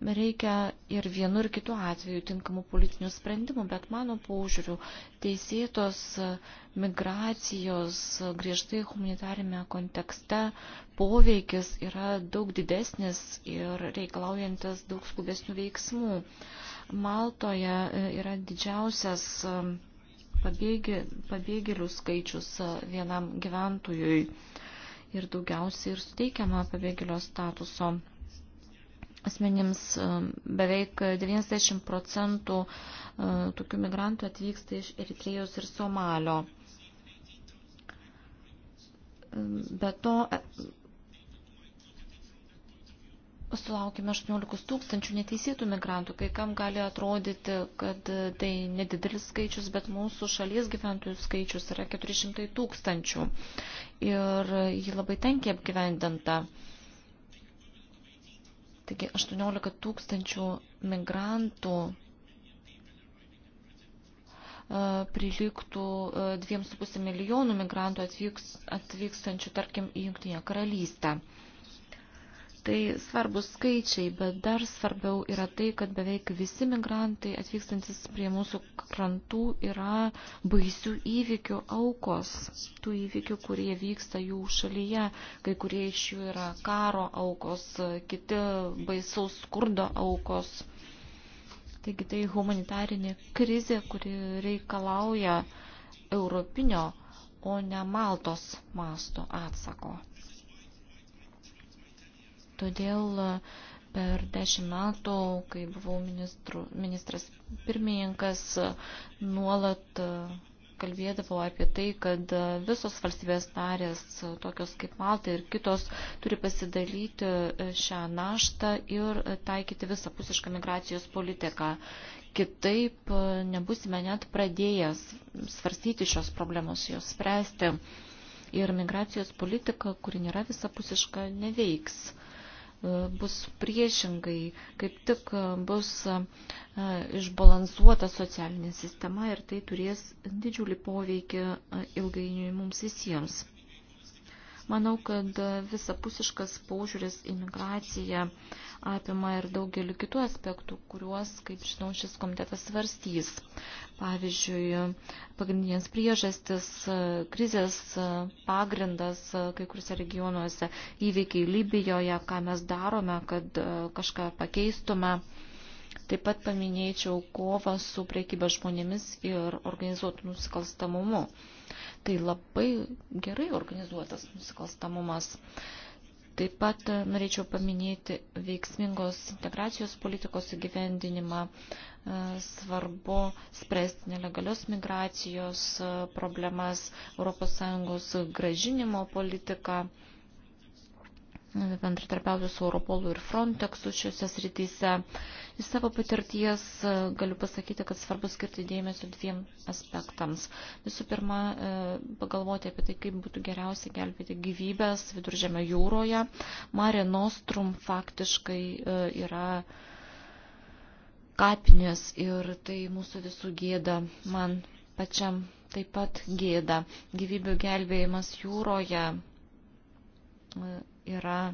reikia ir vienu ir kitu atveju tinkamų politinių sprendimų, bet mano paužiūriu teisėtos migracijos griežtai humanitarime kontekste poveikis yra daug didesnis ir reikalaujantis daug skubesnių veiksmų. Maltoje e, yra didžiausias e, pabėgi, pabėgėlių skaičius e, vienam gyventojui ir daugiausiai ir suteikiama pabėgėlio statuso asmenims e, beveik 90 procentų e, tokių migrantų atvyksta iš Eritrejos ir Somalio. Be to, e, sulaukime 18 tūkstančių neteisėtų migrantų. Kai kam gali atrodyti, kad tai nedidelis skaičius, bet mūsų šalies gyventojų skaičius yra 400 tūkstančių. Ir jį labai tenkiai apgyvendinta. Taigi 18 tūkstančių migrantų e, prilygtų 2,5 e, milijonų migrantų atvyks, atvykstančių, tarkim, į Junktinę karalystę. Tai svarbus skaičiai, bet dar svarbiau yra tai, kad beveik visi migrantai atvykstantis prie mūsų krantų yra baisių įvykių aukos, tų įvykių, kurie vyksta jų šalyje, kai kurie iš jų yra karo aukos, kiti baisaus skurdo aukos. Taigi tai humanitarinė krizė, kuri reikalauja europinio, o ne Maltos masto atsako. Todėl e, per dešimt metų, kai buvau ministru, ministras pirmininkas, e, nuolat e, kalbėdavau apie tai, kad visos valstybės narės, tokios kaip Malta ir kitos, turi pasidalyti šią naštą ir taikyti visapusišką migracijos politiką. Kitaip nebusime net pradėjęs svarstyti šios problemos, jos spręsti. Ir migracijos politika, kuri nėra visapusiška, neveiks bus priešingai, kaip tik bus e, išbalansuota socialinė sistema ir tai turės didžiulį poveikį e, ilgainiui mums visiems. Manau, kad visapusiškas paužiūris į migraciją apima ir daugelį kitų aspektų, kuriuos, kaip žinau, šis komitetas svarstys. Pavyzdžiui, pagrindinės priežastis, krizės pagrindas kai kuriuose regionuose, įveikiai Libijoje, ką mes darome, kad kažką pakeistume. Taip pat paminėčiau kovą su priekyba žmonėmis ir organizuotų nusikalstamumu. Tai labai gerai organizuotas nusikalstamumas. Taip pat e, norėčiau paminėti veiksmingos integracijos politikos įgyvendinimą. E, svarbu spręsti nelegalios migracijos e, problemas, ES gražinimo politiką bendratarpiausiu su Europolu ir Frontexu šiuose srityse. Iš savo patirties e, galiu pasakyti, kad svarbu skirti dėmesio dviem aspektams. Visų pirma, e, pagalvoti apie tai, kaip būtų geriausia gelbėti gyvybės viduržėme jūroje. Mare Nostrum faktiškai e, yra kapinės ir tai mūsų visų gėda. Man pačiam taip pat gėda. Gyvybių gelbėjimas jūroje yra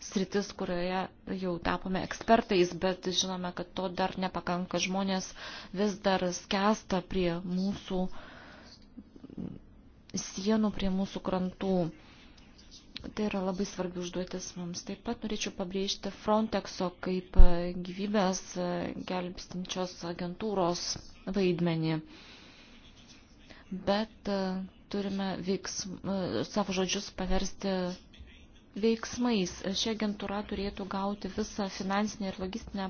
sritis, kurioje jau tapome ekspertais, bet žinome, kad to dar nepakanka. Žmonės vis dar skęsta prie mūsų sienų, prie mūsų krantų. Tai yra labai svarbi užduotis mums. Taip pat norėčiau pabrėžti Frontexo kaip gyvybės gelbstinčios agentūros vaidmenį. Bet turime veiksm, savo žodžius paversti veiksmais. Ši agentūra turėtų gauti visą finansinę ir logistinę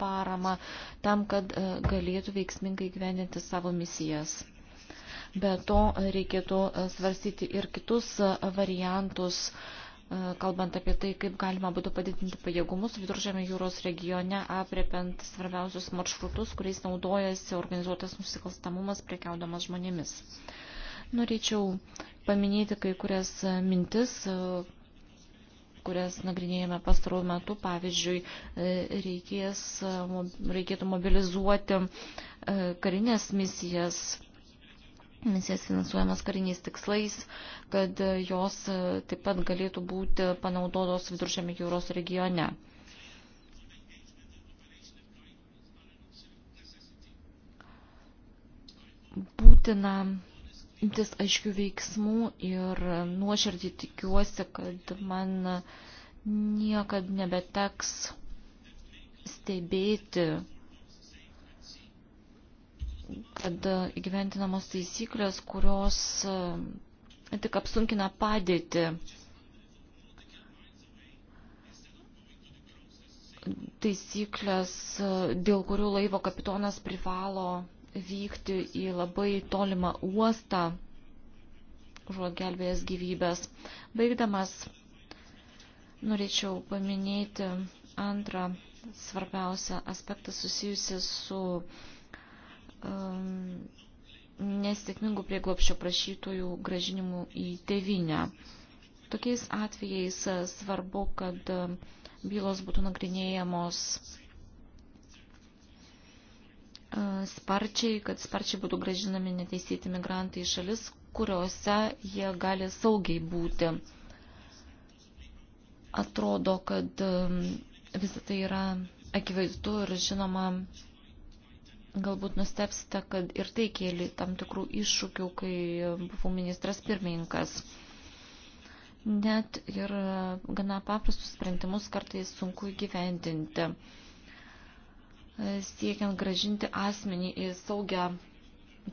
paramą tam, kad e, galėtų veiksmingai gyveninti savo misijas. Be to e, reikėtų e, svarstyti ir kitus variantus, kalbant apie tai, kaip galima būtų padidinti pajėgumus viduržėmio jūros regione, apriepiant svarbiausius maršrutus, kuriais naudojasi organizuotas nusikalstamumas prekiaudamas žmonėmis. Norėčiau paminėti kai kurias mintis, kurias nagrinėjame pastarųjų metų. Pavyzdžiui, e, reikės, e, reikėtų mobilizuoti e, karinės misijas, misijas finansuojamas kariniais tikslais, kad jos taip pat galėtų būti panaudotos viduržėmė jūros regione. Būtina imtis aiškių veiksmų ir nuoširdį tikiuosi, kad man niekad nebeteks stebėti, kad įgyventinamos taisyklės, kurios tik apsunkina padėti. Taisyklės, dėl kurių laivo kapitonas privalo vykti į labai tolimą uostą, užuot gelbėjęs gyvybės. Baigdamas, norėčiau paminėti antrą svarbiausią aspektą susijusi su um, nesėkmingų prieglopščio prašytojų gražinimu į tevinę. Tokiais atvejais svarbu, kad bylos būtų nagrinėjamos sparčiai, kad sparčiai būtų gražinami neteisėti migrantai į šalis, kuriuose jie gali saugiai būti. Atrodo, kad um, visą tai yra akivaizdu ir žinoma, galbūt nustepsite, kad ir tai kėlė tam tikrų iššūkių, kai buvau ministras pirmininkas. Net ir gana paprastus sprendimus kartais sunku įgyvendinti siekiant gražinti asmenį į saugią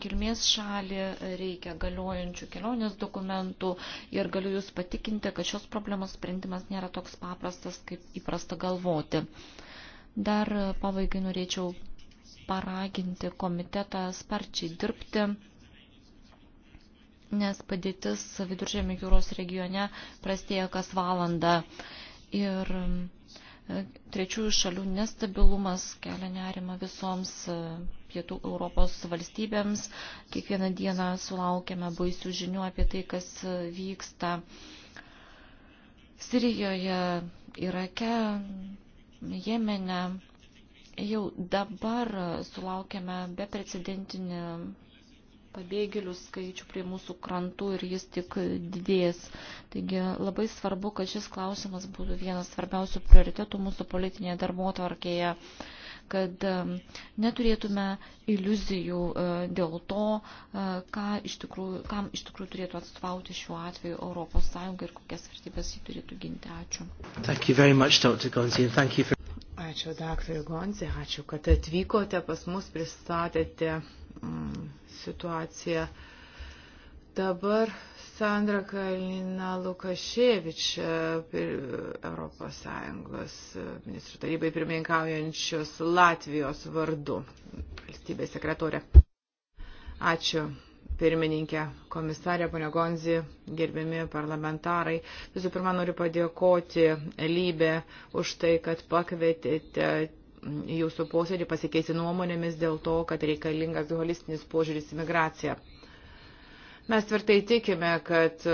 kilmės šalį, reikia galiojančių kelionės dokumentų ir galiu Jūs patikinti, kad šios problemos sprendimas nėra toks paprastas, kaip įprasta galvoti. Dar pabaigai norėčiau paraginti komitetą sparčiai dirbti, nes padėtis viduržėmio jūros regione prastėja kas valandą. Ir Trečiųjų šalių nestabilumas kelia nerima visoms e, pietų Europos valstybėms. Kiekvieną dieną sulaukiame baisių žinių apie tai, kas e, vyksta Sirijoje, Irake, Jemene. Jau dabar e, sulaukiame beprecedentinį pabėgėlių skaičių prie mūsų krantų ir jis tik didės. Taigi labai svarbu, kad šis klausimas būtų vienas svarbiausių prioritetų mūsų politinėje darbo tvarkėje, kad um, neturėtume iliuzijų uh, dėl to, uh, ką iš tikrųjų, kam iš tikrųjų turėtų atstovauti šiuo atveju Europos Sąjunga ir kokias vertybės jį turėtų ginti. Ačiū. Thank you very much, Dr. Gonzi, and thank you for... Ačiū, daktarė Gonzi, ačiū, kad atvykote pas mus, pristatėte Mm, situaciją. Dabar Sandra Kalina Lukaševič, ES e, ministrų tarybai pirmininkaujančios Latvijos vardu, valstybės sekretorė. Ačiū pirmininkė, komisarė Panegonzi, gerbiami parlamentarai. Visų pirma, noriu padėkoti Lybė už tai, kad pakvietėte jūsų posėdį pasikeisti nuomonėmis dėl to, kad reikalingas holistinis požiūris į migraciją. Mes tvirtai tikime, kad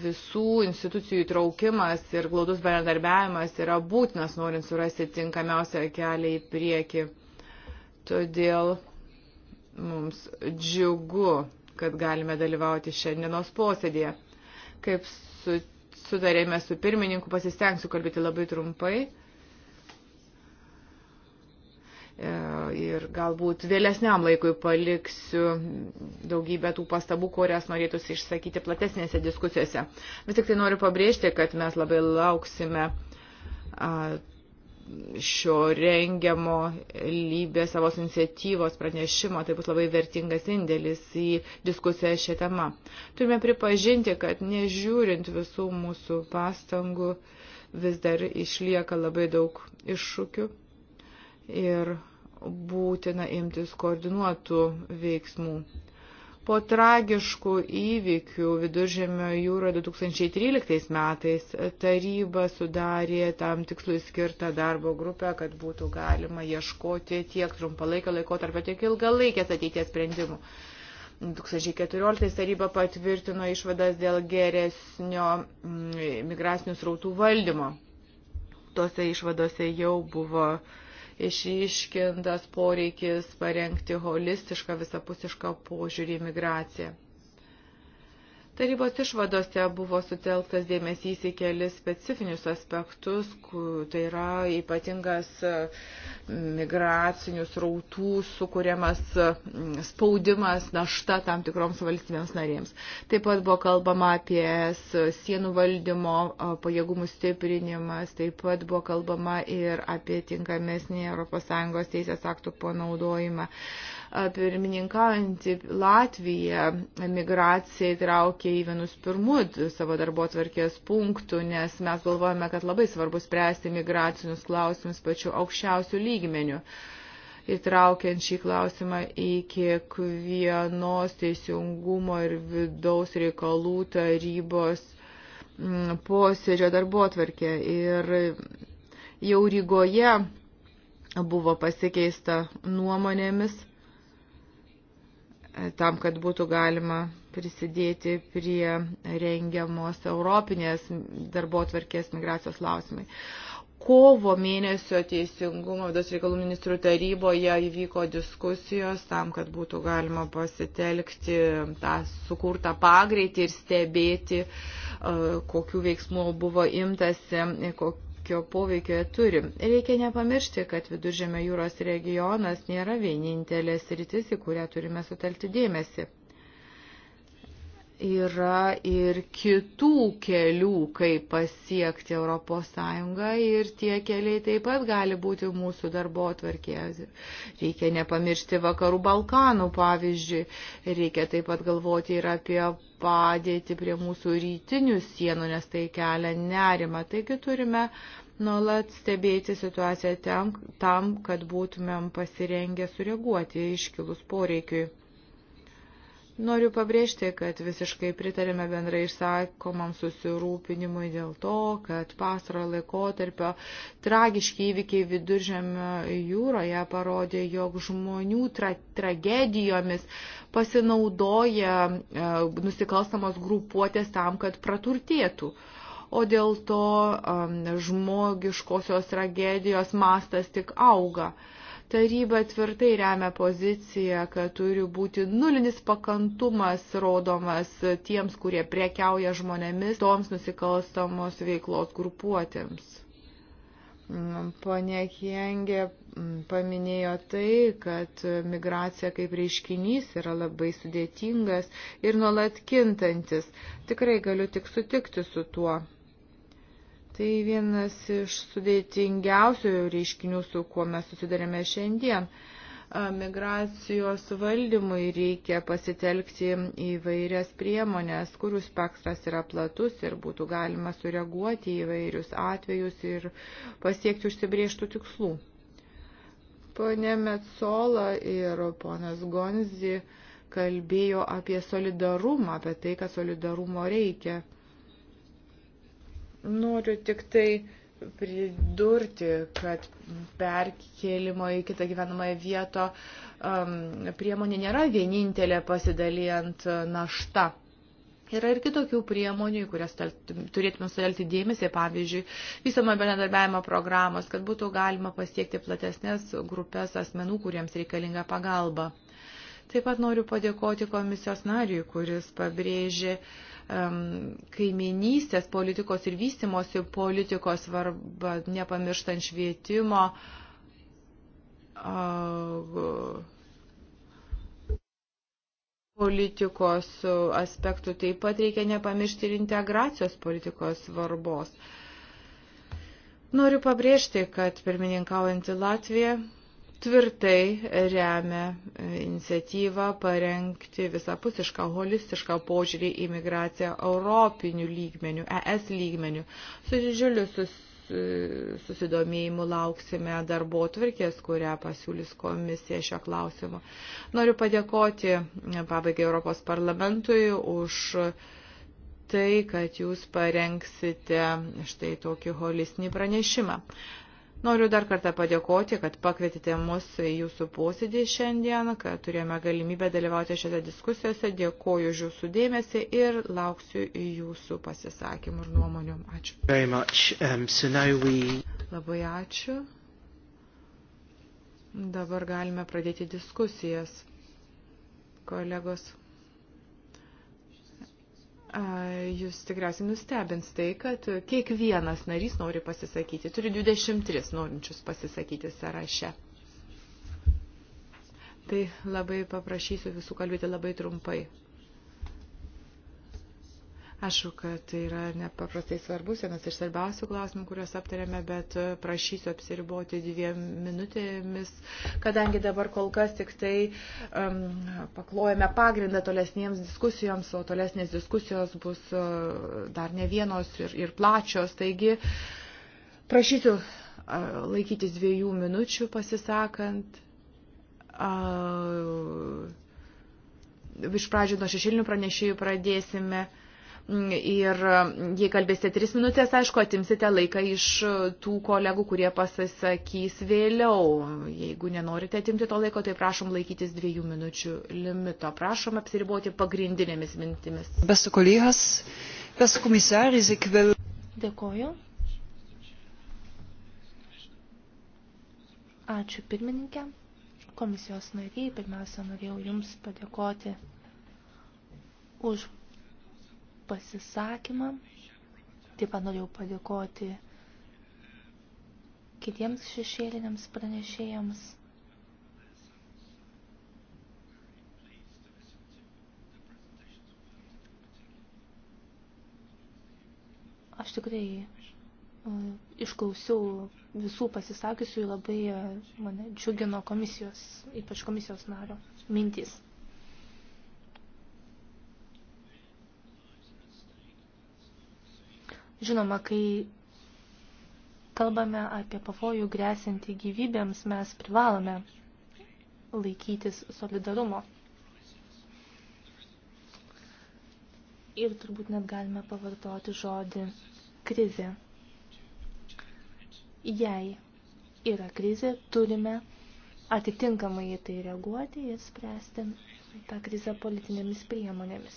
visų institucijų įtraukimas ir glaudus bendradarbiavimas yra būtinas, norint surasti tinkamiausią kelią į priekį. Todėl mums džiugu, kad galime dalyvauti šiandienos posėdėje. Kaip su sudarėme su pirmininku, pasistengsiu kalbėti labai trumpai. E, ir galbūt vėlesniam laikui paliksiu daugybę tų pastabų, kurias norėtųsi išsakyti platesnėse diskusijose. Vis tik tai noriu pabrėžti, kad mes labai lauksime šio rengiamo lybės savo iniciatyvos pranešimo. Tai bus labai vertingas indėlis į diskusiją šią temą. Turime pripažinti, kad nežiūrint visų mūsų pastangų, vis dar išlieka labai daug iššūkių ir būtina imtis koordinuotų veiksmų po tragiškų įvykių viduržėmio jūroje 2013 metais taryba sudarė tam tikslui skirtą darbo grupę, kad būtų galima ieškoti tiek trumpalaikio laikotarpio, tiek ilgalaikės ateities sprendimų. 2014 taryba patvirtino išvadas dėl geresnio mm, migracinių srautų valdymo. Tose išvadose jau buvo uh, išryškintas poreikis parengti holistišką visapusišką požiūrį į migraciją. Tarybos išvadose buvo sutelktas dėmesys į kelis specifinius aspektus, tai yra ypatingas e, migracinius rautų sukūriamas e, spaudimas, našta tam tikroms valstybėms narėms. Taip pat buvo kalbama apie sienų valdymo e, pajėgumų stiprinimas, taip pat buvo kalbama ir apie tinkamesnį ES teisės aktų panaudojimą pirmininkaujantį Latviją migraciją įtraukė į vienus pirmų savo darbo tvarkės punktų, nes mes galvojame, kad labai svarbu spręsti migracinius klausimus pačiu aukščiausių lygmenių įtraukiant šį klausimą į kiekvienos teisingumo ir vidaus reikalų tarybos mm, posėdžio darbo atvarkė. Ir jau Rygoje buvo pasikeista nuomonėmis tam, kad būtų galima prisidėti prie rengiamos Europinės darbo tvarkės migracijos klausimai. Kovo mėnesio teisingumo vidaus reikalų ministrų taryboje įvyko diskusijos tam, kad būtų galima pasitelkti tą sukurtą pagreitį ir stebėti, e, kokiu veiksmu buvo imtasi, e, kokiu kokio poveikio jie turi. Reikia nepamiršti, kad viduržėme jūros regionas nėra vienintelė sritis, į kurią turime sutelkti dėmesį yra ir kitų kelių, kaip pasiekti ES ir tie keliai taip pat gali būti mūsų darbo atvarkė. Reikia nepamiršti vakarų Balkanų, pavyzdžiui, reikia taip pat galvoti ir apie padėti prie mūsų rytinių sienų, nes tai kelia nerima. Taigi turime nuolat stebėti situaciją ten, tam, kad būtumėm pasirengę sureaguoti iškilus poreikiui. Noriu pabrėžti, kad visiškai pritarėme bendrai išsakomam susirūpinimui dėl to, kad pasaro laikotarpio tragiški įvykiai viduržėmio jūroje parodė, jog žmonių tra tragedijomis pasinaudoja e, nusikalstamos grupuotės tam, kad praturtėtų. O dėl to um, e, žmogiškosios tragedijos mastas tik auga. Uh, Taryba tvirtai remia poziciją, kad turi būti nulinis pakantumas rodomas tiems, kurie prekiauja žmonėmis, toms nusikalstamos veiklos grupuotėms. Mm, Pone Kiengė mm, paminėjo tai, kad migracija kaip reiškinys yra labai sudėtingas ir nuolat kintantis. Tikrai galiu tik sutikti su tuo. Tai vienas iš sudėtingiausių reiškinių, su kuo mes susidarėme šiandien. Migracijos valdymui reikia pasitelkti įvairias priemonės, kurių spektras yra platus ir būtų galima sureaguoti į įvairius atvejus ir pasiekti užsibrieštų tikslų. Pone Metsola ir ponas Gonzi kalbėjo apie solidarumą, apie tai, kad solidarumo reikia. Noriu tik tai pridurti, kad perkėlimo į kitą gyvenamąją vietą um, priemonė nėra vienintelė pasidalijant uh, naštą. Yra ir kitokių priemonių, į kurias turėtume sutelkti dėmesį, pavyzdžiui, visamo bendradarbiavimo programos, kad būtų galima pasiekti platesnės grupės asmenų, kuriems reikalinga pagalba. Taip pat noriu padėkoti komisijos nariui, kuris pabrėžė uh, kaiminystės politikos ir vystimosi politikos svarba, nepamirštant švietimo. Politikos aspektų taip pat reikia nepamiršti ir integracijos politikos svarbos. Noriu pabrėžti, kad pirmininkaujantį Latviją tvirtai remia e, iniciatyvą parengti visapusišką, holistišką požiūrį į migraciją europinių lygmenių, ES lygmenių. Su didžiuliu sus, susidomėjimu lauksime darbo tvarkės, kurią pasiūlys komisija šio klausimo. Noriu padėkoti e, pabaigai Europos parlamentui už tai, kad jūs parengsite štai tokį holistinį pranešimą. Noriu dar kartą padėkoti, kad pakvietėte mus į jūsų posėdį šiandien, kad turėjome galimybę dalyvauti šiose diskusijose. Dėkoju už jūsų dėmesį ir lauksiu jūsų pasisakymų ir nuomonių. Ačiū. Um, so we... Labai ačiū. Dabar galime pradėti diskusijas. Kolegos. Jūs tikriausiai nustebins tai, kad kiekvienas narys nori pasisakyti. Turiu 23 norinčius pasisakyti sąraše. Tai labai paprašysiu visų kalbėti labai trumpai. Ašku, kad tai yra nepaprastai svarbus, vienas iš svarbiausių klausimų, kuriuos aptarėme, bet e, prašysiu apsiriboti dviem minutėmis, kadangi dabar kol kas tik tai um, paklojame pagrindą tolesniems diskusijoms, o tolesnės diskusijos bus uh, dar ne vienos ir, ir plačios. Taigi, prašysiu uh, laikytis dviejų minučių pasisakant. Uh, iš pradžių nuo šešilinių pranešėjų pradėsime. Uh, Ir jei kalbėsite tris minutės, aišku, atimsite laiką iš tų kolegų, kurie pasisakys vėliau. Jeigu nenorite atimti to laiko, tai prašom laikytis dviejų minučių limito. Prašom apsiriboti pagrindinėmis mintimis. Beste kolegas, beste komisaris, ik vėl. Dėkoju. Ačiū pirmininkė. Komisijos nariai, pirmiausia, norėjau Jums padėkoti už pasisakymą. Taip pat norėjau padėkoti kitiems šešėliniams pranešėjams. Aš tikrai e, išklausiau visų pasisakiusių labai e, mane džiugino komisijos, ypač komisijos nario mintys. Žinoma, kai kalbame apie pavojų grėsinti gyvybėms, mes privalome laikytis solidarumo. Ir turbūt net galime pavartoti žodį krizė. Jei yra krizė, turime atitinkamai į tai reaguoti ir spręsti tą krizę politinėmis priemonėmis.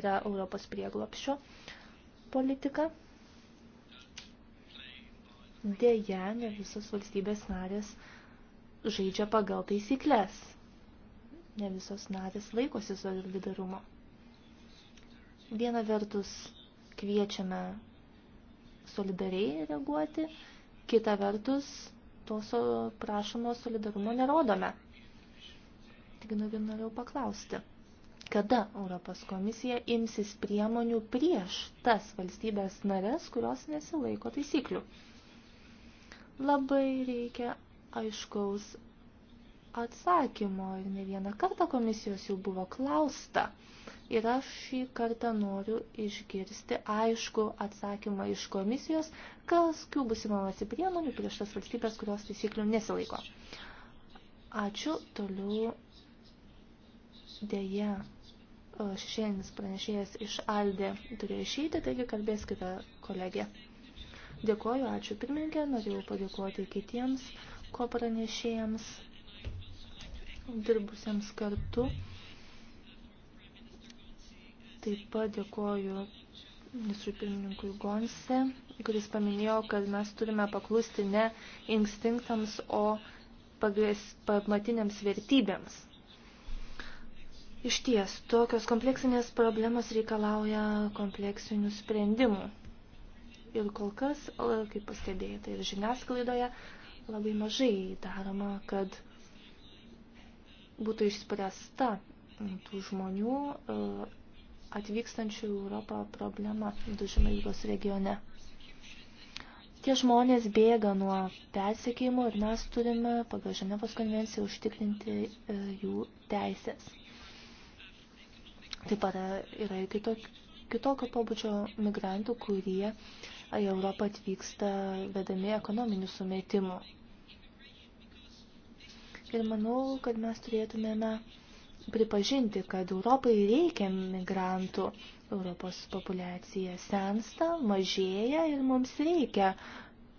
Yra Europos prieglopščio politika Deja, ne visos valstybės narės žaidžia pagal taisyklės. Ne visos narės laikosi solidarumo. Viena vertus kviečiame solidariai reaguoti, kita vertus to prašomo solidarumo nerodome. Tik nu norėjau paklausti kada Europos komisija imsis priemonių prieš tas valstybės nares, kurios nesilaiko taisyklių labai reikia aiškaus atsakymo ir ne vieną kartą komisijos jau buvo klausta. Ir aš šį kartą noriu išgirsti aišku atsakymą iš komisijos, kas kių bus įmamasi priemonių prieš tas valstybės, kurios taisyklių nesilaiko. Ačiū, toliau dėja šešėlinis pranešėjas iš Aldė turėjo išeiti, taigi kalbės kita kolegė. Dėkoju, ačiū pirmininkė, norėjau padėkoti kitiems ko pranešėjams, dirbusiems kartu. Taip pat dėkoju ministrui pirmininkui Gonse, kuris paminėjo, kad mes turime paklusti ne instinktams, o pagrės, pamatiniams vertybėms. Iš ties, tokios kompleksinės problemos reikalauja kompleksinių sprendimų ir kol kas, kaip pastebėjote ir žiniasklaidoje, labai mažai daroma, kad būtų išspręsta tų žmonių atvykstančių į Europą problema Dužimo jūros regione. Tie žmonės bėga nuo persekėjimo ir mes turime pagal Ženevos konvenciją užtikrinti e, jų teisės. Taip pat yra ir kitokio, kitokio pobūdžio migrantų, kurie uh, į Europą atvyksta vedami ekonominių sumetimų. Ir manau, kad mes turėtumėme pripažinti, kad Europai reikia migrantų. Europos populiacija sensta, mažėja ir mums reikia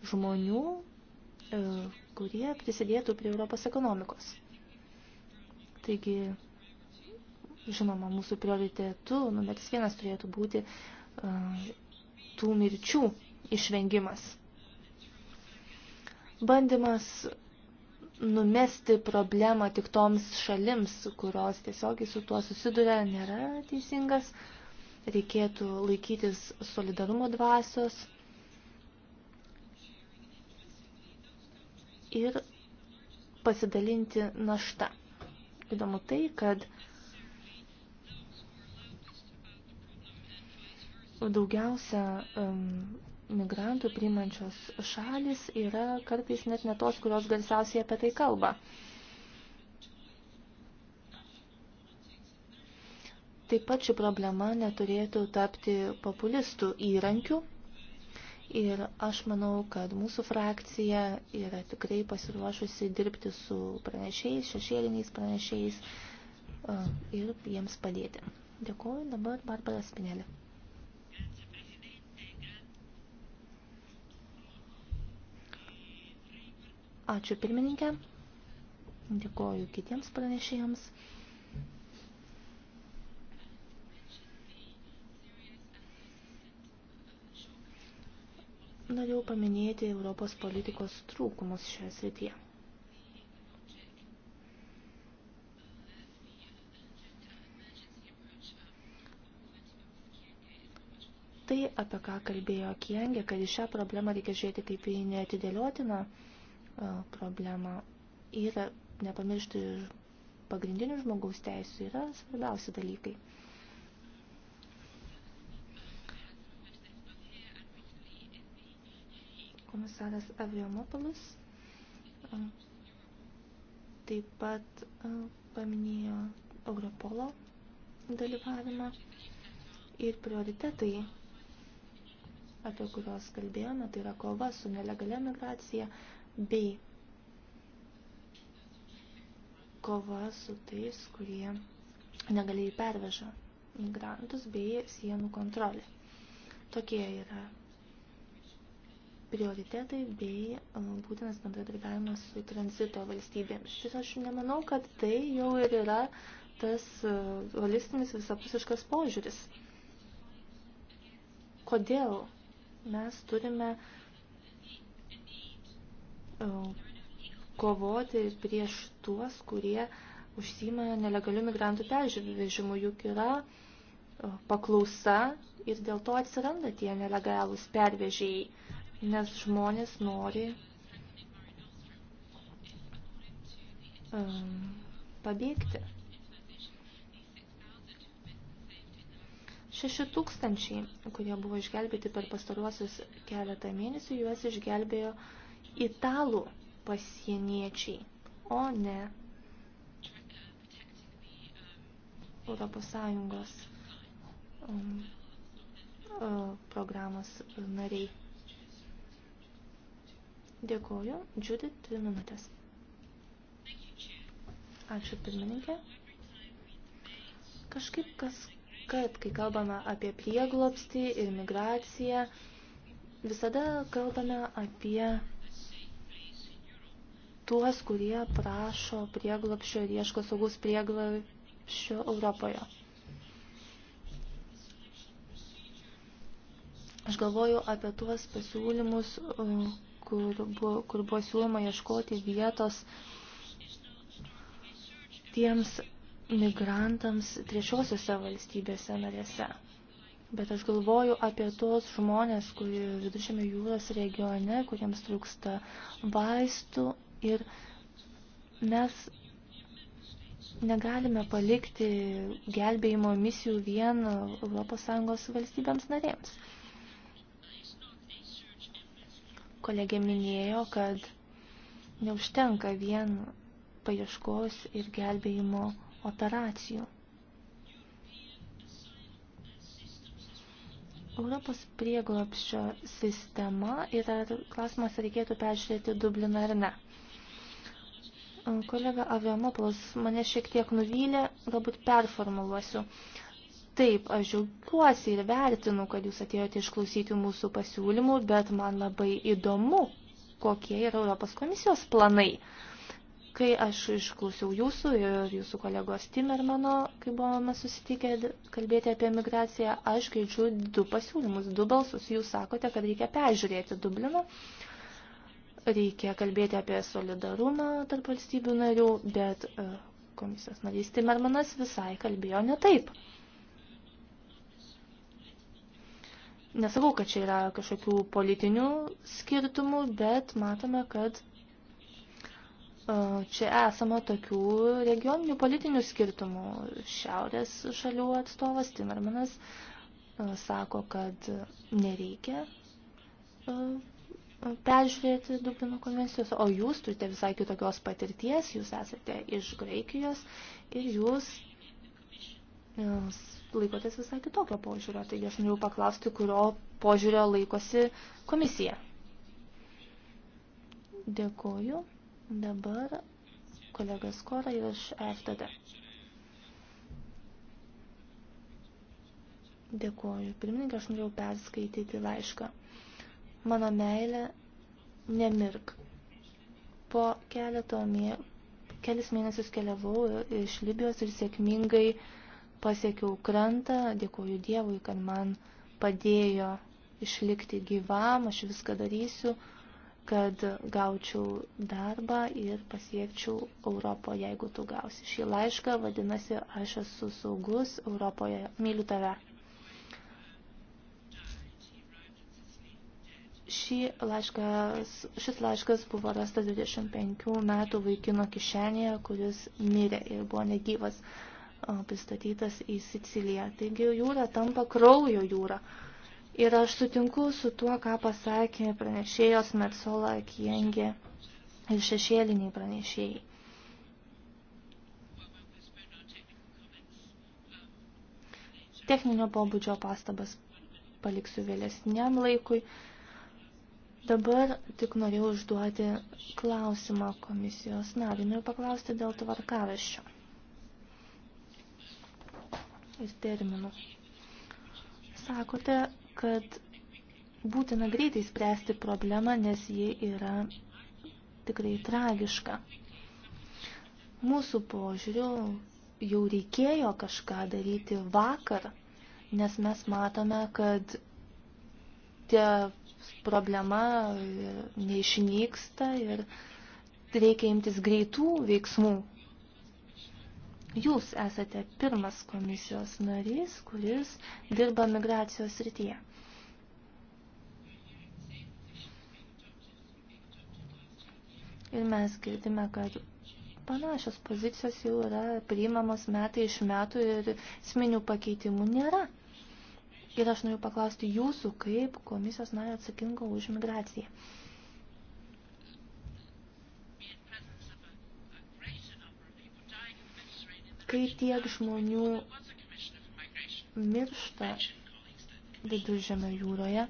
žmonių, e, kurie prisidėtų prie Europos ekonomikos. Taigi, žinoma, mūsų prioritetu numeris vienas turėtų būti uh, tų mirčių išvengimas. Bandymas numesti problemą tik toms šalims, kurios tiesiogiai su tuo susiduria, nėra teisingas. Reikėtų laikytis solidarumo dvasios ir pasidalinti naštą. Įdomu tai, kad daugiausia um, migrantų priimančios šalis yra kartais net ne tos, kurios garsiausiai apie tai kalba. Taip pat ši problema neturėtų tapti populistų įrankių. Ir aš manau, kad mūsų frakcija yra tikrai pasiruošusi dirbti su pranešėjais, šešėliniais pranešėjais ir jiems padėti. Dėkuoju dabar Barbara Spinelė. Ačiū pirmininkė. Dėkoju kitiems pranešėjams. Norėjau paminėti Europos politikos trūkumus šioje srityje. Tai, apie ką kalbėjo Kiengė, kad į šią problemą reikia žiūrėti kaip į neatidėliotiną, problemą ir nepamiršti pagrindinių žmogaus teisų yra svarbiausi dalykai. Komisaras Avriamopolis taip pat paminėjo Europolo dalyvavimą ir prioritetai, apie kuriuos kalbėjome, tai yra kova su nelegalia migracija, bei kova su tais, kurie negaliai perveža migrantus bei sienų kontrolė. Tokie yra prioritetai bei uh, būtinas bendradarbiavimas su tranzito valstybėmis. Šis aš nemanau, kad tai jau ir yra tas uh, holistinis visapusiškas požiūris. Kodėl mes turime uh, E, kovoti prieš tuos, kurie užsima nelegalių migrantų peržiūrėžimu, juk yra e, paklausa ir dėl to atsiranda tie nelegalūs pervežėjai, nes žmonės nori um, pabėgti. 6 tūkstančiai, kurie buvo išgelbėti per pastaruosius keletą mėnesių, juos išgelbėjo uh, italų pasieniečiai, o ne Europos Sąjungos um, e, programos nariai. Dėkoju. Judith, dvi minutės. Ačiū pirmininkė. Kažkaip kas, kad, kai kalbame apie prieglobstį ir migraciją, visada kalbame apie tuos, kurie prašo prieglapščio ir ieško saugus prieglapščio Europoje. Aš galvoju apie tuos pasiūlymus, kur buvo, kur buvo siūloma ieškoti vietos tiems migrantams trečiosiuose valstybėse narėse. Bet aš galvoju apie tos žmonės, kurie viduržėme jūros regione, kuriems trūksta vaistų, Ir mes negalime palikti gelbėjimo misijų vien ES valstybėms narėms. Kolegė minėjo, kad neužtenka vien paieškos ir gelbėjimo operacijų. Europos prieglopščio sistema yra klausimas, reikėtų peržiūrėti Dubliną ar ne. Kolega Aviamopoulos mane šiek tiek nuvylė, galbūt performuluosiu. Taip, aš džiaugiuosi ir vertinu, kad jūs atėjote išklausyti mūsų pasiūlymų, bet man labai įdomu, kokie yra Europos komisijos planai. Kai aš išklausiau jūsų ir jūsų kolegos Timermano, kai buvome susitikę kalbėti apie migraciją, aš girdžiu du pasiūlymus, du balsus. Jūs sakote, kad reikia peržiūrėti Dubliną reikia kalbėti apie solidarumą tarp valstybių narių, bet e, komisijos narys Timermanas visai kalbėjo ne taip. Nesakau, kad čia yra kažkokių politinių skirtumų, bet matome, kad e, čia esama tokių regioninių politinių skirtumų. Šiaurės šalių atstovas Timermanas e, sako, kad nereikia peržiūrėti Dublino konvencijos, o jūs turite visai kitokios patirties, jūs esate iš Graikijos ir jūs e, laikotės visai kitokio požiūrio. Taigi aš norėjau paklausti, kurio požiūrio laikosi komisija. Dėkoju. Dabar kolegas Kora iš FTD. Dėkoju. Pirmininkai, aš norėjau perskaityti laišką mano meilė, nemirk. Po keleto mė... kelis mėnesius keliavau iš Libijos ir sėkmingai pasiekiau krantą, dėkoju Dievui, kad man padėjo išlikti gyvam, aš viską darysiu, kad gaučiau darbą ir pasiekčiau Europą, jeigu tu gausi šį laišką, vadinasi, aš esu saugus Europoje, myliu tave. Šį laiškas, šis laiškas buvo rastas 25 metų vaikino kišenėje, kuris mirė ir buvo negyvas pristatytas į Siciliją. Taigi jūra tampa kraujo jūra. Ir aš sutinku su tuo, ką pasakė pranešėjos Mersola Kiengė ir šešėliniai pranešėjai. Techninio pobūdžio pastabas paliksiu vėlesniam laikui. Dabar tik norėjau užduoti klausimą komisijos nariui. Noriu paklausti dėl tvarkaraščio ir terminų. Sakote, kad būtina greitai spręsti problemą, nes ji yra tikrai tragiška. Mūsų požiūriu jau reikėjo kažką daryti vakar, nes mes matome, kad tie problema neišnyksta ir reikia imtis greitų veiksmų. Jūs esate pirmas komisijos narys, kuris dirba migracijos rytyje. Ir mes girdime, kad panašios pozicijos jau yra priimamos metai iš metų ir esminių pakeitimų nėra. Ir aš noriu paklausti jūsų, kaip komisijos narė atsakinga už migraciją. Kai tiek žmonių miršta viduržėme jūroje,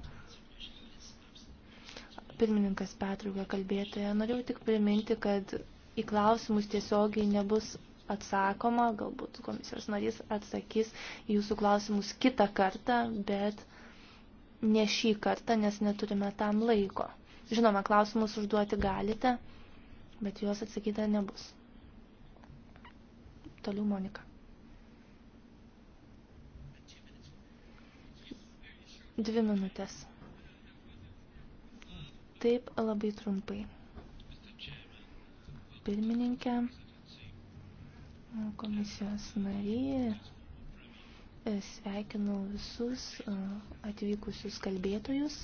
pirmininkas Petrauga kalbėtoja, norėjau tik priminti, kad į klausimus tiesiogiai nebus atsakoma, galbūt komisijos narys atsakys jūsų klausimus kitą kartą, bet ne šį kartą, nes neturime tam laiko. Žinoma, klausimus užduoti galite, bet juos atsakyta nebus. Toliau Monika. Dvi minutės. Taip, labai trumpai. Pirmininkė komisijos nariai. E, sveikinu visus e, atvykusius kalbėtojus.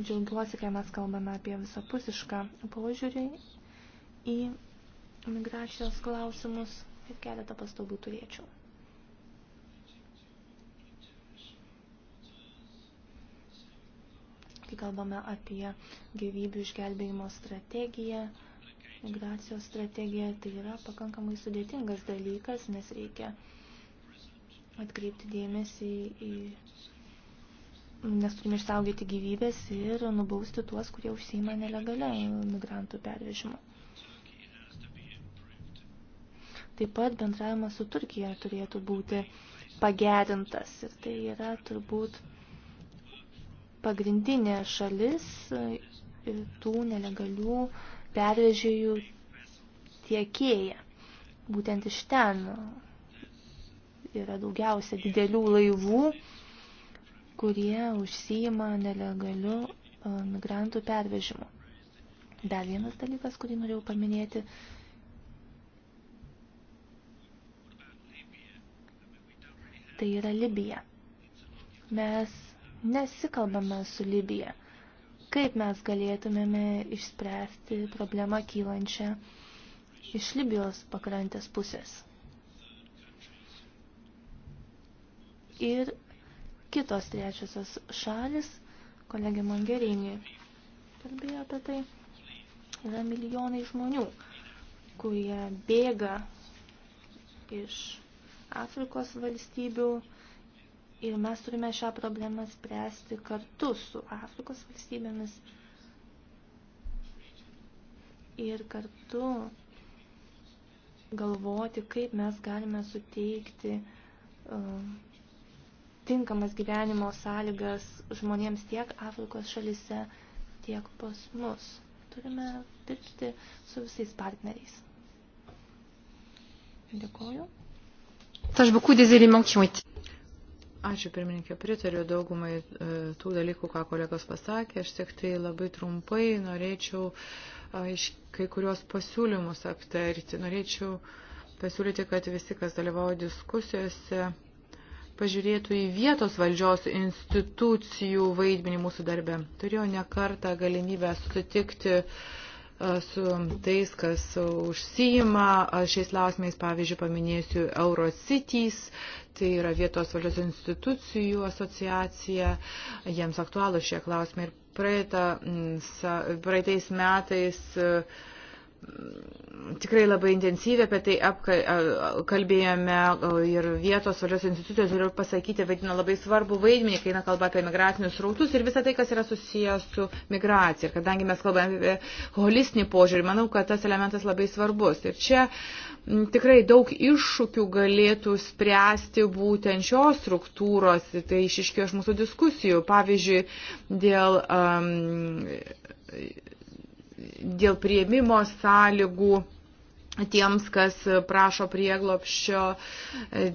Džiaugiuosi, kai mes kalbame apie visapusišką požiūrį į migracijos klausimus ir keletą pastabų turėčiau. Kai kalbame apie gyvybių išgelbėjimo strategiją, migracijos strategija tai yra pakankamai sudėtingas dalykas, nes reikia atkreipti dėmesį į, nes turime išsaugoti gyvybės ir nubausti tuos, kurie užsima nelegalia migrantų pervežimu. Taip pat bendravimas su Turkija turėtų būti pagerintas ir tai yra turbūt pagrindinė šalis e, tų nelegalių uh, pervežėjų tiekėją. Būtent iš ten yra daugiausia didelių laivų, kurie užsijima nelegaliu migrantų pervežimu. Dar vienas dalykas, kurį norėjau paminėti. Tai yra Libija. Mes nesikalbame su Libija kaip mes galėtumėme išspręsti problemą kylančią iš Libijos pakrantės pusės. Ir kitos trečiosios šalis, kolegė Mangerinė, kalbėjo apie tai, yra milijonai žmonių, kurie bėga iš Afrikos valstybių, Ir mes turime šią problemą spręsti kartu su Afrikos valstybėmis ir kartu galvoti, kaip mes galime suteikti uh, tinkamas gyvenimo sąlygas žmonėms tiek Afrikos šalise, tiek pas mus. Turime dirbti su visais partneriais. Dėkuoju. Tačiau beaucoup des éléments qui ont été Ačiū pirmininkė, pritariu daugumai e, tų dalykų, ką kolegos pasakė. Aš tik tai labai trumpai norėčiau iš kai kurios pasiūlymus aptarti. Norėčiau pasiūlyti, kad visi, kas dalyvauja diskusijose, pažiūrėtų į vietos valdžios institucijų vaidmenį mūsų darbe. Turėjau nekartą galimybę sutikti uh, E, su tais, kas užsijima e, šiais lausmais, pavyzdžiui, paminėsiu Eurocities, tai yra vietos valios institucijų asociacija, jiems aktualų šie klausimai ir praeitą, praeitais metais uh, tikrai labai intensyviai apie tai apkalbėjome ir vietos valdžios institucijos, galiu pasakyti, vaidina labai svarbu vaidmenį, kai eina kalba apie migracinius srautus ir visą tai, kas yra susijęs su migracija. Ir kadangi mes kalbame apie holistinį požiūrį, manau, kad tas elementas labai svarbus. Ir čia tikrai daug iššūkių galėtų spręsti būtent šios struktūros, tai išiškėjo iš mūsų diskusijų. Pavyzdžiui, dėl um, dėl prieimimo sąlygų tiems, kas prašo prieglopščio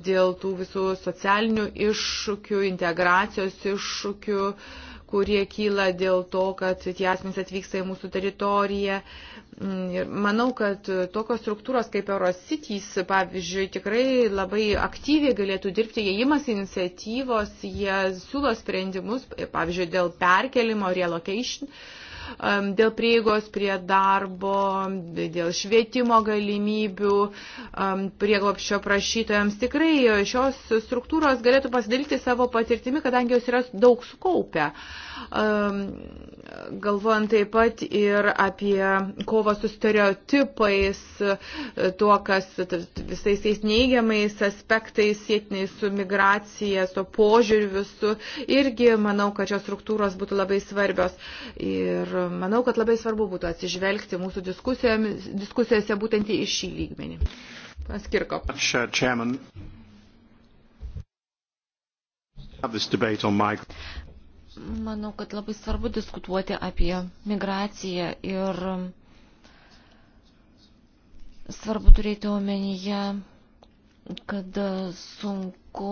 dėl tų visų socialinių iššūkių, integracijos iššūkių, kurie kyla dėl to, kad tie asmenys atvyksta į mūsų teritoriją. Ir manau, kad tokios struktūros kaip Eurocitys, pavyzdžiui, tikrai labai aktyviai galėtų dirbti, jie imasi iniciatyvos, jie siūlo sprendimus, pavyzdžiui, dėl perkelimo, relocation. Uh, Um, dėl prieigos prie darbo, dėl švietimo galimybių um, prieglopščio prašytojams. Tikrai uh, šios struktūros galėtų pasidalyti savo patirtimi, kadangi jos yra daug sukaupę. Uh, Ehm, galvojant taip pat ir apie kovą su stereotipais, e, tuo, kas visais tais neigiamais aspektais sėtiniais su migracija, su požiūriu visų, irgi manau, kad šios struktūros būtų labai svarbios. Ir manau, kad labai svarbu būtų atsižvelgti mūsų diskusijose būtent į šį lygmenį. Paskirko. Ačiū, Manau, kad labai svarbu diskutuoti apie migraciją ir svarbu turėti omenyje, kad sunku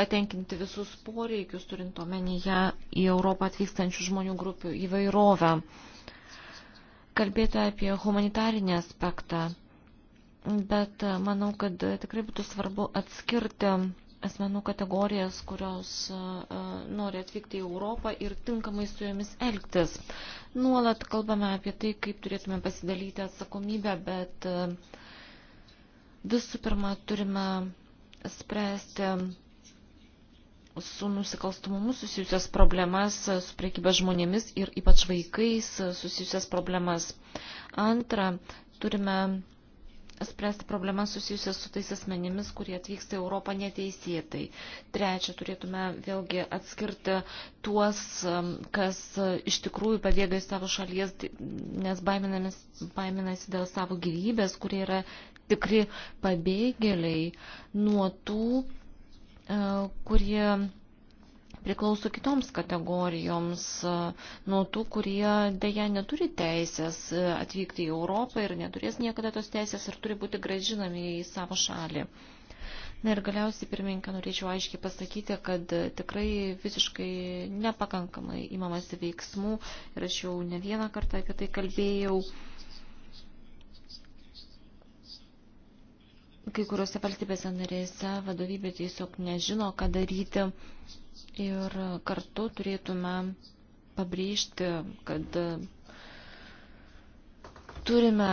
patenkinti visus poreikius, turint omenyje į Europą atvykstančių žmonių grupių įvairovę. Kalbėti apie humanitarinį aspektą, bet manau, kad tikrai būtų svarbu atskirti asmenų kategorijas, kurios nori atvykti į Europą ir tinkamai su jomis elgtis. Nuolat kalbame apie tai, kaip turėtume pasidalyti atsakomybę, bet visų pirma turime spręsti su nusikalstumumu susijusias problemas, su priekybė žmonėmis ir ypač vaikais susijusias problemas. Antra, turime spręsti problemas susijusias su tais asmenimis, kurie atvyksta į Europą neteisėtai. Trečia, turėtume vėlgi atskirti tuos, um, kas uh, iš tikrųjų pabėga į savo šalies, tai, nes baiminasi dėl savo gyvybės, kurie yra tikri pabėgėliai nuo tų, uh, kurie priklauso kitoms kategorijoms, e, nuo tų, kurie dėja neturi teisės e, atvykti į Europą ir neturės niekada tos teisės ir turi būti gražinami į savo šalį. Na ir galiausiai, pirmininką, norėčiau aiškiai pasakyti, kad e, tikrai visiškai nepakankamai įmamasi veiksmų ir aš jau ne vieną kartą apie tai kalbėjau. kai kuriuose valstybėse narėse vadovybė tiesiog nežino, ką daryti ir kartu turėtume pabrėžti, kad turime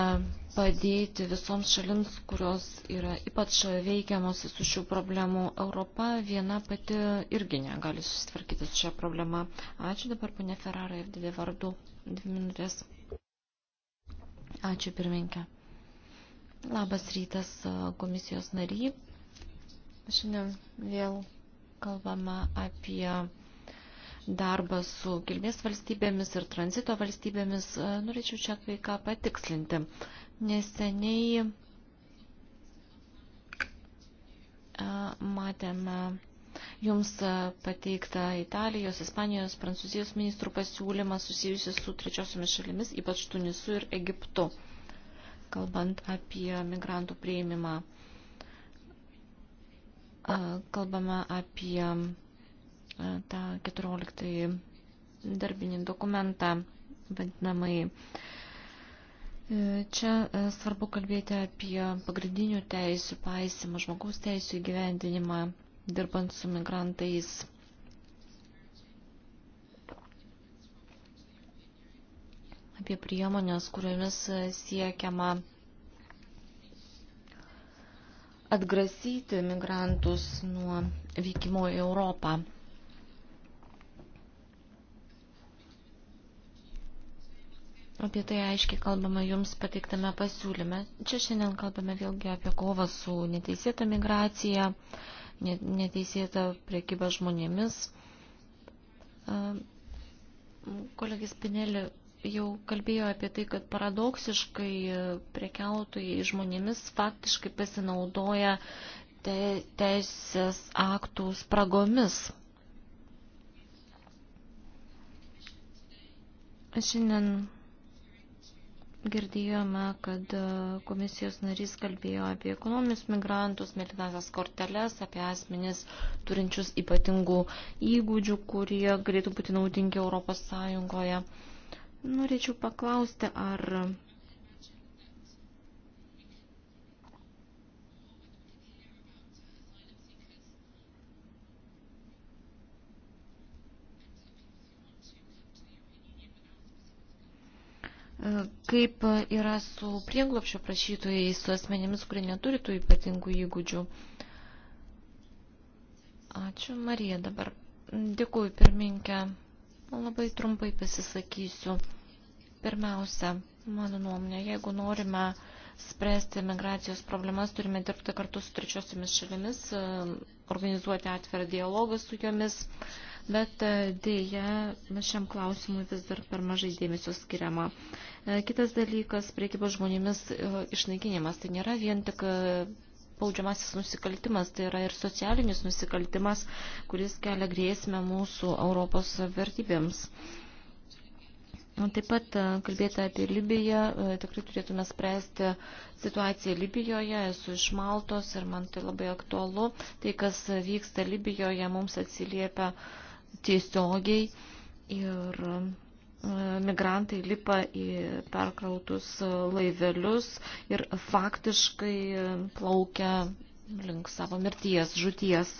padėti visoms šalims, kurios yra ypač veikiamos su šių problemų. Europa viena pati irgi negali susitvarkyti su šia problema. Ačiū dabar, ponė Ferrara, ir dvi vardų, dvi minutės. Ačiū pirminkė. Labas rytas komisijos nary. Šiandien vėl kalbama apie darbą su kilmės valstybėmis ir tranzito valstybėmis. E, norėčiau čia kai ką patikslinti. Neseniai e, matėme jums e, pateiktą Italijos, Ispanijos, Prancūzijos ministrų pasiūlymą susijusi su trečiosiomis šalimis, ypač Tunisu ir Egiptu, kalbant apie migrantų prieimimą kalbame apie tą 14 darbinį dokumentą, vadinamai. E, čia e, svarbu kalbėti apie pagrindinių teisų paisimą, žmogaus teisų įgyvendinimą, dirbant su migrantais. apie priemonės, kuriomis siekiama atgrasyti migrantus nuo vykimo į Europą. Apie tai aiškiai kalbama jums pateiktame pasiūlyme. Čia šiandien kalbame vėlgi apie kovą su neteisėta migracija, neteisėta priekyba žmonėmis. Kolegis Pinelė jau kalbėjo apie tai, kad paradoksiškai prekiautojai žmonėmis faktiškai pasinaudoja te, teisės aktų spragomis. Šiandien girdėjome, kad komisijos narys kalbėjo apie ekonominius migrantus, mėlynasias korteles, apie asmenis turinčius ypatingų įgūdžių, kurie galėtų būti naudingi Europos Sąjungoje. Norėčiau paklausti, ar Kaip yra su prieglopšio prašytojais, su asmenimis, kurie neturi tų ypatingų įgūdžių? Ačiū, Marija, dabar. Dėkuoju, pirminkę. Labai trumpai pasisakysiu. Pirmiausia, mano nuomonė, jeigu norime spręsti migracijos problemas, turime dirbti kartu su trečiosiomis šalimis, organizuoti atvirą dialogą su jomis, bet e, dėja šiam klausimui vis dar per mažai dėmesio skiriama. E, kitas dalykas - priekybos žmonėmis e, išnaikinimas. Tai nėra vien tik baudžiamasis nusikaltimas, tai yra ir socialinis nusikaltimas, kuris kelia grėsmę mūsų Europos vertybėms. Taip pat kalbėti apie Libiją, tikrai turėtume spręsti situaciją Libijoje, esu iš Maltos ir man tai labai aktualu. Tai, kas vyksta Libijoje, mums atsiliepia tiesiogiai ir migrantai lipa į perkrautus laivelius ir faktiškai plaukia link savo mirties, žuties.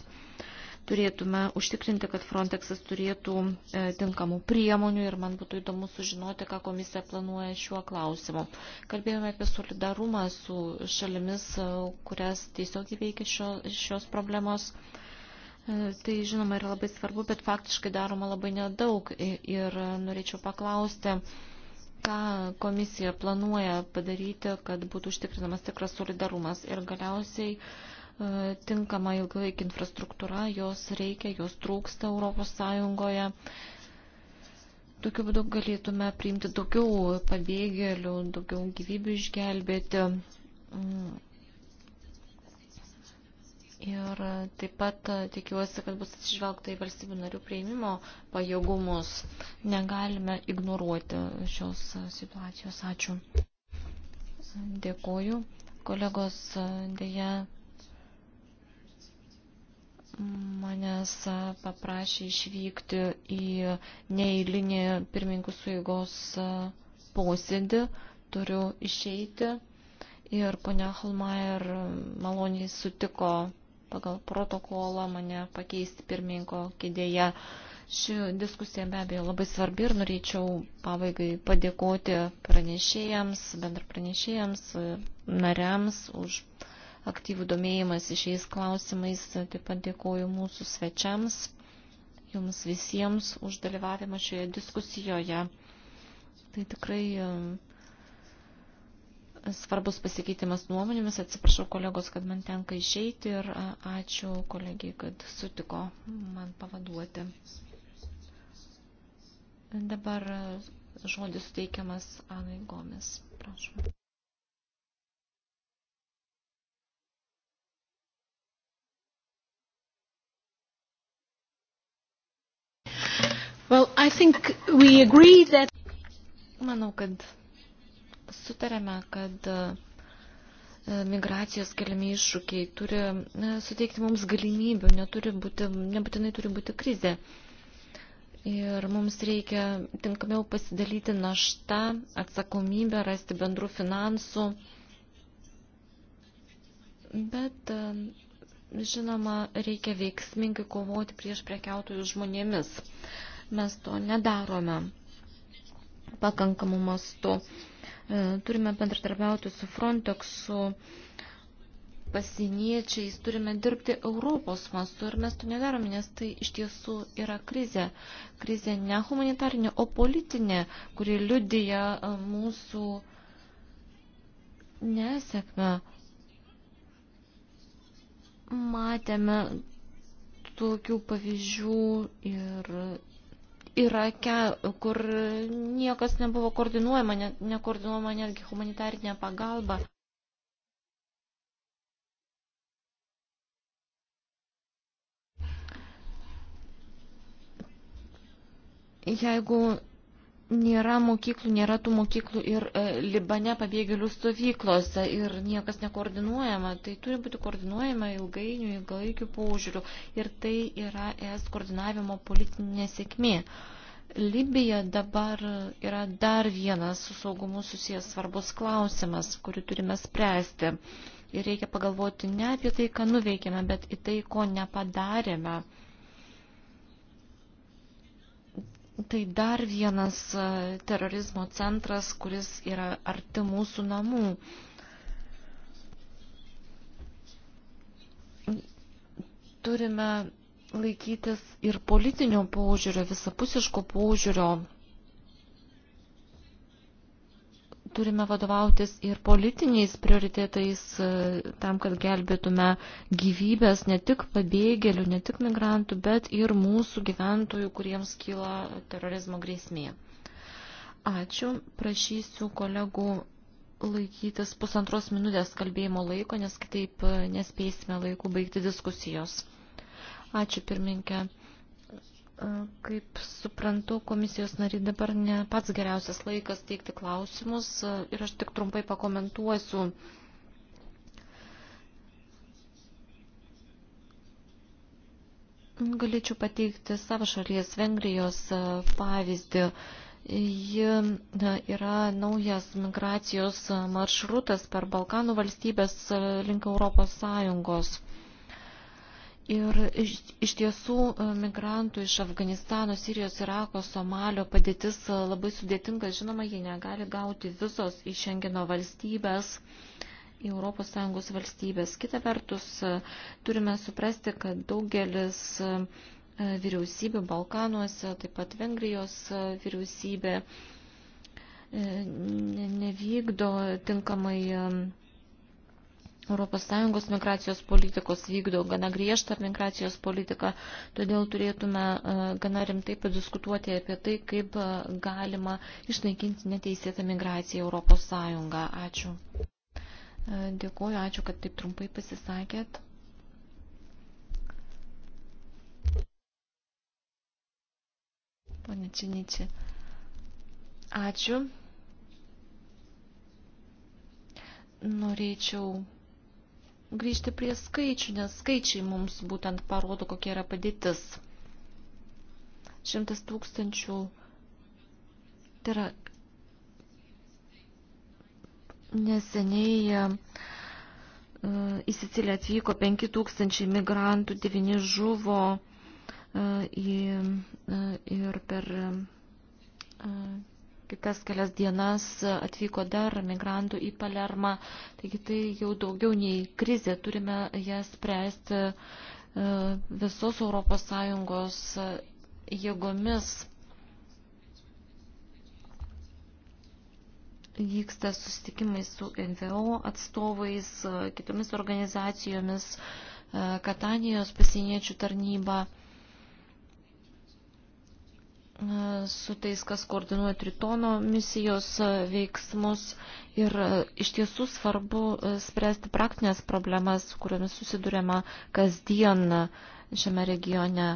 Turėtume užtikrinti, kad Frontexas turėtų e, tinkamų priemonių ir man būtų įdomu sužinoti, ką komisija planuoja šiuo klausimu. Kalbėjome apie solidarumą su šalimis, e, kurias tiesiog įveikia šio, šios problemos. E, tai žinoma yra labai svarbu, bet faktiškai daroma labai nedaug ir e, norėčiau paklausti, ką komisija planuoja padaryti, kad būtų užtikrinamas tikras solidarumas ir galiausiai e, tinkama ilgalaikė infrastruktūra, jos reikia, jos trūksta Europos Sąjungoje. Tokiu būdu galėtume priimti daugiau pabėgėlių, daugiau gyvybių išgelbėti mm. Ir taip pat e, tikiuosi, kad bus atsižvelgta į valstybių narių prieimimo pajėgumus. Negalime ignoruoti šios e, situacijos. Ačiū. Dėkuoju. Kolegos, e, dėja, manęs paprašė išvykti į neįlinį pirmininkų suigos posėdį. Turiu išeiti. Ir ponia Holmaier maloniai sutiko pagal protokolą mane pakeisti pirmininko kėdėje. Ši diskusija be abejo labai svarbi ir norėčiau pabaigai padėkoti pranešėjams, bendrapranešėjams, nariams už aktyvų domėjimas šiais klausimais. Taip pat dėkoju mūsų svečiams, jums visiems už dalyvavimą šioje diskusijoje. Tai tikrai svarbus pasikeitimas nuomonėmis. Atsiprašau kolegos, kad man tenka išeiti ir ačiū kolegijai, kad sutiko man pavaduoti. Dabar žodis suteikiamas Anai Gomis. Prašom. Well, I think we agree that... Manau, kad sutarėme, kad e, migracijos keliami iššūkiai turi e, suteikti mums galimybių, neturi būti, nebūtinai turi būti krizė. Ir mums reikia tinkamiau pasidalyti naštą, atsakomybę, rasti bendrų finansų. Bet, e, žinoma, reikia veiksmingai kovoti prieš prekiautojų žmonėmis. Mes to nedarome pakankamu mastu. E, turime bendradarbiauti su Frontexu pasieniečiais, turime dirbti Europos mastu ir mes to nedarome, nes tai iš tiesų yra krizė. Krizė ne humanitarinė, o politinė, kuri liudyja e, mūsų nesėkmę. Matėme tokių pavyzdžių ir Irake, kur niekas nebuvo koordinuojama, ne, nekoordinuojama netgi humanitarinė pagalba. Jeigu nėra mokyklų, nėra tų mokyklų ir e, Libane pabėgėlių stovyklose ir niekas nekoordinuojama. Tai turi būti koordinuojama ilgainių, ilgalaikių požiūrių ir tai yra es koordinavimo politinė sėkmė. Libija dabar yra dar vienas su saugumu susijęs svarbus klausimas, kurį turime spręsti. Ir reikia pagalvoti ne apie tai, ką nuveikėme, bet į tai, ko nepadarėme. Tai dar vienas e, terorizmo centras, kuris yra arti mūsų namų. Turime laikytis ir politinio požiūrio, visapusiško požiūrio turime vadovautis ir politiniais prioritetais e, tam, kad gelbėtume gyvybės ne tik pabėgėlių, ne tik migrantų, bet ir mūsų gyventojų, kuriems kyla terorizmo grėsmė. Ačiū, prašysiu kolegų laikytis pusantros minutės kalbėjimo laiko, nes kitaip e, nespėsime laiku baigti diskusijos. Ačiū pirminkė. Kaip suprantu, komisijos nariai dabar ne pats geriausias laikas teikti klausimus ir aš tik trumpai pakomentuosiu. Galėčiau pateikti savo šalies Vengrijos pavyzdį. Ji yra naujas migracijos maršrutas per Balkanų valstybės link Europos Sąjungos. Ir iš, iš tiesų e, migrantų iš Afganistano, Sirijos, Irako, Somalio padėtis e, labai sudėtinga. Žinoma, jie negali gauti visos iš Šengeno valstybės. ES valstybės. Kita vertus, e, turime suprasti, kad daugelis vyriausybių Balkanuose, taip pat Vengrijos vyriausybė nevykdo tinkamai ES migracijos politikos vykdo gana griežtą migracijos politiką, todėl turėtume e, gana rimtai padiskutuoti apie tai, kaip e, galima išnaikinti neteisėtą migraciją ES. Ačiū. E, dėkuoju, ačiū, kad taip trumpai pasisakėt. Pane Činičiai. Ačiū. Norėčiau grįžti prie skaičių, nes skaičiai mums būtent parodo, kokia yra padėtis. Šimtas tūkstančių, tai yra neseniai e, į Siciliją atvyko 5000 migrantų, 9 žuvo e, į, e, ir per kai kas kelias dienas atvyko dar migrantų į Palermą. Taigi tai jau daugiau nei krizė, turime jas spręsti e, visos ES e, jėgomis. Vyksta susitikimai su NVO atstovais, e, kitomis organizacijomis, Katanijos pasieniečių tarnyba. E, su tais, kas koordinuoja Tritono misijos e, veiksmus. Ir e, iš tiesų svarbu spręsti praktinės problemas, su kuriomis susidurėma kasdien šiame regione.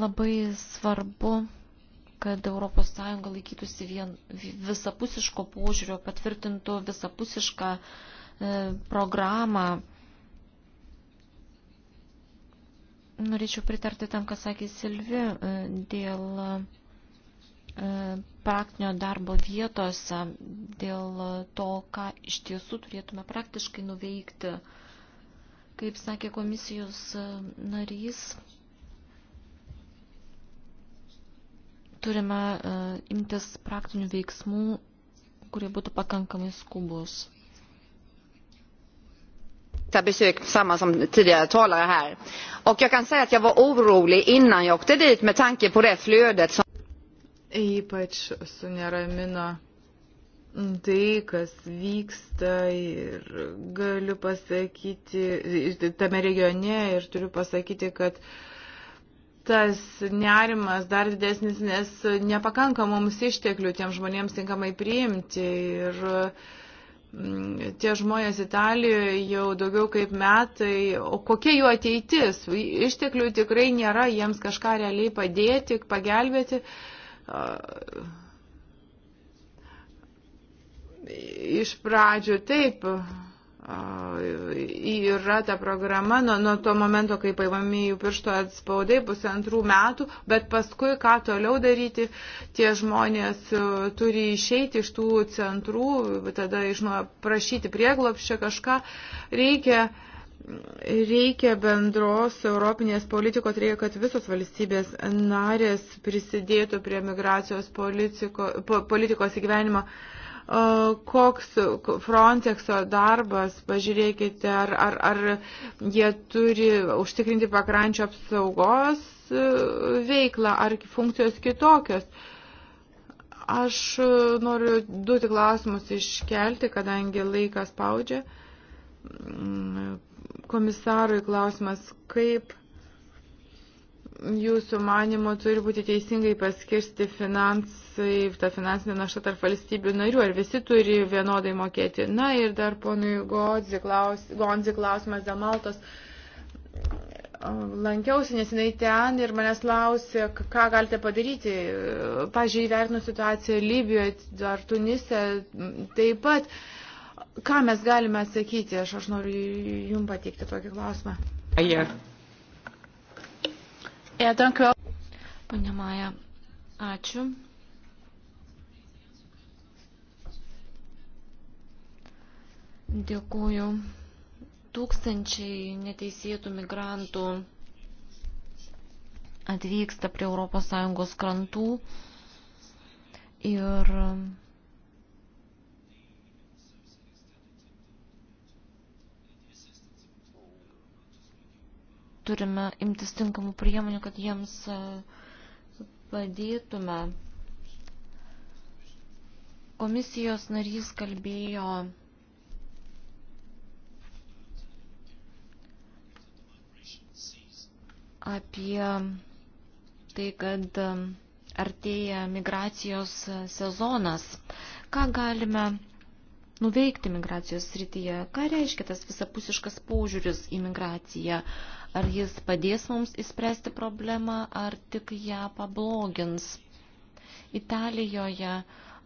Labai svarbu kad ES laikytųsi vien, visapusiško požiūrio, patvirtintų visapusišką e, programą. Norėčiau pritarti tam, ką sakė Silvi, e, dėl e, praktinio darbo vietose, dėl to, ką iš tiesų turėtume praktiškai nuveikti. Kaip sakė komisijos e, narys, turime e, imtis praktinių veiksmų, kurie būtų pakankamai skubus. Besök, samma som tidigare talare här. Och jag kan säga att jag var orolig innan jag åkte dit med tanke på det flödet som... Ypač suneramino tai, kas vyksta ir galiu pasakyti, tame regione ir turiu pasakyti, kad uh, tas nerimas dar didesnis, nes nepakanka mums išteklių tiem žmonėms tinkamai priimti. Ir mm, tie žmonės Italijoje jau daugiau kaip metai, o kokia jų ateitis? Išteklių tikrai nėra, jiems kažką realiai padėti, pagelbėti. Iš pradžių taip yra ta programa nuo, nuo to momento, kai paimami jų piršto atspaudai pusantrų metų, bet paskui ką toliau daryti, tie žmonės e, turi išeiti iš tų centrų, tada iš nuo prašyti prieglopščio kažką reikia. Reikia bendros europinės politikos, reikia, kad visos valstybės narės prisidėtų prie migracijos politiko, politikos įgyvenimo. Po, koks Frontexo darbas, pažiūrėkite, ar, ar, ar jie turi užtikrinti pakrančio apsaugos e, veiklą, ar funkcijos kitokios. Aš e, noriu du tik klausimus iškelti, kadangi laikas spaudžia. Mm, komisarui klausimas, kaip jūsų manimo turi būti teisingai paskirsti finansai, ta finansinė našta tarp valstybių narių, ar visi turi vienodai mokėti. Na ir dar ponui Gonzi klaus, klausimas dėl Maltos. Lankiausi nesinai ten ir manęs klausė, ką galite padaryti. Pavyzdžiui, įvertinu situaciją Libijoje ar Tunise taip pat. Ką mes galime atsakyti? Aš, aš noriu jum pateikti tokį klausimą. Yeah. Ja, dank u wel. Pane Maja, ačiū. Dėkuoju. Tūkstančiai neteisėtų migrantų atvyksta prie ES krantų ir turime imtis tinkamų priemonių, kad jiems e, padėtume. Komisijos narys kalbėjo apie tai, kad e, artėja migracijos sezonas. Ką galime nuveikti migracijos srityje? Ką reiškia tas visapusiškas požiūris į migraciją? Ar jis padės mums įspręsti problemą, ar tik ją pablogins? Italijoje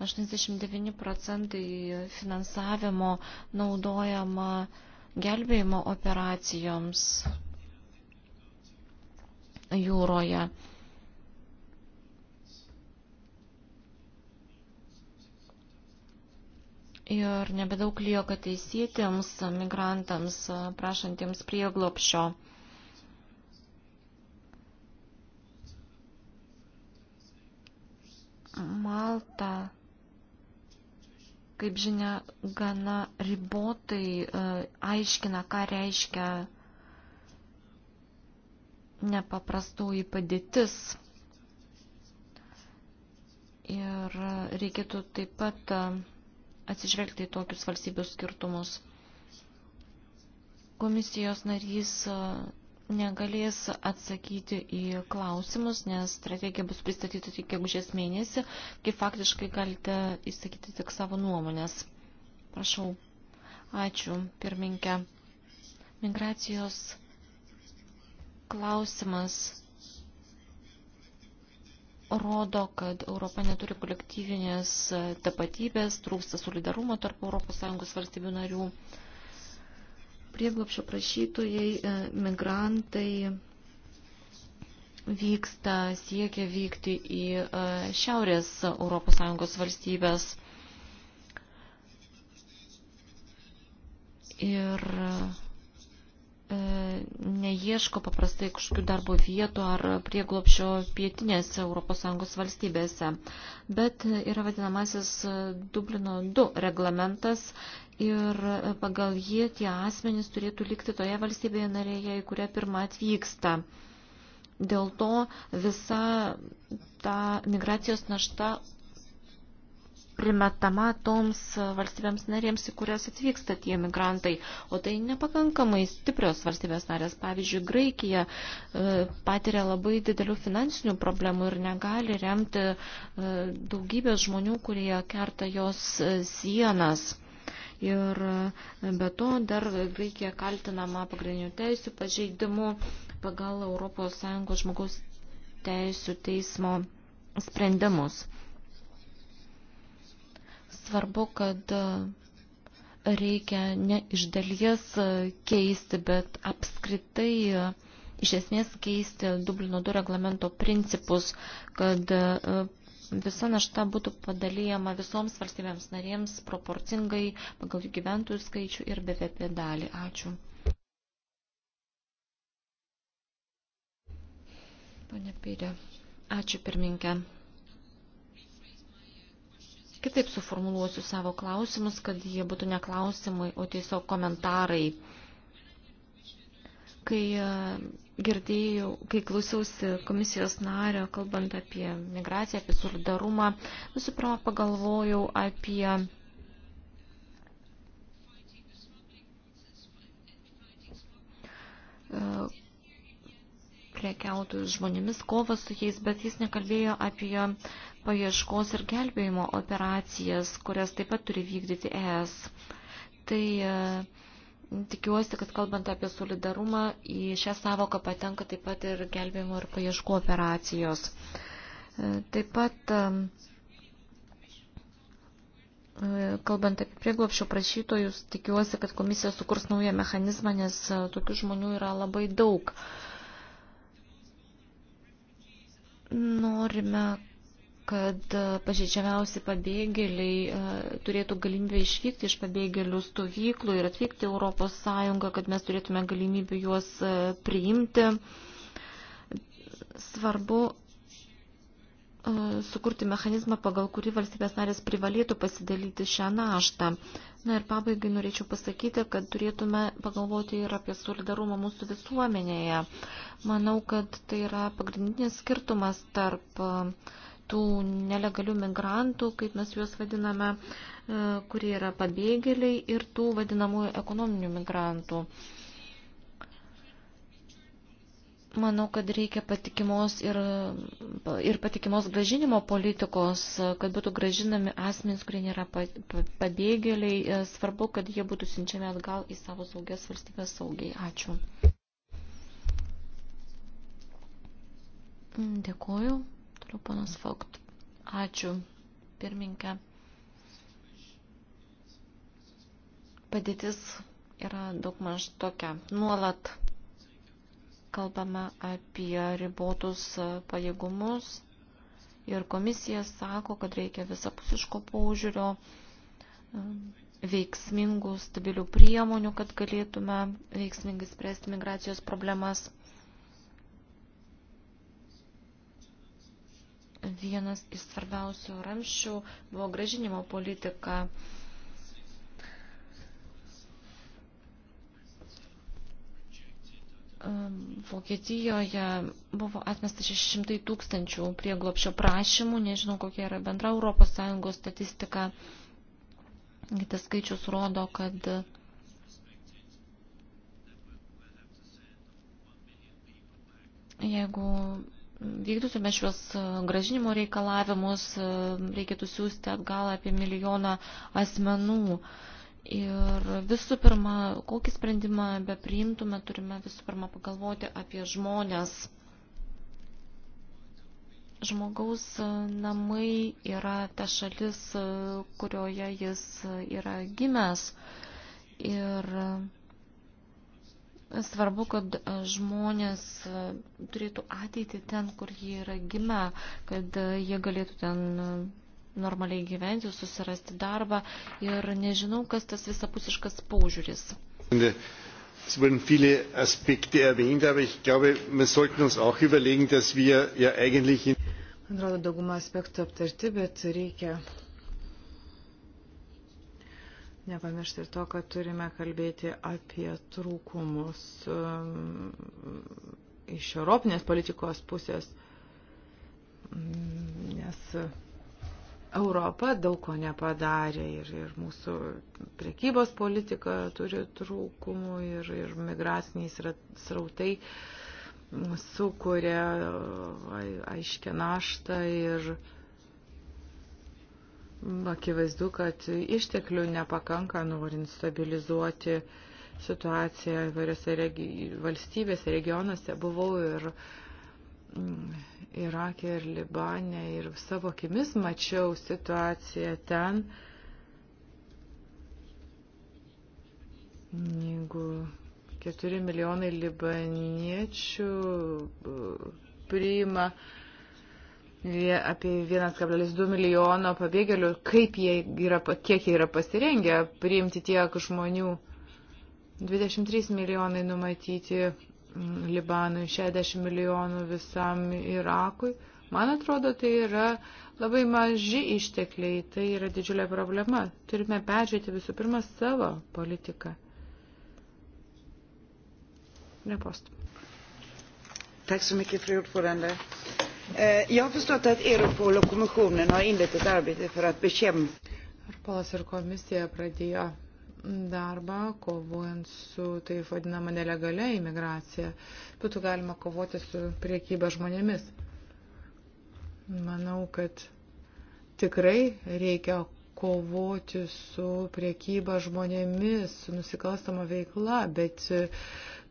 89 procentai finansavimo naudojama gelbėjimo operacijoms jūroje. Ir nebedaug lieka teisėtiems migrantams prašantiems prieglopšio. Malta, kaip žinia, gana ribotai e, aiškina, ką reiškia nepaprastoji padėtis. Ir reikėtų taip pat e, atsižvelgti į tokius valstybių skirtumus. Komisijos narys e, negalės atsakyti į klausimus, nes strategija bus pristatyta tik gegužės mėnesį, kai faktiškai galite įsakyti tik savo nuomonės. Prašau. Ačiū, pirminkė. Migracijos klausimas rodo, kad Europa neturi kolektyvinės tapatybės, trūksta solidarumo tarp ES valstybių narių prieglopšio prašytojai, e, migrantai vyksta, siekia vykti į e, šiaurės ES valstybės. Ir E, neieško paprastai kažkokių darbo vietų ar prieglopšio pietinėse ES valstybėse. Bet yra vadinamasis Dublino 2 reglamentas ir pagal jį tie asmenys turėtų likti toje valstybėje narėje, į kurią pirmą atvyksta. Dėl to visa ta migracijos našta primetama toms valstybėms narėms, į kurias atvyksta tie migrantai, o tai nepakankamai stiprios valstybės narės. Pavyzdžiui, Graikija e, patiria labai didelių finansinių problemų ir negali remti e, daugybės žmonių, kurie kerta jos e, sienas. Ir be to dar Graikija kaltinama pagrindinių teisų pažeidimu pagal ES žmogaus teisų teismo sprendimus. Svarbu, kad e, reikia ne iš dalies e, keisti, bet apskritai e, iš esmės keisti Dublino 2 reglamento principus, kad visa našta būtų padalyjama visoms valstybėms narėms proporcingai pagal jų gyventojų skaičių ir BVP dalį. Ačiū. Pane Pyrė, ačiū pirminkę. Kitaip suformuluosiu savo klausimus, kad jie būtų ne klausimai, o tiesiog komentarai. Kai e, girdėjau, kai klausiausi komisijos nario, kalbant apie migraciją, apie solidarumą, visų pirma pagalvojau apie e, prekiautojus žmonėmis, kovą su jais, bet jis nekalbėjo apie uh, paieškos ir gelbėjimo operacijas, kurias taip pat turi vykdyti ES. Tai e, tikiuosi, kad kalbant apie solidarumą, į šią savoką patenka taip pat ir gelbėjimo ir paieškų operacijos. E, taip pat e, Kalbant apie prieglopšio prašytojus, tikiuosi, kad komisija sukurs naują mechanizmą, nes tokių žmonių yra labai daug. Norime, kad e, pažeidžiamiausi pabėgėliai e, turėtų galimybę išvykti iš pabėgėlių stovyklų ir atvykti Europos Sąjungą, kad mes turėtume galimybę juos e, priimti. Svarbu sukurti mechanizmą, pagal kurį valstybės narės privalėtų pasidalyti šią naštą. Na ir pabaigai norėčiau pasakyti, kad turėtume pagalvoti ir apie solidarumą mūsų visuomenėje. Manau, kad tai yra pagrindinis skirtumas tarp uh, tų nelegalių migrantų, kaip mes juos vadiname, e, kurie yra pabėgėliai ir tų vadinamųjų ekonominių migrantų. Manau, kad reikia patikimos ir, ir patikimos gražinimo politikos, kad būtų gražinami asmenys, kurie nėra pabėgėliai. E, svarbu, kad jie būtų siunčiami atgal į savo saugės valstybės saugiai. Ačiū. Dėkuoju. Toliau panas Fogt. Ačiū, pirminkė. Padėtis yra daug maž tokia. Nuolat kalbame apie ribotus pajėgumus ir komisija sako, kad reikia visapusiško paužiūrio, veiksmingų, stabilių priemonių, kad galėtume veiksmingai spręsti migracijos problemas. Vienas iš svarbiausių ramščių buvo gražinimo politika. Vokietijoje buvo atmesta 600 tūkstančių prieglopšio prašymų, nežinau kokia yra bendra ES statistika. Tas skaičius rodo, kad jeigu vykdytume šios e, gražinimo reikalavimus, e, reikėtų siūsti atgal apie milijoną asmenų. Ir visų pirma, kokį sprendimą be priimtume, turime visų pirma pagalvoti apie žmonės. Žmogaus e, namai yra ta šalis, kurioje jis yra gimęs. Ir Svarbu, kad e, žmonės e, turėtų ateitį ten, kur jie yra gimę, kad e, jie galėtų ten normaliai gyventi, susirasti darbą ir nežinau, kas tas visapusiškas paužiūris. Es wurden viele Aspekte erwähnt, aber ich glaube, wir sollten uns auch überlegen, dass wir ja eigentlich. Man atrodo, dauguma aspektų aptarti, bet reikia Nepamiršti ir to, kad turime kalbėti apie trūkumus um, iš Europinės politikos pusės, mm, nes Europa daug ko nepadarė ir, ir mūsų priekybos politika turi trūkumų ir, ir migraciniais srautai sukuria uh, aiškę naštą ir Akivaizdu, kad išteklių nepakanka, norint stabilizuoti situaciją įvairiose regi valstybėse, regionuose. Buvau ir mm, Irakė, ir Libanė, ir savo akimis mačiau situaciją ten. Jeigu 4 milijonai libaniečių mm, priima uh, apie 1,2 milijono pabėgėlių, kaip jie yra, kiek jie yra pasirengę priimti tiek žmonių. 23 milijonai numatyti mm, Libanui, 60 milijonų visam Irakui. Man atrodo, tai yra labai maži ištekliai, tai yra didžiulė problema. Turime peržiūrėti visų pirma savo politiką. Repost. Tack så mycket, fru ordförande. Eh, jag har förstått att Europol och kommissionen har inlett ett arbete för att bekämpa... Europolas ir komisija pradėjo darbą, kovojant su taip vadinama nelegalia imigracija. Būtų galima kovoti su priekyba žmonėmis. Manau, kad tikrai reikia kovoti su priekyba žmonėmis, su nusikalstama veikla, bet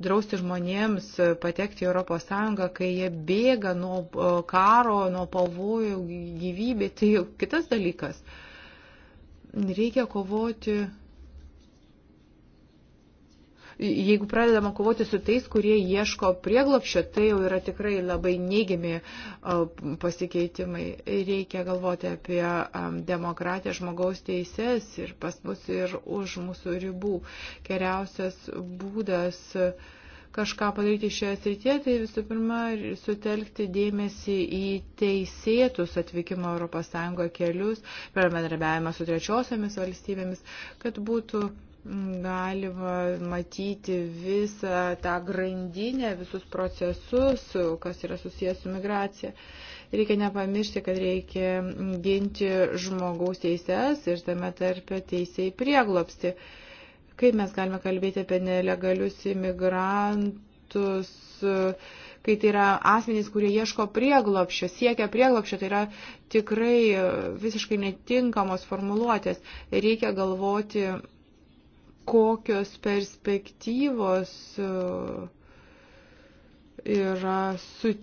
drausti žmonėms patekti į ES, kai jie bėga nuo e, karo, nuo pavojų gyvybė, tai jau kitas dalykas. Reikia kovoti jeigu pradedama kovoti su tais, kurie ieško prieglopščio, tai jau yra tikrai labai neigiami pasikeitimai. Reikia galvoti apie demokratiją, žmogaus teises ir pas mus ir už mūsų ribų. Geriausias būdas kažką padaryti šioje srityje, tai visų pirma sutelkti dėmesį į teisėtus atvykimo ES kelius, per bendrabiavimą su trečiosiamis valstybėmis, kad būtų galima matyti visą tą grandinę, visus procesus, kas yra susijęs su migracija reikia nepamiršti, kad reikia ginti žmogaus teises ir tame tarpe teisėjai prieglopsti. Kaip mes galime kalbėti apie nelegalius imigrantus, kai tai yra asmenys, kurie ieško prieglopščio, siekia prieglopščio, tai yra tikrai visiškai netinkamos formuluotės. Reikia galvoti kokios perspektyvos e, yra suteikiamos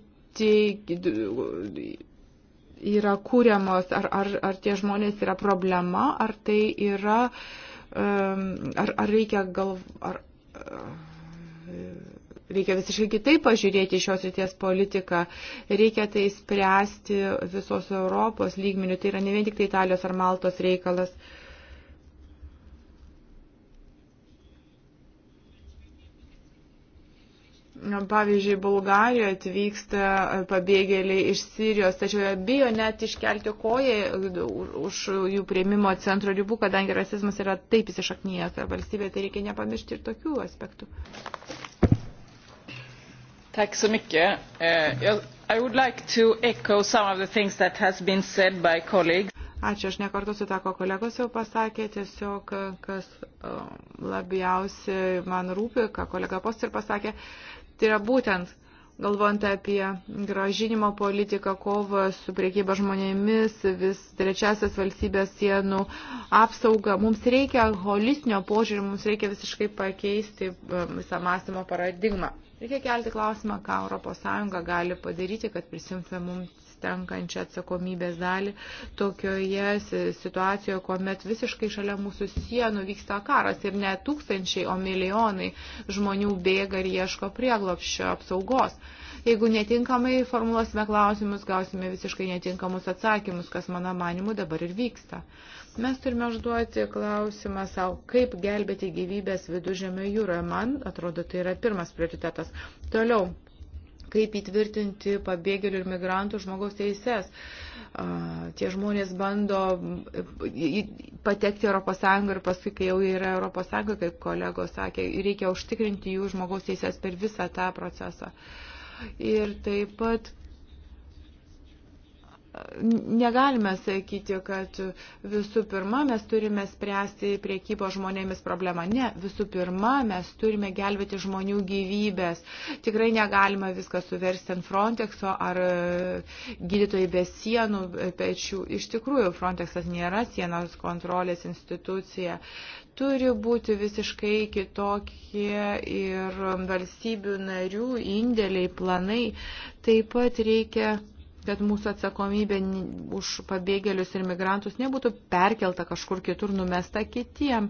yra kūriamos, ar, ar, ar tie žmonės yra problema, ar tai yra, ar, ar reikia gal, ar, e, reikia visiškai kitaip pažiūrėti šios ryties politiką, reikia tai spręsti visos Europos lygmenių, tai yra ne vien tik tai Italijos ar Maltos reikalas. Uh, Pavyzdžiui, Bulgarijoje atvyksta pabėgėliai iš Sirijos, tačiau bijo net iškelti koją už jų prieimimo centro ribų, kadangi rasizmas yra taip įsišaknyjęs valstybėje, tai reikia nepamiršti ir tokių aspektų. Tack så mycket. Uh, I would like to echo some of the things that has been said by colleagues. Ačiū, aš nekartosiu tą, ko kolegos jau pasakė, tiesiog kas eh, labiausiai man rūpi, ką kolega Poster pasakė, Tai yra būtent galvojant apie gražinimo politiką, kovą su priekyba žmonėmis, vis trečiasias valstybės sienų apsaugą. Mums reikia holistinio požiūrį, mums reikia visiškai pakeisti um, visą mąstymo paradigmą. Reikia kelti klausimą, ką ES gali padaryti, kad prisimtume mums tenkančią atsakomybės dalį tokioje situacijoje, kuomet visiškai šalia mūsų sienų vyksta karas ir ne tūkstančiai, o milijonai žmonių bėga ir ieško prieglopščio apsaugos. Jeigu netinkamai formuluosime klausimus, gausime visiškai netinkamus atsakymus, kas mano manimu dabar ir vyksta. Mes turime užduoti klausimą savo, kaip gelbėti gyvybės vidužėmio jūroje. Man atrodo, tai yra pirmas prioritetas. Toliau kaip įtvirtinti pabėgėlių ir migrantų žmogaus teises. Tie žmonės bando e, patekti Europos Sąjungą ir paskui, kai jau yra Europos Sąjunga, kaip kolegos sakė, reikia užtikrinti jų žmogaus teises per visą tą procesą. Ir taip pat negalime sakyti, kad visų pirma mes turime spręsti priekybo žmonėmis problemą. Ne, visų pirma mes turime gelbėti žmonių gyvybės. Tikrai negalima viską suversti ant Frontexo ar e, gydytojai be sienų pečių. Iš tikrųjų, Frontexas nėra sienos kontrolės institucija turi būti visiškai kitokie ir valstybių narių indėliai, planai. Taip pat reikia kad mūsų atsakomybė už pabėgėlius ir migrantus nebūtų perkelta kažkur kitur, numesta kitiem.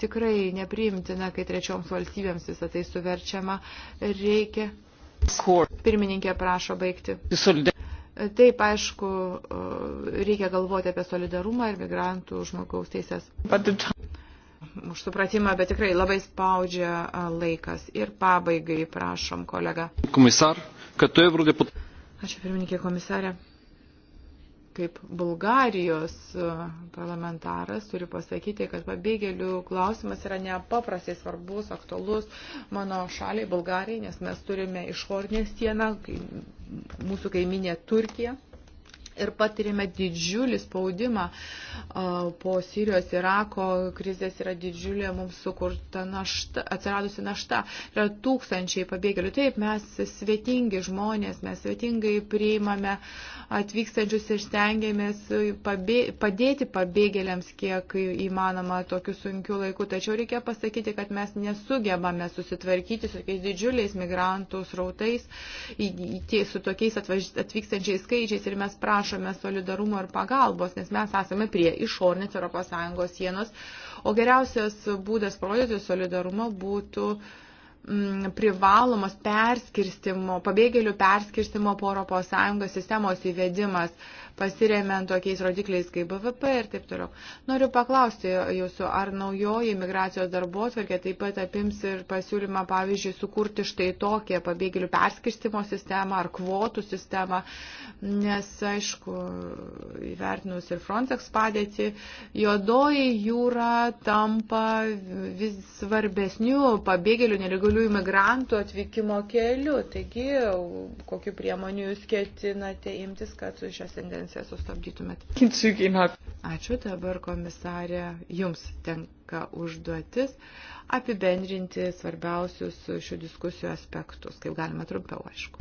Tikrai nepriimtina, kai trečioms valstybėms visą tai suverčiama. Reikia. Pirmininkė prašo baigti. Taip, aišku, reikia galvoti apie solidarumą ir migrantų žmogaus teisės. Už supratimą, bet tikrai labai spaudžia laikas. Ir pabaigai prašom, kolega. Komisar, kad tu eurodeputatas. Ačiū pirmininkė komisarė. Kaip Bulgarijos e, parlamentaras turiu pasakyti, kad pabėgėlių klausimas yra nepaprastai svarbus, aktualus mano šaliai Bulgarijai, nes mes turime išornę sieną, mūsų kaiminė Turkija ir patirėme didžiulį spaudimą po Sirijos, Irako krizės yra didžiulė mums sukurta našta, atsiradusi našta. Yra tūkstančiai pabėgėlių. Taip, mes svetingi žmonės, mes svetingai priimame atvykstančius ir stengiamės pabė, padėti pabėgėliams kiek įmanoma tokiu sunkiu laiku. Tačiau reikia pasakyti, kad mes nesugebame susitvarkyti su tokiais didžiuliais migrantų srautais, su tokiais atvykstančiais skaičiais ir mes prašome prašome solidarumo ir pagalbos, nes mes esame prie išornės ES sienos, o geriausias būdas parodyti solidarumą būtų uh, Mm, privalomos perskirstimo, pabėgėlių perskirstimo po ES sistemos įvedimas, pasiremiant tokiais rodikliais kaip BVP ir taip toliau. Noriu paklausti jūsų, ar naujoji migracijos darbo atvarkė taip pat apims ir pasiūlymą, pavyzdžiui, sukurti štai tokią pabėgėlių perskirstimo sistemą ar kvotų sistemą, nes, aišku, įvertinus ir Frontex padėtį, juodoji jūra tampa vis svarbesnių pabėgėlių neligalių nelegalių imigrantų atvykimo keliu. Taigi, kokiu priemoniu jūs ketinate imtis, kad su šias tendencijas sustabdytumėte? Ačiū dabar, komisarė, jums tenka užduotis apibendrinti svarbiausius šių diskusijų aspektus, kaip galima trumpiau, aišku.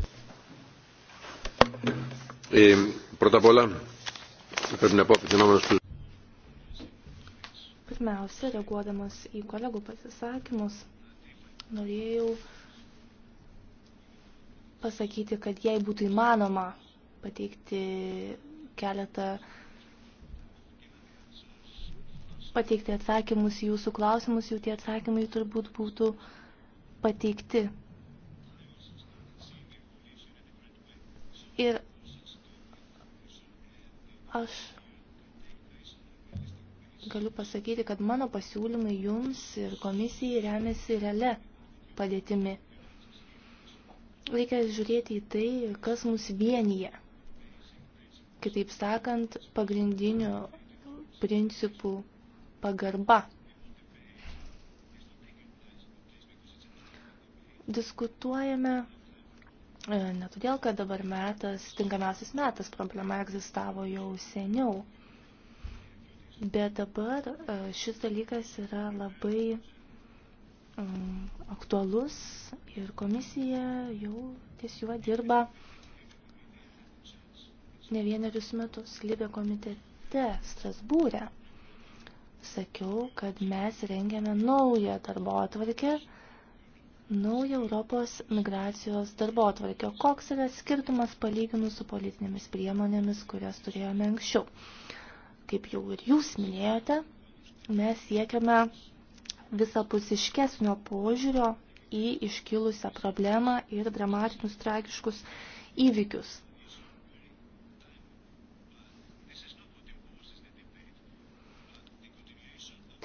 Πρώτα απ' όλα, πρέπει να πω απευθυνόμενος στους Pirmiausia, reaguodamas į kolegų pasisakymus, norėjau pasakyti, kad jei būtų įmanoma pateikti keletą pateikti atsakymus į jūsų klausimus, jų tie atsakymai turbūt būtų pateikti. Ir aš galiu pasakyti, kad mano pasiūlymai jums ir komisijai remiasi realia padėtimi. Reikia žiūrėti į tai, kas mus vienyje. Kitaip sakant, pagrindinių principų pagarba. Diskutuojame e, ne todėl, kad dabar metas, tinkamiausias metas, problema egzistavo jau seniau. Bet dabar e, šis dalykas yra labai aktualus ir komisija jau ties juo dirba ne vienerius metus Libė komitete Strasbūrė. Sakiau, kad mes rengiame naują darbo atvarkę, naują Europos migracijos darbo atvarkę. Koks yra skirtumas palyginus su politinėmis priemonėmis, kurias turėjome anksčiau? Kaip jau ir jūs minėjote, mes siekiame visapusiškesnio požiūrio į iškilusią problemą ir dramatinius tragiškus įvykius.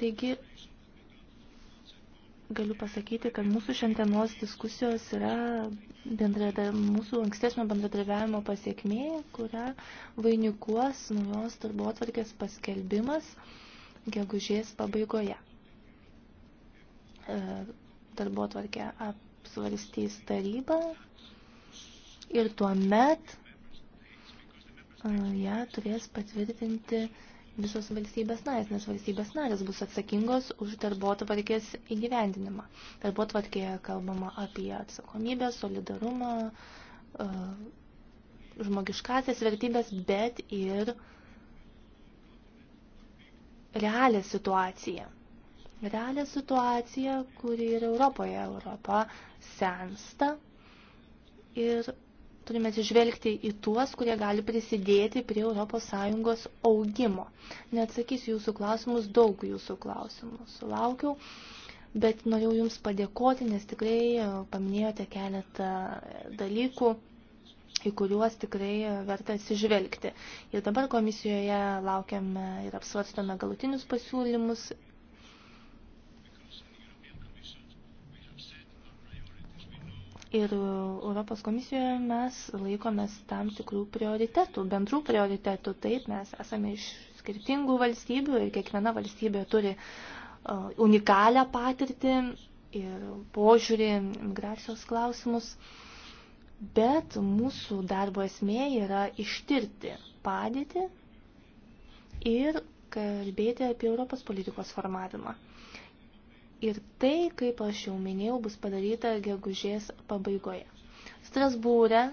Taigi, galiu pasakyti, kad mūsų šiandienos diskusijos yra mūsų ankstesnio bendradarbiavimo pasiekmė, kurią vainikuos naujos darbo paskelbimas gegužės pabaigoje. E, darbo tvarkę apsvarstys taryba ir tuomet e, ją turės patvirtinti visos valstybės narės, nes valstybės narės bus atsakingos už darbo tvarkės įgyvendinimą. Darbo tvarkėje kalbama apie atsakomybę, solidarumą, e, žmogiškasias vertybės, bet ir realią situaciją realią situaciją, kuri yra Europoje. Europa sensta ir turime atsižvelgti į tuos, kurie gali prisidėti prie ES augimo. Neatsakysiu jūsų klausimus, daug jūsų klausimų sulaukiau, bet norėjau jums padėkoti, nes tikrai e, paminėjote keletą dalykų į kuriuos tikrai e, verta atsižvelgti. Ir dabar komisijoje laukiame ir apsvarstome galutinius pasiūlymus ir Europos komisijoje mes laikomės tam tikrų prioritetų, bendrų prioritetų. Taip, mes esame iš skirtingų valstybių ir kiekviena valstybė turi e, unikalią patirtį ir požiūrį migracijos klausimus. Bet mūsų darbo esmė yra ištirti padėtį ir kalbėti apie Europos politikos formavimą. Ir tai, kaip aš jau minėjau, bus padaryta gegužės pabaigoje. Strasbūre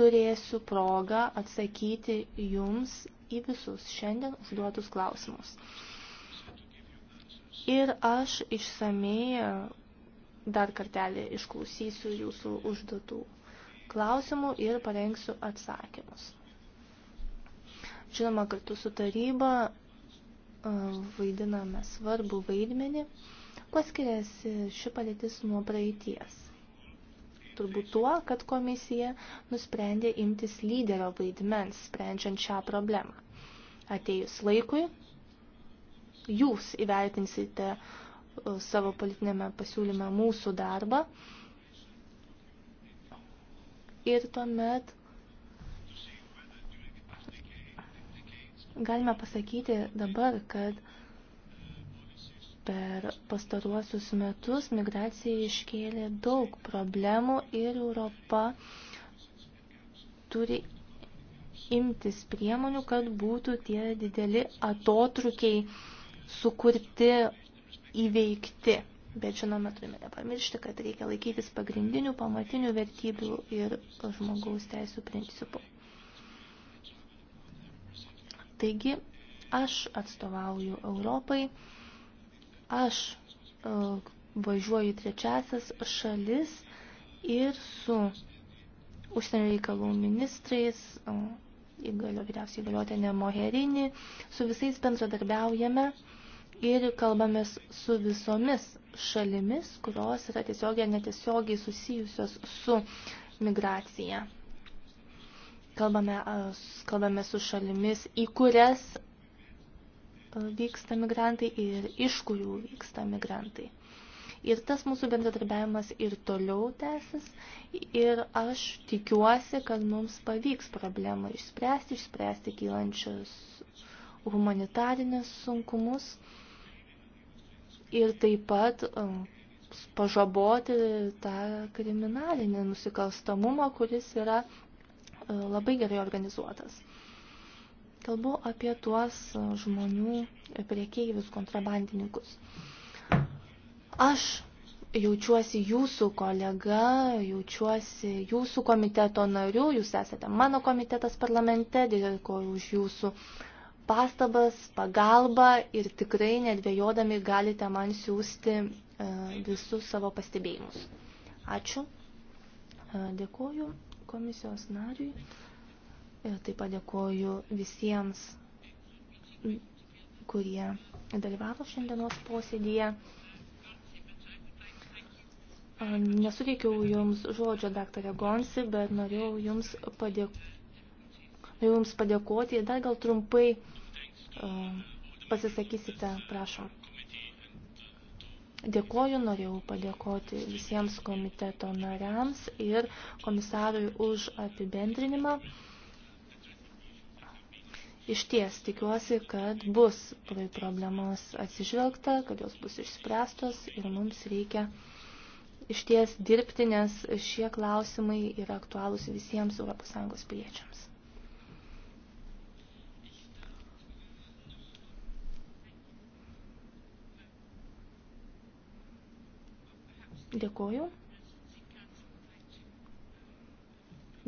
turėsiu progą atsakyti jums į visus šiandien užduotus klausimus. Ir aš išsamei dar kartelį išklausysiu jūsų užduotų klausimų ir parengsiu atsakymus. Žinoma, kartu su taryba e, vaidiname svarbų vaidmenį Kuo skiriasi ši padėtis nuo praeities? Turbūt tuo, kad komisija nusprendė imtis lyderio vaidmens, sprendžiant šią problemą. Atėjus laikui, jūs įvertinsite e, savo politinėme pasiūlyme mūsų darbą ir tuomet galime pasakyti dabar, kad Per pastaruosius metus migracija iškėlė daug problemų ir Europa turi imtis priemonių, kad būtų tie dideli atotrukiai sukurti, įveikti. Bet žinoma, turime nepamiršti, kad reikia laikytis pagrindinių pamatinių vertybių ir žmogaus teisų principų. Taigi, aš atstovauju Europai Aš e, važiuoju į trečiasias šalis ir su užsienio reikalų ministrais, e, įgalio vyriausiai įgaliotinė Moherini, su visais bendradarbiaujame ir kalbamės su visomis šalimis, kurios yra tiesiogiai ar netiesiogiai susijusios su migracija. Kalbame, e, kalbame su šalimis, į kurias vyksta migrantai ir iš kurių vyksta migrantai. Ir tas mūsų bendradarbiavimas ir toliau tęsis ir aš tikiuosi, kad mums pavyks problemą išspręsti, išspręsti kylančius humanitarinės sunkumus ir taip pat um, pažaboti tą kriminalinį nusikalstamumą, kuris yra uh, labai gerai organizuotas. Kalbu apie tuos e, žmonių e, priekeivius kontrabandininkus. Aš jaučiuosi jūsų kolega, jaučiuosi jūsų komiteto nariu, jūs esate mano komitetas parlamente, dėkoju už jūsų pastabas, pagalbą ir tikrai nedvėjodami galite man siūsti e, visus savo pastebėjimus. Ačiū. Dėkoju komisijos nariui. E, taip padėkoju visiems, kurie dalyvavo šiandienos posėdėje. Nesuteikiau Jums žodžio, daktarė Gonsi, bet norėjau Jums, padėk... norėjau jums padėkoti. Dar gal trumpai uh, pasisakysite, prašom. Dėkoju, norėjau padėkoti visiems komiteto nariams ir komisarui už apibendrinimą. Iš ties tikiuosi, kad bus problemos atsižvelgta, kad jos bus išspręstos ir mums reikia iš ties dirbti, nes šie klausimai yra aktualūs visiems ES piliečiams. Dėkuoju.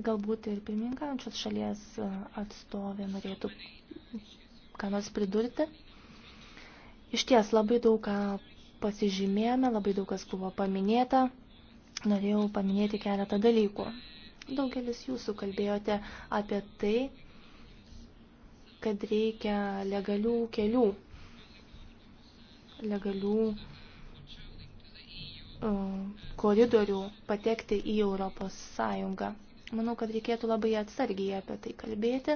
Galbūt ir pirmininkaujančios šalies e, atstovė norėtų ką nors pridurti. Iš ties labai daug ką pasižymėjome, labai daug kas buvo paminėta. Norėjau paminėti keletą dalykų. Daugelis jūsų kalbėjote apie tai, kad reikia legalių kelių, legalių e, koridorių patekti į Europos Sąjungą. Manau, kad reikėtų labai atsargiai apie tai kalbėti,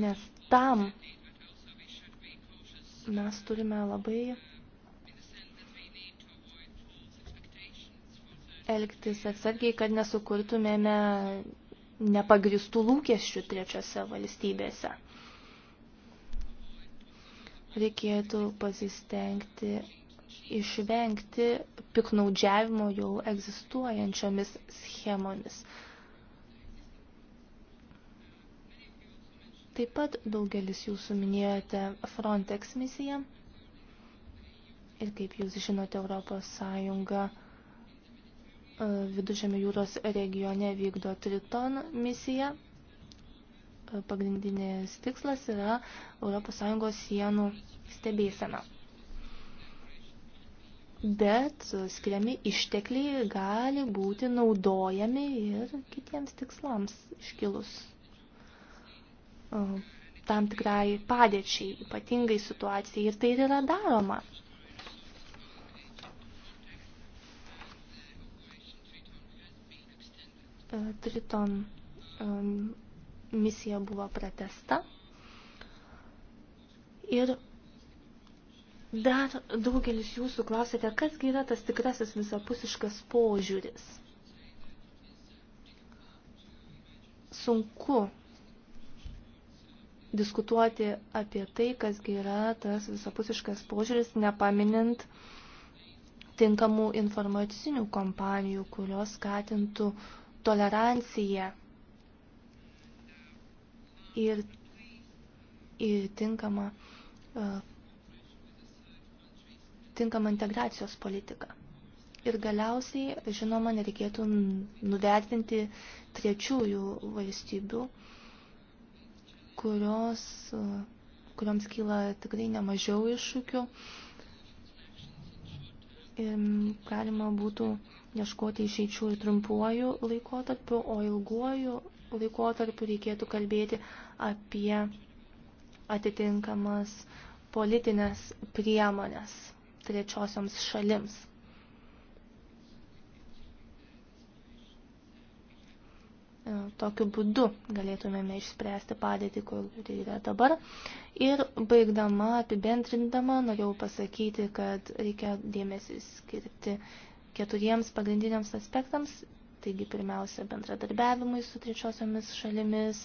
nes tam mes turime labai elgtis atsargiai, kad nesukurtumėme nepagristų lūkesčių trečiose valstybėse. Reikėtų pasistengti išvengti piknaudžiavimo jau egzistuojančiomis schemomis. Taip pat daugelis jūsų minėjote Frontex misiją. Ir kaip jūs žinote, Europos Sąjunga e, Vidužėmio jūros regione vykdo Triton misiją. E, Pagrindinės tikslas yra Europos Sąjungos sienų stebėsena bet skiriami ištekliai gali būti naudojami ir kitiems tikslams iškilus e, tam tikrai padėčiai, ypatingai situacijai ir tai ir yra daroma. E, Triton e, misija buvo pratesta ir Dar daugelis jūsų klausėte, kasgi yra tas tikrasis visapusiškas požiūris. Sunku diskutuoti apie tai, kasgi yra tas visapusiškas požiūris, nepaminint tinkamų informacinių kompanijų, kurios skatintų toleranciją ir, ir tinkamą uh, tinkamą integracijos politiką. Ir galiausiai, žinoma, nereikėtų nuvertinti trečiųjų valstybių, kurios, kurioms kyla tikrai nemažiau iššūkių. Ir galima būtų ieškoti išeičių ir trumpuoju laikotarpiu, o ilguoju laikotarpiu reikėtų kalbėti apie atitinkamas politinės priemonės trečiosioms šalims. E, tokiu būdu galėtumėme išspręsti padėtį, kur tai yra dabar. Ir baigdama, apibendrindama, norėjau pasakyti, kad reikia dėmesį skirti keturiems pagrindiniams aspektams. Taigi, pirmiausia, bendradarbiavimui su trečiosiomis šalimis,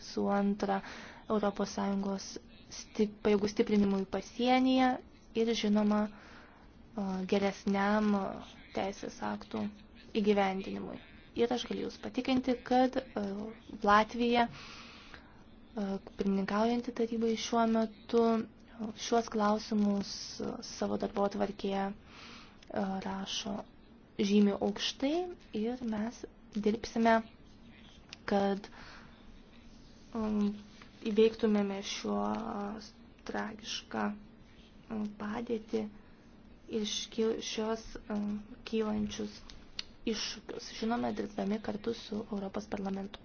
su antra, ES sti, pajėgų stiprinimui pasienyje ir žinoma geresniam teisės aktų įgyvendinimui. Ir aš galiu Jūs patikinti, kad Latvija, pirmininkaujanti tarybai šiuo metu, šiuos klausimus savo darbo tvarkėje rašo žymi aukštai ir mes dirbsime, kad įveiktumėme šiuo tragišką padėtį iš šios kylančius iššūkius, žinome, dirbdami kartu su Europos parlamentu.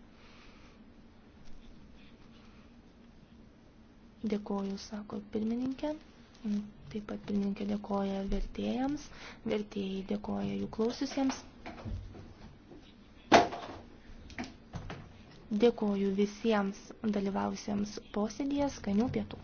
Dėkoju, sako pirmininkė. Taip pat pirmininkė dėkoja vertėjams, vertėjai dėkoja jų klausiusiems. Dėkoju visiems dalyvausiems posėdėje skanių pietų.